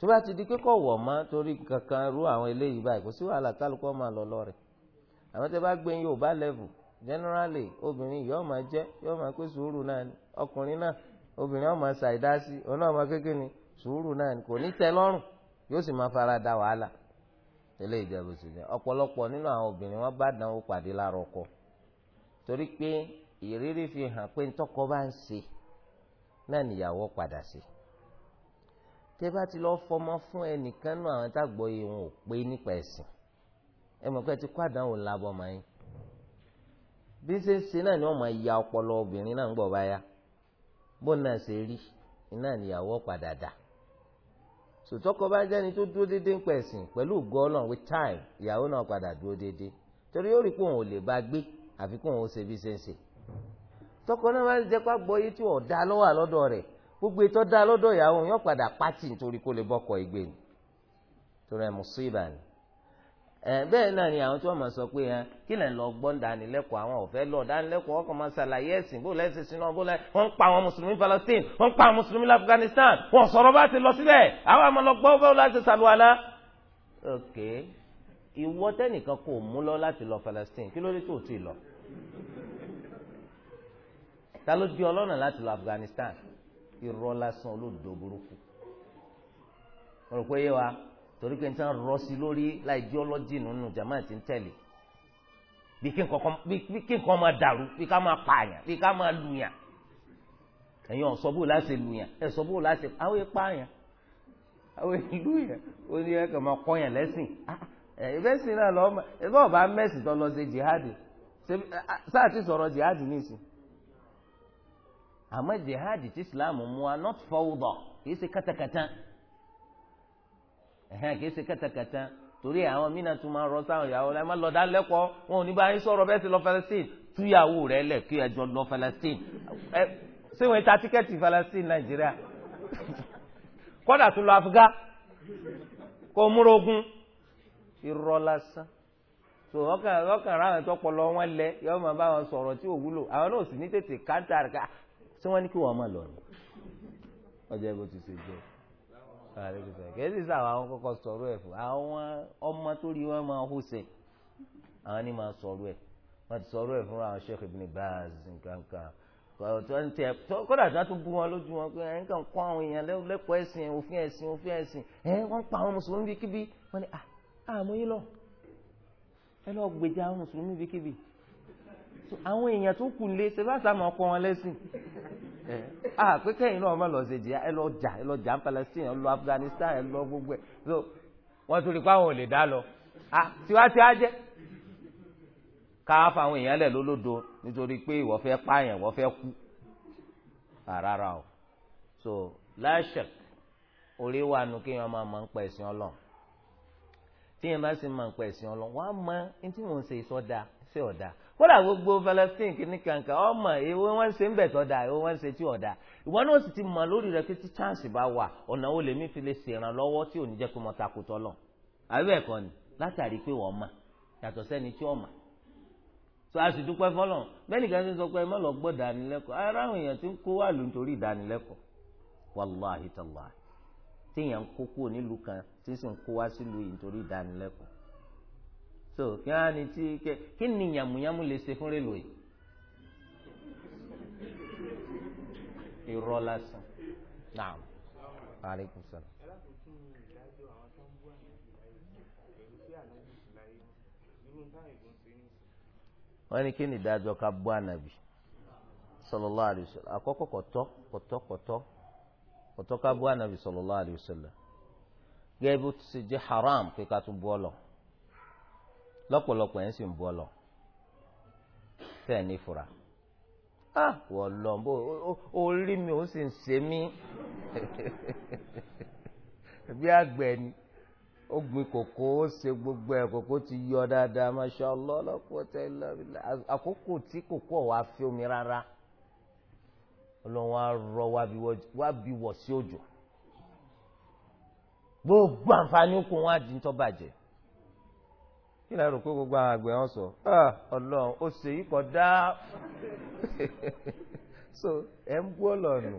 tó bá ti di kíkọ́ wọ̀ mọ́ torí kankan ru àwọn eléyìí báyìí kò sí wàhálà kálukọ́ máa lọ lọ rẹ̀ àwọn tẹ́ bá gbé yóò bá level generally obìnrin yóò máa jẹ́ yóò máa pé sùúrù náà ni ọkùnrin náà obìnrin yóò máa ṣàìdá sí òun náà máa kékeré ni sùúrù náà ni kò ní tẹ́ lọ́rùn yóò sì máa fara da wàhálà tẹ́lẹ̀ ìjẹ́bù sì jẹ́ ọ̀pọ̀lọpọ̀ nínú àwọn obìnrin wọn bá dánwó pàdé lára ọkọ torí pé ìrírí fi hàn pé ntọ́kọ bá ń ṣe náà nìyàwó padà sí i tẹ́ bá ti lọ fọmọ fún ẹnìkan náà àwọn tágbọ́ yìí wọn ò pé nípa ẹ̀sìn ẹ mọ̀ pé ti kó àdánwò labọ́ mọ́ yín bí ṣe ń ṣe náà ni wọ́n máa ya ọpọlọ obìnrin náà ń gbọ̀ báyà bóun náà ṣe rí iná níyàwó padà dà sòtọ́kọ bá jẹ́ni tó dúró dédé ń pẹ̀sìn pẹ̀lú ògo Ọlọ́run with time ìyàwó náà padà dúró dédé torí ó rí pé òun ò lè bá gbé àfi kóun ó ṣe bí ṣe ń ṣe tọkọ náà máa ń jẹ́ pàgbọ́ yé tí ọ̀dà lọ́wọ́ àlọ́dọ̀ rẹ̀ gbogbo ètò dá lọ́dọ̀ ìyàwó yóò padà pátì nítorí kó lè bọ́kọ ìgbé ni torí ẹ̀ mùsíbà ni bẹ́ẹ̀ náà ni àwọn tí wọ́n máa sọ pé ẹ kí lẹ́nu lọ gbọ́n dánilẹ́kọ̀ọ́ àwọn ò fẹ́ lọ dánilẹ́kọ̀ọ́ ọkàn máa ṣàlàyé ẹ̀sìn bó lẹ́sìn sínú ọgbó lẹ́ wọ́n ń pa àwọn mùsùlùmí Palestine wọ́n ń pa àwọn mùsùlùmí Afghanistan wọ́n sọ̀rọ̀ bá ti lọ sílẹ̀ àwọn àmọ́ lọ gbọ́ báwo láti ṣàlùwàlá. ok ìwọ tẹnìkan kò mú lọ láti lọ Palestine kí ló dé tó ti lọ irọ́ lásán olódò burúkú wọn rò pé yé wa torí pé n tán rọ sí lórí láì jẹ́ ọlọ́jì nínú jama ti ń tẹ̀lé bí kí nǹkan máa dàrú bí ká máa pààyàn bí ká máa lùyàn ẹ̀yin ọ̀sọ́ bò láti lùyàn ẹ̀sọ́ bò láti àwọn èèyàn pààyàn àwọn èèyàn lùyàn ó ní ẹ̀kọ́ máa kọ́yàn lẹ́sìn ah, ah, ẹ̀ẹ́dẹ́sìn náà lọ́ọ́ ẹ̀bá ọ̀bá mẹ́sì tó lọ sí jihadi ah, sáà ti sọ̀rọ̀ jihadi nísìnyí. àmọ́ jihad ti islam mú wa not fawda kìí ṣe kátàkátà kìí ṣe kátàkátà torí àwọn mìíràn tún máa rọ sáwọn ìyàwó rẹ má lọ dá lẹ́kọ̀ọ́ wọn ò ní bá yín sọ̀rọ̀ bẹ́ẹ̀ lọ Palestine túyàwó rẹ lẹ̀ kí ẹ jọ lọ Palestine ẹ ṣé wọn ta tíkẹ́ẹ̀tì Palestine Nàìjíríà kọ́dà tún lọ Afghan kó múra ogun irọ́ lásán so ọkàn ọkàn ráwọn ẹtọ pọlọ wọn lẹ yọọ máa bá wọn sọ̀rọ̀ tí ò tí wọ́n ní kí wọ́n máa lọ ni ọjọ́ ìbò ti ṣe jẹ́ kẹ́sì sáwọn àwọn kọ́kọ́ sọ̀rọ̀ ẹ̀ fún àwọn ọmọ tó rí wọn máa hó sẹ̀ àwọn ni máa sọ̀rọ̀ ẹ̀ wọ́n ti sọ̀rọ̀ ẹ̀ fún àwọn Sheikh Ibn Baz nǹkan kan kódà tí wọ́n tún bú wọn lójú wọn pé ẹ̀ ń kàn kọ́ àwọn èèyàn lẹ́kọ̀ọ́ ẹ̀sìn òfin ẹ̀sìn òfin ẹ̀sìn ẹ̀ wọ́n pa àwọn mùsùlùmí bíi kíbi wọ́n ní àmọ́ yín lọ ẹ lọ gbèjà àwọn mùsùlùmí bíi kíbi àwọn èèyàn tó kù lé ṣe bá sàmọ́ kọ́ wọn lẹ́sìn Ah, pé kẹ́yìn náà ọmọ lọ ṣe jìyà ẹ lọ jà ẹ lọ jà ní Palestine ẹ lọ Afghanistan ẹ lọ gbogbo ẹ so wọ́n tún rí i pé àwọn ò lè dá lọ à ah, tiwa ti á jẹ́ ká fáwọn èèyàn lẹ̀ lólódo nítorí pé ìwọ fẹ́ pààyàn ìwọ fẹ́ kú ah, rárá o so láṣẹk orí wa nu kéèyàn máa máa ń pa ẹ̀sìn Ọlọ́run tíyẹn bá sì máa ń pa ẹ̀sìn Ọlọ́run wọ́n á mọ ẹni tí wọ́n ń ṣe sọ́dà sí ọ̀dà kódà gbogbo Palestine kìíní kankan ọmọ ìwé wọn ṣe ń bẹ̀ tọ́ da ìwé wọn ṣe tí ọ̀dà ìwọ náà sì ti mọ̀ lórí rẹ pé tí chance bá wà ọ̀nà wo lèmi fi lè ṣèrànlọ́wọ́ tí ò ní jẹ́ pé mo takò ni látàrí pé wọ́n yàtọ̀ sẹ́ni tí tó a sì dúpẹ́ fọlọ́ bẹ́ẹ̀ni kan ti so kí á ní tí kí ni yàmùyàmù lè ṣe fún rélùwé lásán naam salaam. wọ́n ní kí ni ìdájọ́ ká bú àkọ́kọ́ kọ̀tọ́ kọ̀tọ́ kọ̀tọ́ kọ̀tọ́ ká bú gẹ́gẹ́ bó ti ṣe jẹ́ haram pé ká tún bú ọ lọ. lọ́pọ̀lọpọ̀ yẹn sì ń bọ́ lọ tẹ́ ẹ̀ ní fura ah wọ́n lọ bó o rí mi ò sì ń ṣe mí bí àgbẹ̀ ni ó gbin kòkó ó ṣe gbogbo ẹ̀ kòkó ti yọ dáadáa masha allah lọ́pọ̀ tẹ́ àkókò tí kòkó ọ̀wá fi omi rárá ọlọ́wọ́n á rọ wá bí wọ̀ sí òjò gbogbo àǹfààní okùn wọn á di ń tọ́ bàjẹ́ kí lẹ́rù pé gbogbo àwọn àgbẹ̀ wọn sọ ah, ọlọ́run ó ṣe yí kọ́ dá so ẹ̀ ń bú ọlọ́run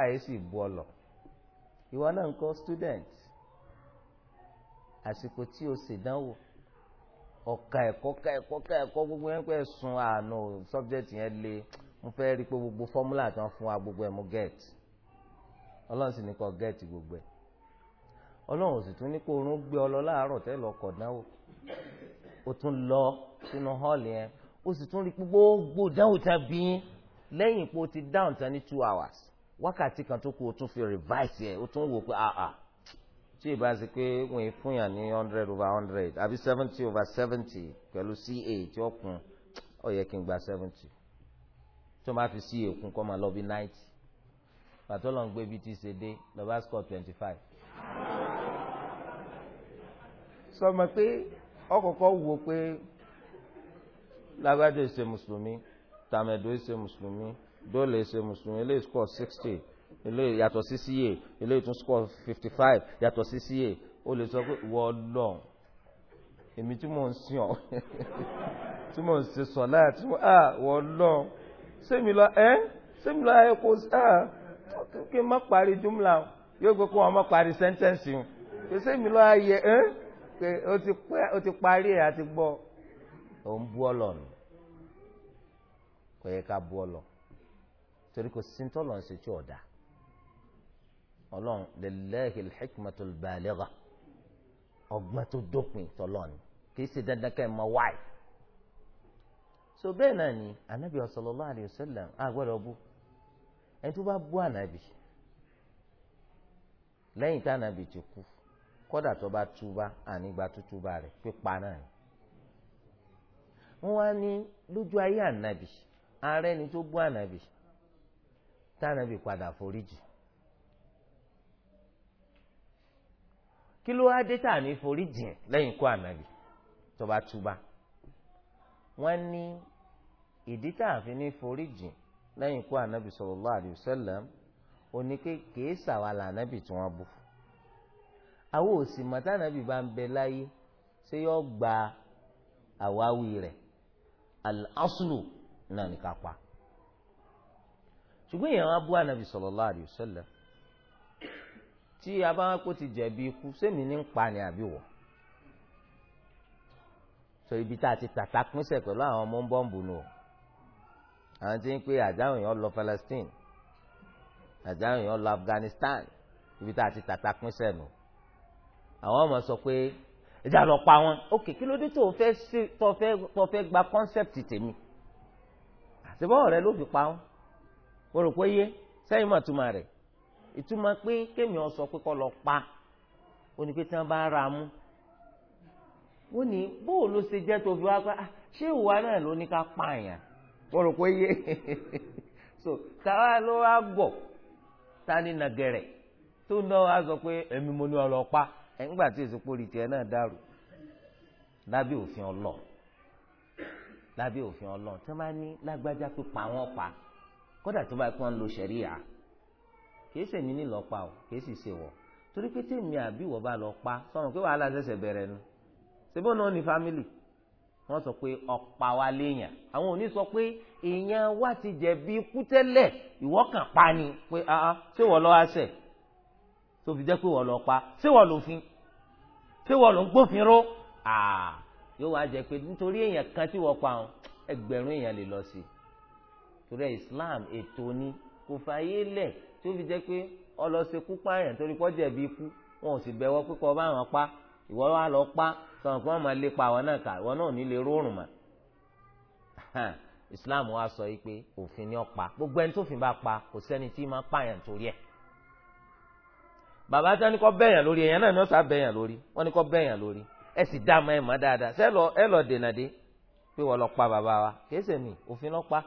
àyè sì bú ọlọ́ ìwọ náà ń kọ́ student àsìkò tí o ṣèdánwò ọ̀ka ẹ̀kọ́ ká ẹ̀kọ́ ká ẹ̀kọ́ gbogbo yẹn pẹ́ sun àánú subject yẹn le mo fẹ́ rí i pé gbogbo formula tí wọ́n fún wa gbogbo ẹ̀ mo get ọlọ́run sì ní kọ́ get gbogbo ẹ̀ ọlọ́run sì tún ní kó oorun gbé ọ lọ láàárọ̀ tẹ́ lọ kọ̀ dánwò o tún lọ sínú họ́ọ̀lù yẹn o sì tún rí gbogbo dáhùn tàbí lẹ́yìn pé o ti dáhùn tán ní two hours wákàtí kan tó kù o tún fi revise yẹn o tún wò pé àà ah, ah, tí ì bá ṣe pé wọ́n ń fún yàn ní hundred over hundred àbí seventy over seventy pẹ̀lú CA tí ó kún ó yẹ kí n gba seventy tó máa fi CA kún kó máa lọ bí ninety pàtó lọ́n gbé bí ti ṣe dé lọ́ba score twenty five sọ ma pé ọkọ̀ọ̀kọ̀ wo pé lágbájá ìṣe mùsùlùmí tàmẹ̀dọ̀ ìṣe mùsùlùmí dọ́là ìṣe mùsùlùmí ilé score sixty ilé yàtọ̀ sí ca ilé ìtún score fifty five yàtọ̀ sí ca ó lè sọ pé wọ́ọ́ lọ èmi tí mò ń sìn ọ́ tí mò ń ṣe sọ̀lá tí mò ń wọ́ọ́ lọ sẹ́mi lọ ẹ́ sẹ́mi lọ ẹ́ ah kí n má parí jumla yóò gbé kó wọn má parí sẹ́ńtẹ́ǹsì pèsè mi lọ ayẹ ẹ́ pé ó ti parí ẹ̀ àti gbọ́ òun bú ọlọ́run kò yẹ ká bú ọlọ torí kò sí tọ́lọ̀ ń ṣe tí ọ̀dà ọlọ́run lillahi al-hikmatul baligha ọgbọ́n tó dópin tọ́lọ̀ ni kì í ṣe dandan ká ẹ mọ wáì so bẹ́ẹ̀ náà ni anabi sallallahu alayhi wa àgbọ̀dọ̀ bú ẹni tó bá bú anabi lẹ́yìn tá anabi ti kú kódà tó bá túbá ànígbà tó túbá rẹ̀ pípa náà ni. wọ́n wá ní lójú ayé ànábì ààrẹ ni tó bú ànábì tànábì padà foríjì. kí ló wá dé tàní foríjì lẹ́yìn kó ànábì tó bá túbá. wọ́n ní ìdí tààfin ní foríjì lẹ́yìn kó ànábì sallallahu alaihi wasallam oníke kèésà wà lànàbì tí wọ́n bú fún àwọn òsì màtánàbì bá ń bẹ láyé ṣé yọ gba àwáwí rẹ̀ al náà ní kápá ṣùgbọ́n èèyàn wá bú ànàbì sallallahu alayhi sallam tí abáwọn kò ti jẹ̀bi ikú sẹ́mi ní ń pa ni àbí wọ̀ sọ ibi tá a ti tàta pínṣẹ̀ pẹ̀lú àwọn ọmọ ń bọ́ǹbù nù àwọn tí ń pè àdáhùn yẹn lọ Palestine àdáhùn yẹn lọ Afghanistan ibi tá a ti tàta pínṣẹ̀ nù àwọn ọmọ sọ pé ẹjẹ àlọ pa wọn ok kí ló dé tó fẹ́ sí tó fẹ́ tó fẹ́ gba concept tèmi àtibọ́wọ̀ rẹ ló fi pa wọn o rò pé yé sẹ́yìn mọ̀ túmọ̀ rẹ̀ ìtumọ̀ pé kémi ọ sọ pé kọ́ lọ pa ó ní pé tí wọ́n bá ra mú ó ní bóò ló ṣe jẹ́ tó fi wá pé ah, ṣé ìwà náà ló ní ká pààyàn o rò pé yé so tàwa ló wá gbọ̀ ta ni nàgẹ̀rẹ̀ tó náà wá sọ pé èmi mo ní ọ lọ pa ẹ̀ ńgbà tí èso pòlì tiẹ̀ náà dàrú lábẹ́ òfin ọlọ́ lábẹ́ òfin ọlọ́ tí wọ́n bá ní lágbájá pé pa wọ́n pa kódà tó bá pọ́n lo ṣẹ̀ríà kìí ṣèmi ní lọ́ọ́ pa o kìí sì ṣe wọ̀ torí pé tèmi àbí ìwọ bá lọ pa sọ̀rọ̀ pé wàhálà ṣẹ̀ṣẹ̀ bẹ̀rẹ̀ nu ṣebí ọ̀nà ní fámìlì wọ́n sọ pé ọ̀pá wa léèyàn àwọn òní sọ pé èèyàn wa ti jẹ̀bi ikú tẹ́lẹ̀ ìwọ pa ni pé ah, ah, ṣé wọ́n lọ́wọ́ àṣẹ tó fi jẹ́ pé wọ́n lọ pa ṣé wọ́n lò fún ṣé wọ́n lò ń gbófin ró yóò wá jẹ́ pé nítorí èèyàn kan tí wọ́n pa àwọn ẹgbẹ̀rún èèyàn lè lọ sí i torí Islam ètò ni kò fààyè lẹ̀ tó fi jẹ́ pé ọlọ́sẹ̀kú pààyàn torí kọ́ jẹ̀bi ikú wọn ò sì bẹ̀wọ́ pé kọ́ bá wọn pa ìwọ wa lọ pa sọ̀rọ̀ pé wọ́n máa lè pa àwọn náà kà ìwọ náà ní lè rórùn mà Islam wa sọ yìí pé òfin ni ó pa gbogbo ẹni tófin bá pa kò sẹ́ni tí máa pààyàn torí ẹ̀ bàbá tí wọn ní kọ bẹyàn lórí ẹyàn náà ni wọn sá lórí wọn ní kọ bẹyàn lórí ẹ sì dá ọmọ ẹ mọ dáadáa ṣé ẹ lọ dènà dé pé wọn lọ pa bàbá wa kìí mi òfin lọ pa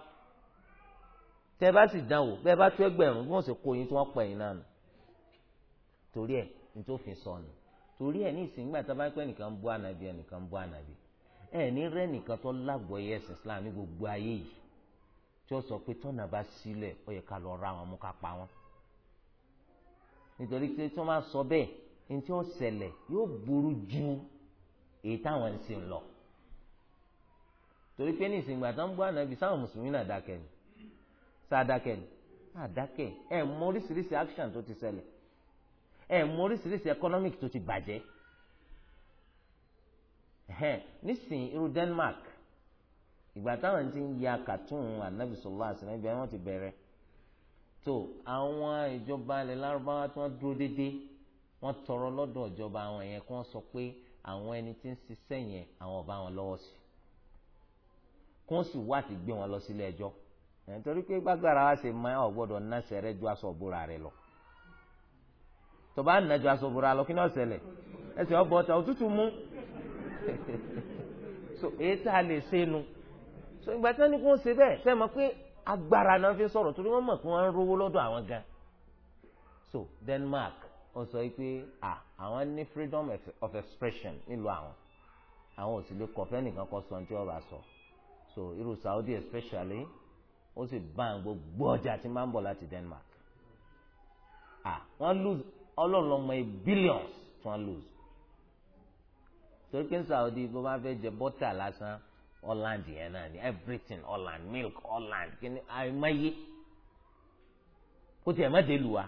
tẹ bá sì dánwò bá tó bí wọn tí wọn pẹ yín náà nù torí ẹ ní ni torí ẹ ní bá pẹ nìkan bú ẹ ẹ ní rẹ nìkan tó tí nítorí pé tí wọ́n máa sọ bẹ́ẹ̀ ní tí wọ́n ṣẹlẹ̀ yóò burú ju èyí táwọn ń sìn lọ torí pé ní ìsìngbà tó ń gbọ́ ànábì sáwọn mùsùlùmí náà dákẹ́ ni sáà dákẹ́ ni sáà dákẹ́ ẹ̀ mọ oríṣiríṣi action tó ti ṣẹlẹ̀ ẹ̀ mọ oríṣiríṣi economic tó ti bàjẹ́ nísìn irú Denmark ìgbà táwọn ti ń ya cartoon ànábì sallallahu alaihi wasallam wọn ti bẹ̀rẹ̀ so àwọn ìjọba ilẹ̀ lárúbáwá tí wọ́n dúró déédéé wọ́n tọrọ lọ́dọ̀ ìjọba àwọn yẹn kí wọ́n sọ pé àwọn ẹni tí ń ṣiṣẹ́ yẹn àwọn ọba wọn lọ́wọ́ sí kí wọ́n sì wá ti gbé wọn lọ sílé ẹjọ́ nítorí pé gbàgbára wa ṣe máa ọ̀ gbọ́dọ̀ ná sẹ̀rẹ̀ ju aṣọ òbúra rẹ lọ tó bá ná ju aṣọ òbúra lọ kí ni ó ṣẹlẹ̀ ẹsẹ̀ ọbọ̀ òtútù mú so èyí tá a lè ṣe nu so ìgbà tí wọ́n ní kí wọ́n ṣe bẹ́ẹ̀ sẹ́ẹ̀ mọ̀ pé agbára náà fi sọ̀rọ̀ torí wọ́n mọ̀ pé wọ́n ń rówó lọ́dọ̀ àwọn gan so Denmark ó sọ pé àwọn ní freedom of expression nílùú àwọn àwọn ò sì lè kọ̀ fẹ́ nìkan kọ́ sọ tí wọ́n bá sọ so irú Saudi especially ó sì ban gbogbo ọjà tí máa ń bọ̀ láti Denmark wọ́n lose ọlọ́run lọ́mọ billions tí wọ́n lose torí pé Saudi bó bá fẹ́ jẹ bọ́tà lásán Holland yẹn náà ni everything milk Holland kíni àìmọye kó tiẹ̀ má dé lùwà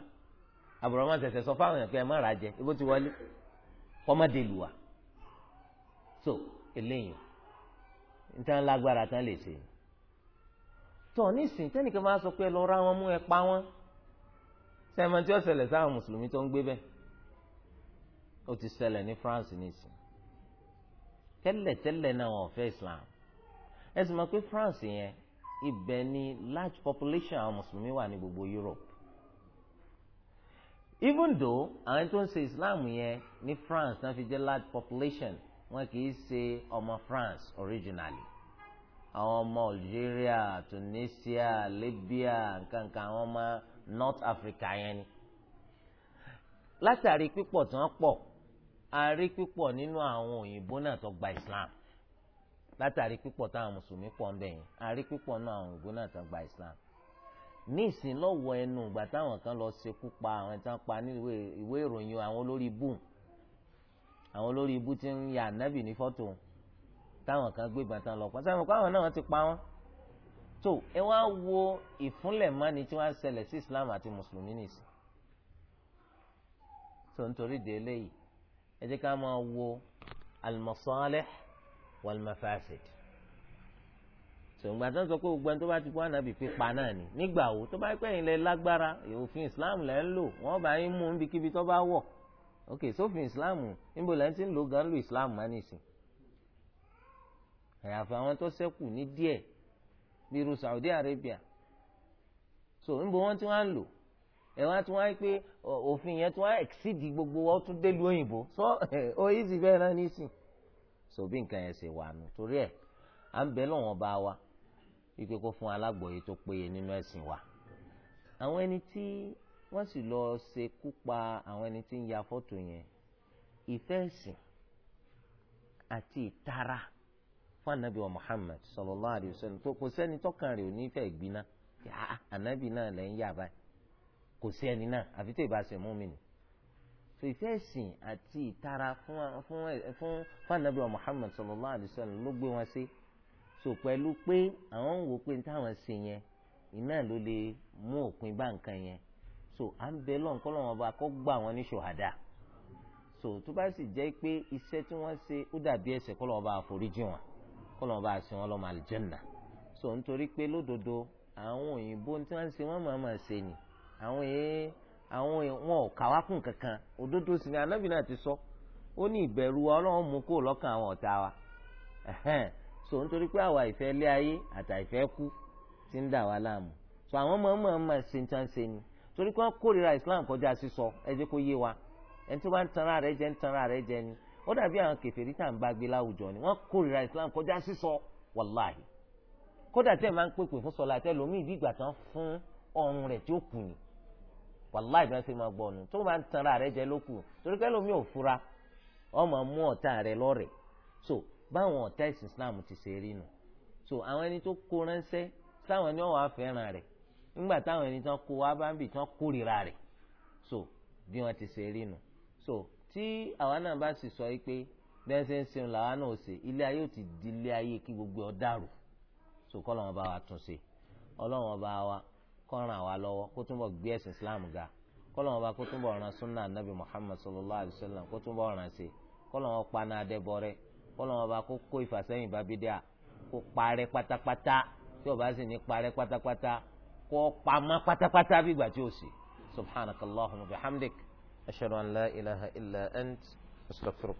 àbúrò máa sọ fáwọn èèyàn pé ẹ má ra jẹ ibo ti wọlé kọ́ má so eléyìí níta lágbára tán lè ṣe tọ nísìn tẹnìkan máa sọ pé lọ ra wọn mú ẹ pa wọn sẹmọ tí sáwọn mùsùlùmí tó ń gbé bẹ́ẹ̀ ó ti ṣẹlẹ̀ ní France nísìn náà Islam ẹ sì mọ̀ pé France yẹn ibẹ̀ ni large population àwọn mùsùlùmí wà ní gbogbo Europe even though àwọn tó ń ṣe Islam yẹn ní France náà fi jẹ́ large population wọn kì í ṣe ọmọ France originally àwọn ọmọ Algeria Tunisia Libya nkankan àwọn ọmọ North Africa yẹn ni látàrí pípọ̀ tí wọ́n pọ̀ a rí pípọ̀ nínú àwọn òyìnbó náà tó gba Islam látàrí pípọ̀ táwọn mùsùlùmí pọ̀ ń bẹ̀ yẹn àrí pípọ̀ náà àwọn òyìnbó náà tán gba islam ní ìsìn lọ́wọ́ ẹnu ìgbà táwọn kan lọ ṣekú pa àwọn tán pa ní ìwé ìròyìn àwọn olórí ibú àwọn olórí ibú ti ń ya ànábì ní fọ́tò táwọn kan gbé ìbátan lọ pa sáwọn káwọn náà ti pa wọn tó ẹ wá wo ìfúnlẹ̀mọ́ni tí wọ́n ṣẹlẹ̀ sí islam àti mùsùlùmí nìsín tó nítorí délé yìí ẹ jẹ́ ká máa wo al-masalih wàlmafasid sọ̀gbà tó ń sọ pé gbogbo ẹni tó bá ti kó ànábì pípa náà ni nígbà wo tó bá pẹ́ yín lẹ lágbára òfin islam lẹ́ ń lò wọ́n bá yín mú un bíkíbi tó bá wọ̀ ok sófin islam níbo lẹ́yìn tí ń lo gan lo islam má nìsín àyàfi àwọn tó ṣẹ́kù ní díẹ̀ bíi ru Saudi Arabia so níbo wọ́n ti wá ń lò ẹ wá tí wọ́n á pé òfin yẹn tí wọ́n á gbogbo wọ́n tún òyìnbó so ó yìí sì bẹ́ẹ̀ náà nìsín so bí nǹkan yẹn ṣe wà nù torí ẹ̀ à ń bẹ lọ́wọ́n bá wa wípé kó fún alágbọ̀yé tó péye nínú ẹ̀sìn wa àwọn ẹni tí wọ́n sì lọ ṣe kú pa àwọn ẹni tí ń ya fọ́tò yẹn ìfẹ́ ẹ̀sìn àti ìtara fún anabi wa Muhammad sallallahu alayhi wa sallam tó kò sẹ́ni tọ́kàn rẹ̀ ò ní fẹ́ gbiná anabi ah, náà lẹ́yìn yàrá kò sí ẹni náà àfi tó ìbá ṣe mú mi nì so ìfẹ́ ẹ̀sìn àti ìtara fún fún fanabi Muhammad sallallahu alayhi wa sallam ló gbé wọn sí so pẹ̀lú pé àwọn ń wò pé táwọn ṣe yẹn iná ló lè mú òpin bá nǹkan yẹn so à ń bẹ lọ́n kọ́ lọ́wọ́ bá kọ́ gbà wọn ní ṣòhádà so tó bá sì jẹ́ pé iṣẹ́ tí wọ́n ṣe ó dàbí ẹ̀ṣẹ̀ kọ́ lọ́wọ́ bá foríjì wọn kọ́ lọ́wọ́ bá sin wọn lọ́mọ àlùjànnà so nítorí pé lódodo àwọn òyìnbó tí wọ́n ń ṣe wọ́n máa máa ṣe ni àwọn èèyàn àwọn wọn ò kàwá kún kankan òdodo sì ni anábì náà ti sọ ó ní ìbẹ̀rù wa ọlọ́run mú kó lọ́kàn àwọn ọ̀tá wa so nítorí pé àwa ìfẹ́ lé ayé àtà kú ti ń dà wá láàmú so àwọn ọmọ ọmọ ọmọ ṣe ń tán ṣe ni torí pé wọ́n kórìíra Islam kọjá sísọ ẹ jẹ́ kó yé wa ẹni tó bá ń tanra rẹ̀ jẹ ń tanra rẹ̀ jẹ ni ó dàbí àwọn kèfèrí tá à ń bá gbé láwùjọ ni wọ́n kórìíra Islam kọjá sísọ wàláhì kódà tẹ́ ẹ̀ máa ń pèpè fún sọlá tẹ́ lómi ìdí ìgbà tán fún ọrùn rẹ̀ tí ó kù ni wàláì bá ṣe máa gbọ́ ọ̀nù tó máa ń tanra rẹ jẹ lókù torí pé lómi ò fura ọmọ mú ọ̀tá rẹ lọ́rẹ̀ so báwọn ọ̀tá ẹ̀sìn Islam ti ṣe rí nu so àwọn ẹni tó kó ránṣẹ́ sáwọn ẹni ọ̀wà fẹ́ràn rẹ̀ nígbà táwọn ẹni tán kó wá bá ń bì tán kórìíra rẹ̀ so bí wọ́n ti ṣe rí nu so tí àwa náà bá sì sọ pé bẹ́ẹ̀ ṣe ń ṣeun làwa náà ṣe ilé ayé ò ti di ilé ayé kí gbogbo ọ dàrú so kọ́ lọ́wọ́n bá wa tún ṣe ọlọ́wọ́n bá kó ràn wá lọ́wọ́ kó túnbọ̀ gbé ẹ̀sìn islam ga kọ́lọ́wọ́n bá kó túnbọ̀ ràn sunna anabi muhammad sallallahu alayhi wa sallam kó túnbọ̀ ràn sí kọ́lọ́wọ́n paná adẹ́bọ̀rẹ́ kọ́lọ́wọ́n bá kó kó ìfàsẹ́yìn bá bídíà kó parẹ́ pátápátá tí ó bá sì ní parẹ́ pátápátá kó pamọ́ pátápátá bí ìgbà tí ó sì subhanakallahumma bihamdik ashhadu an la ilaha illa ant astaghfiruka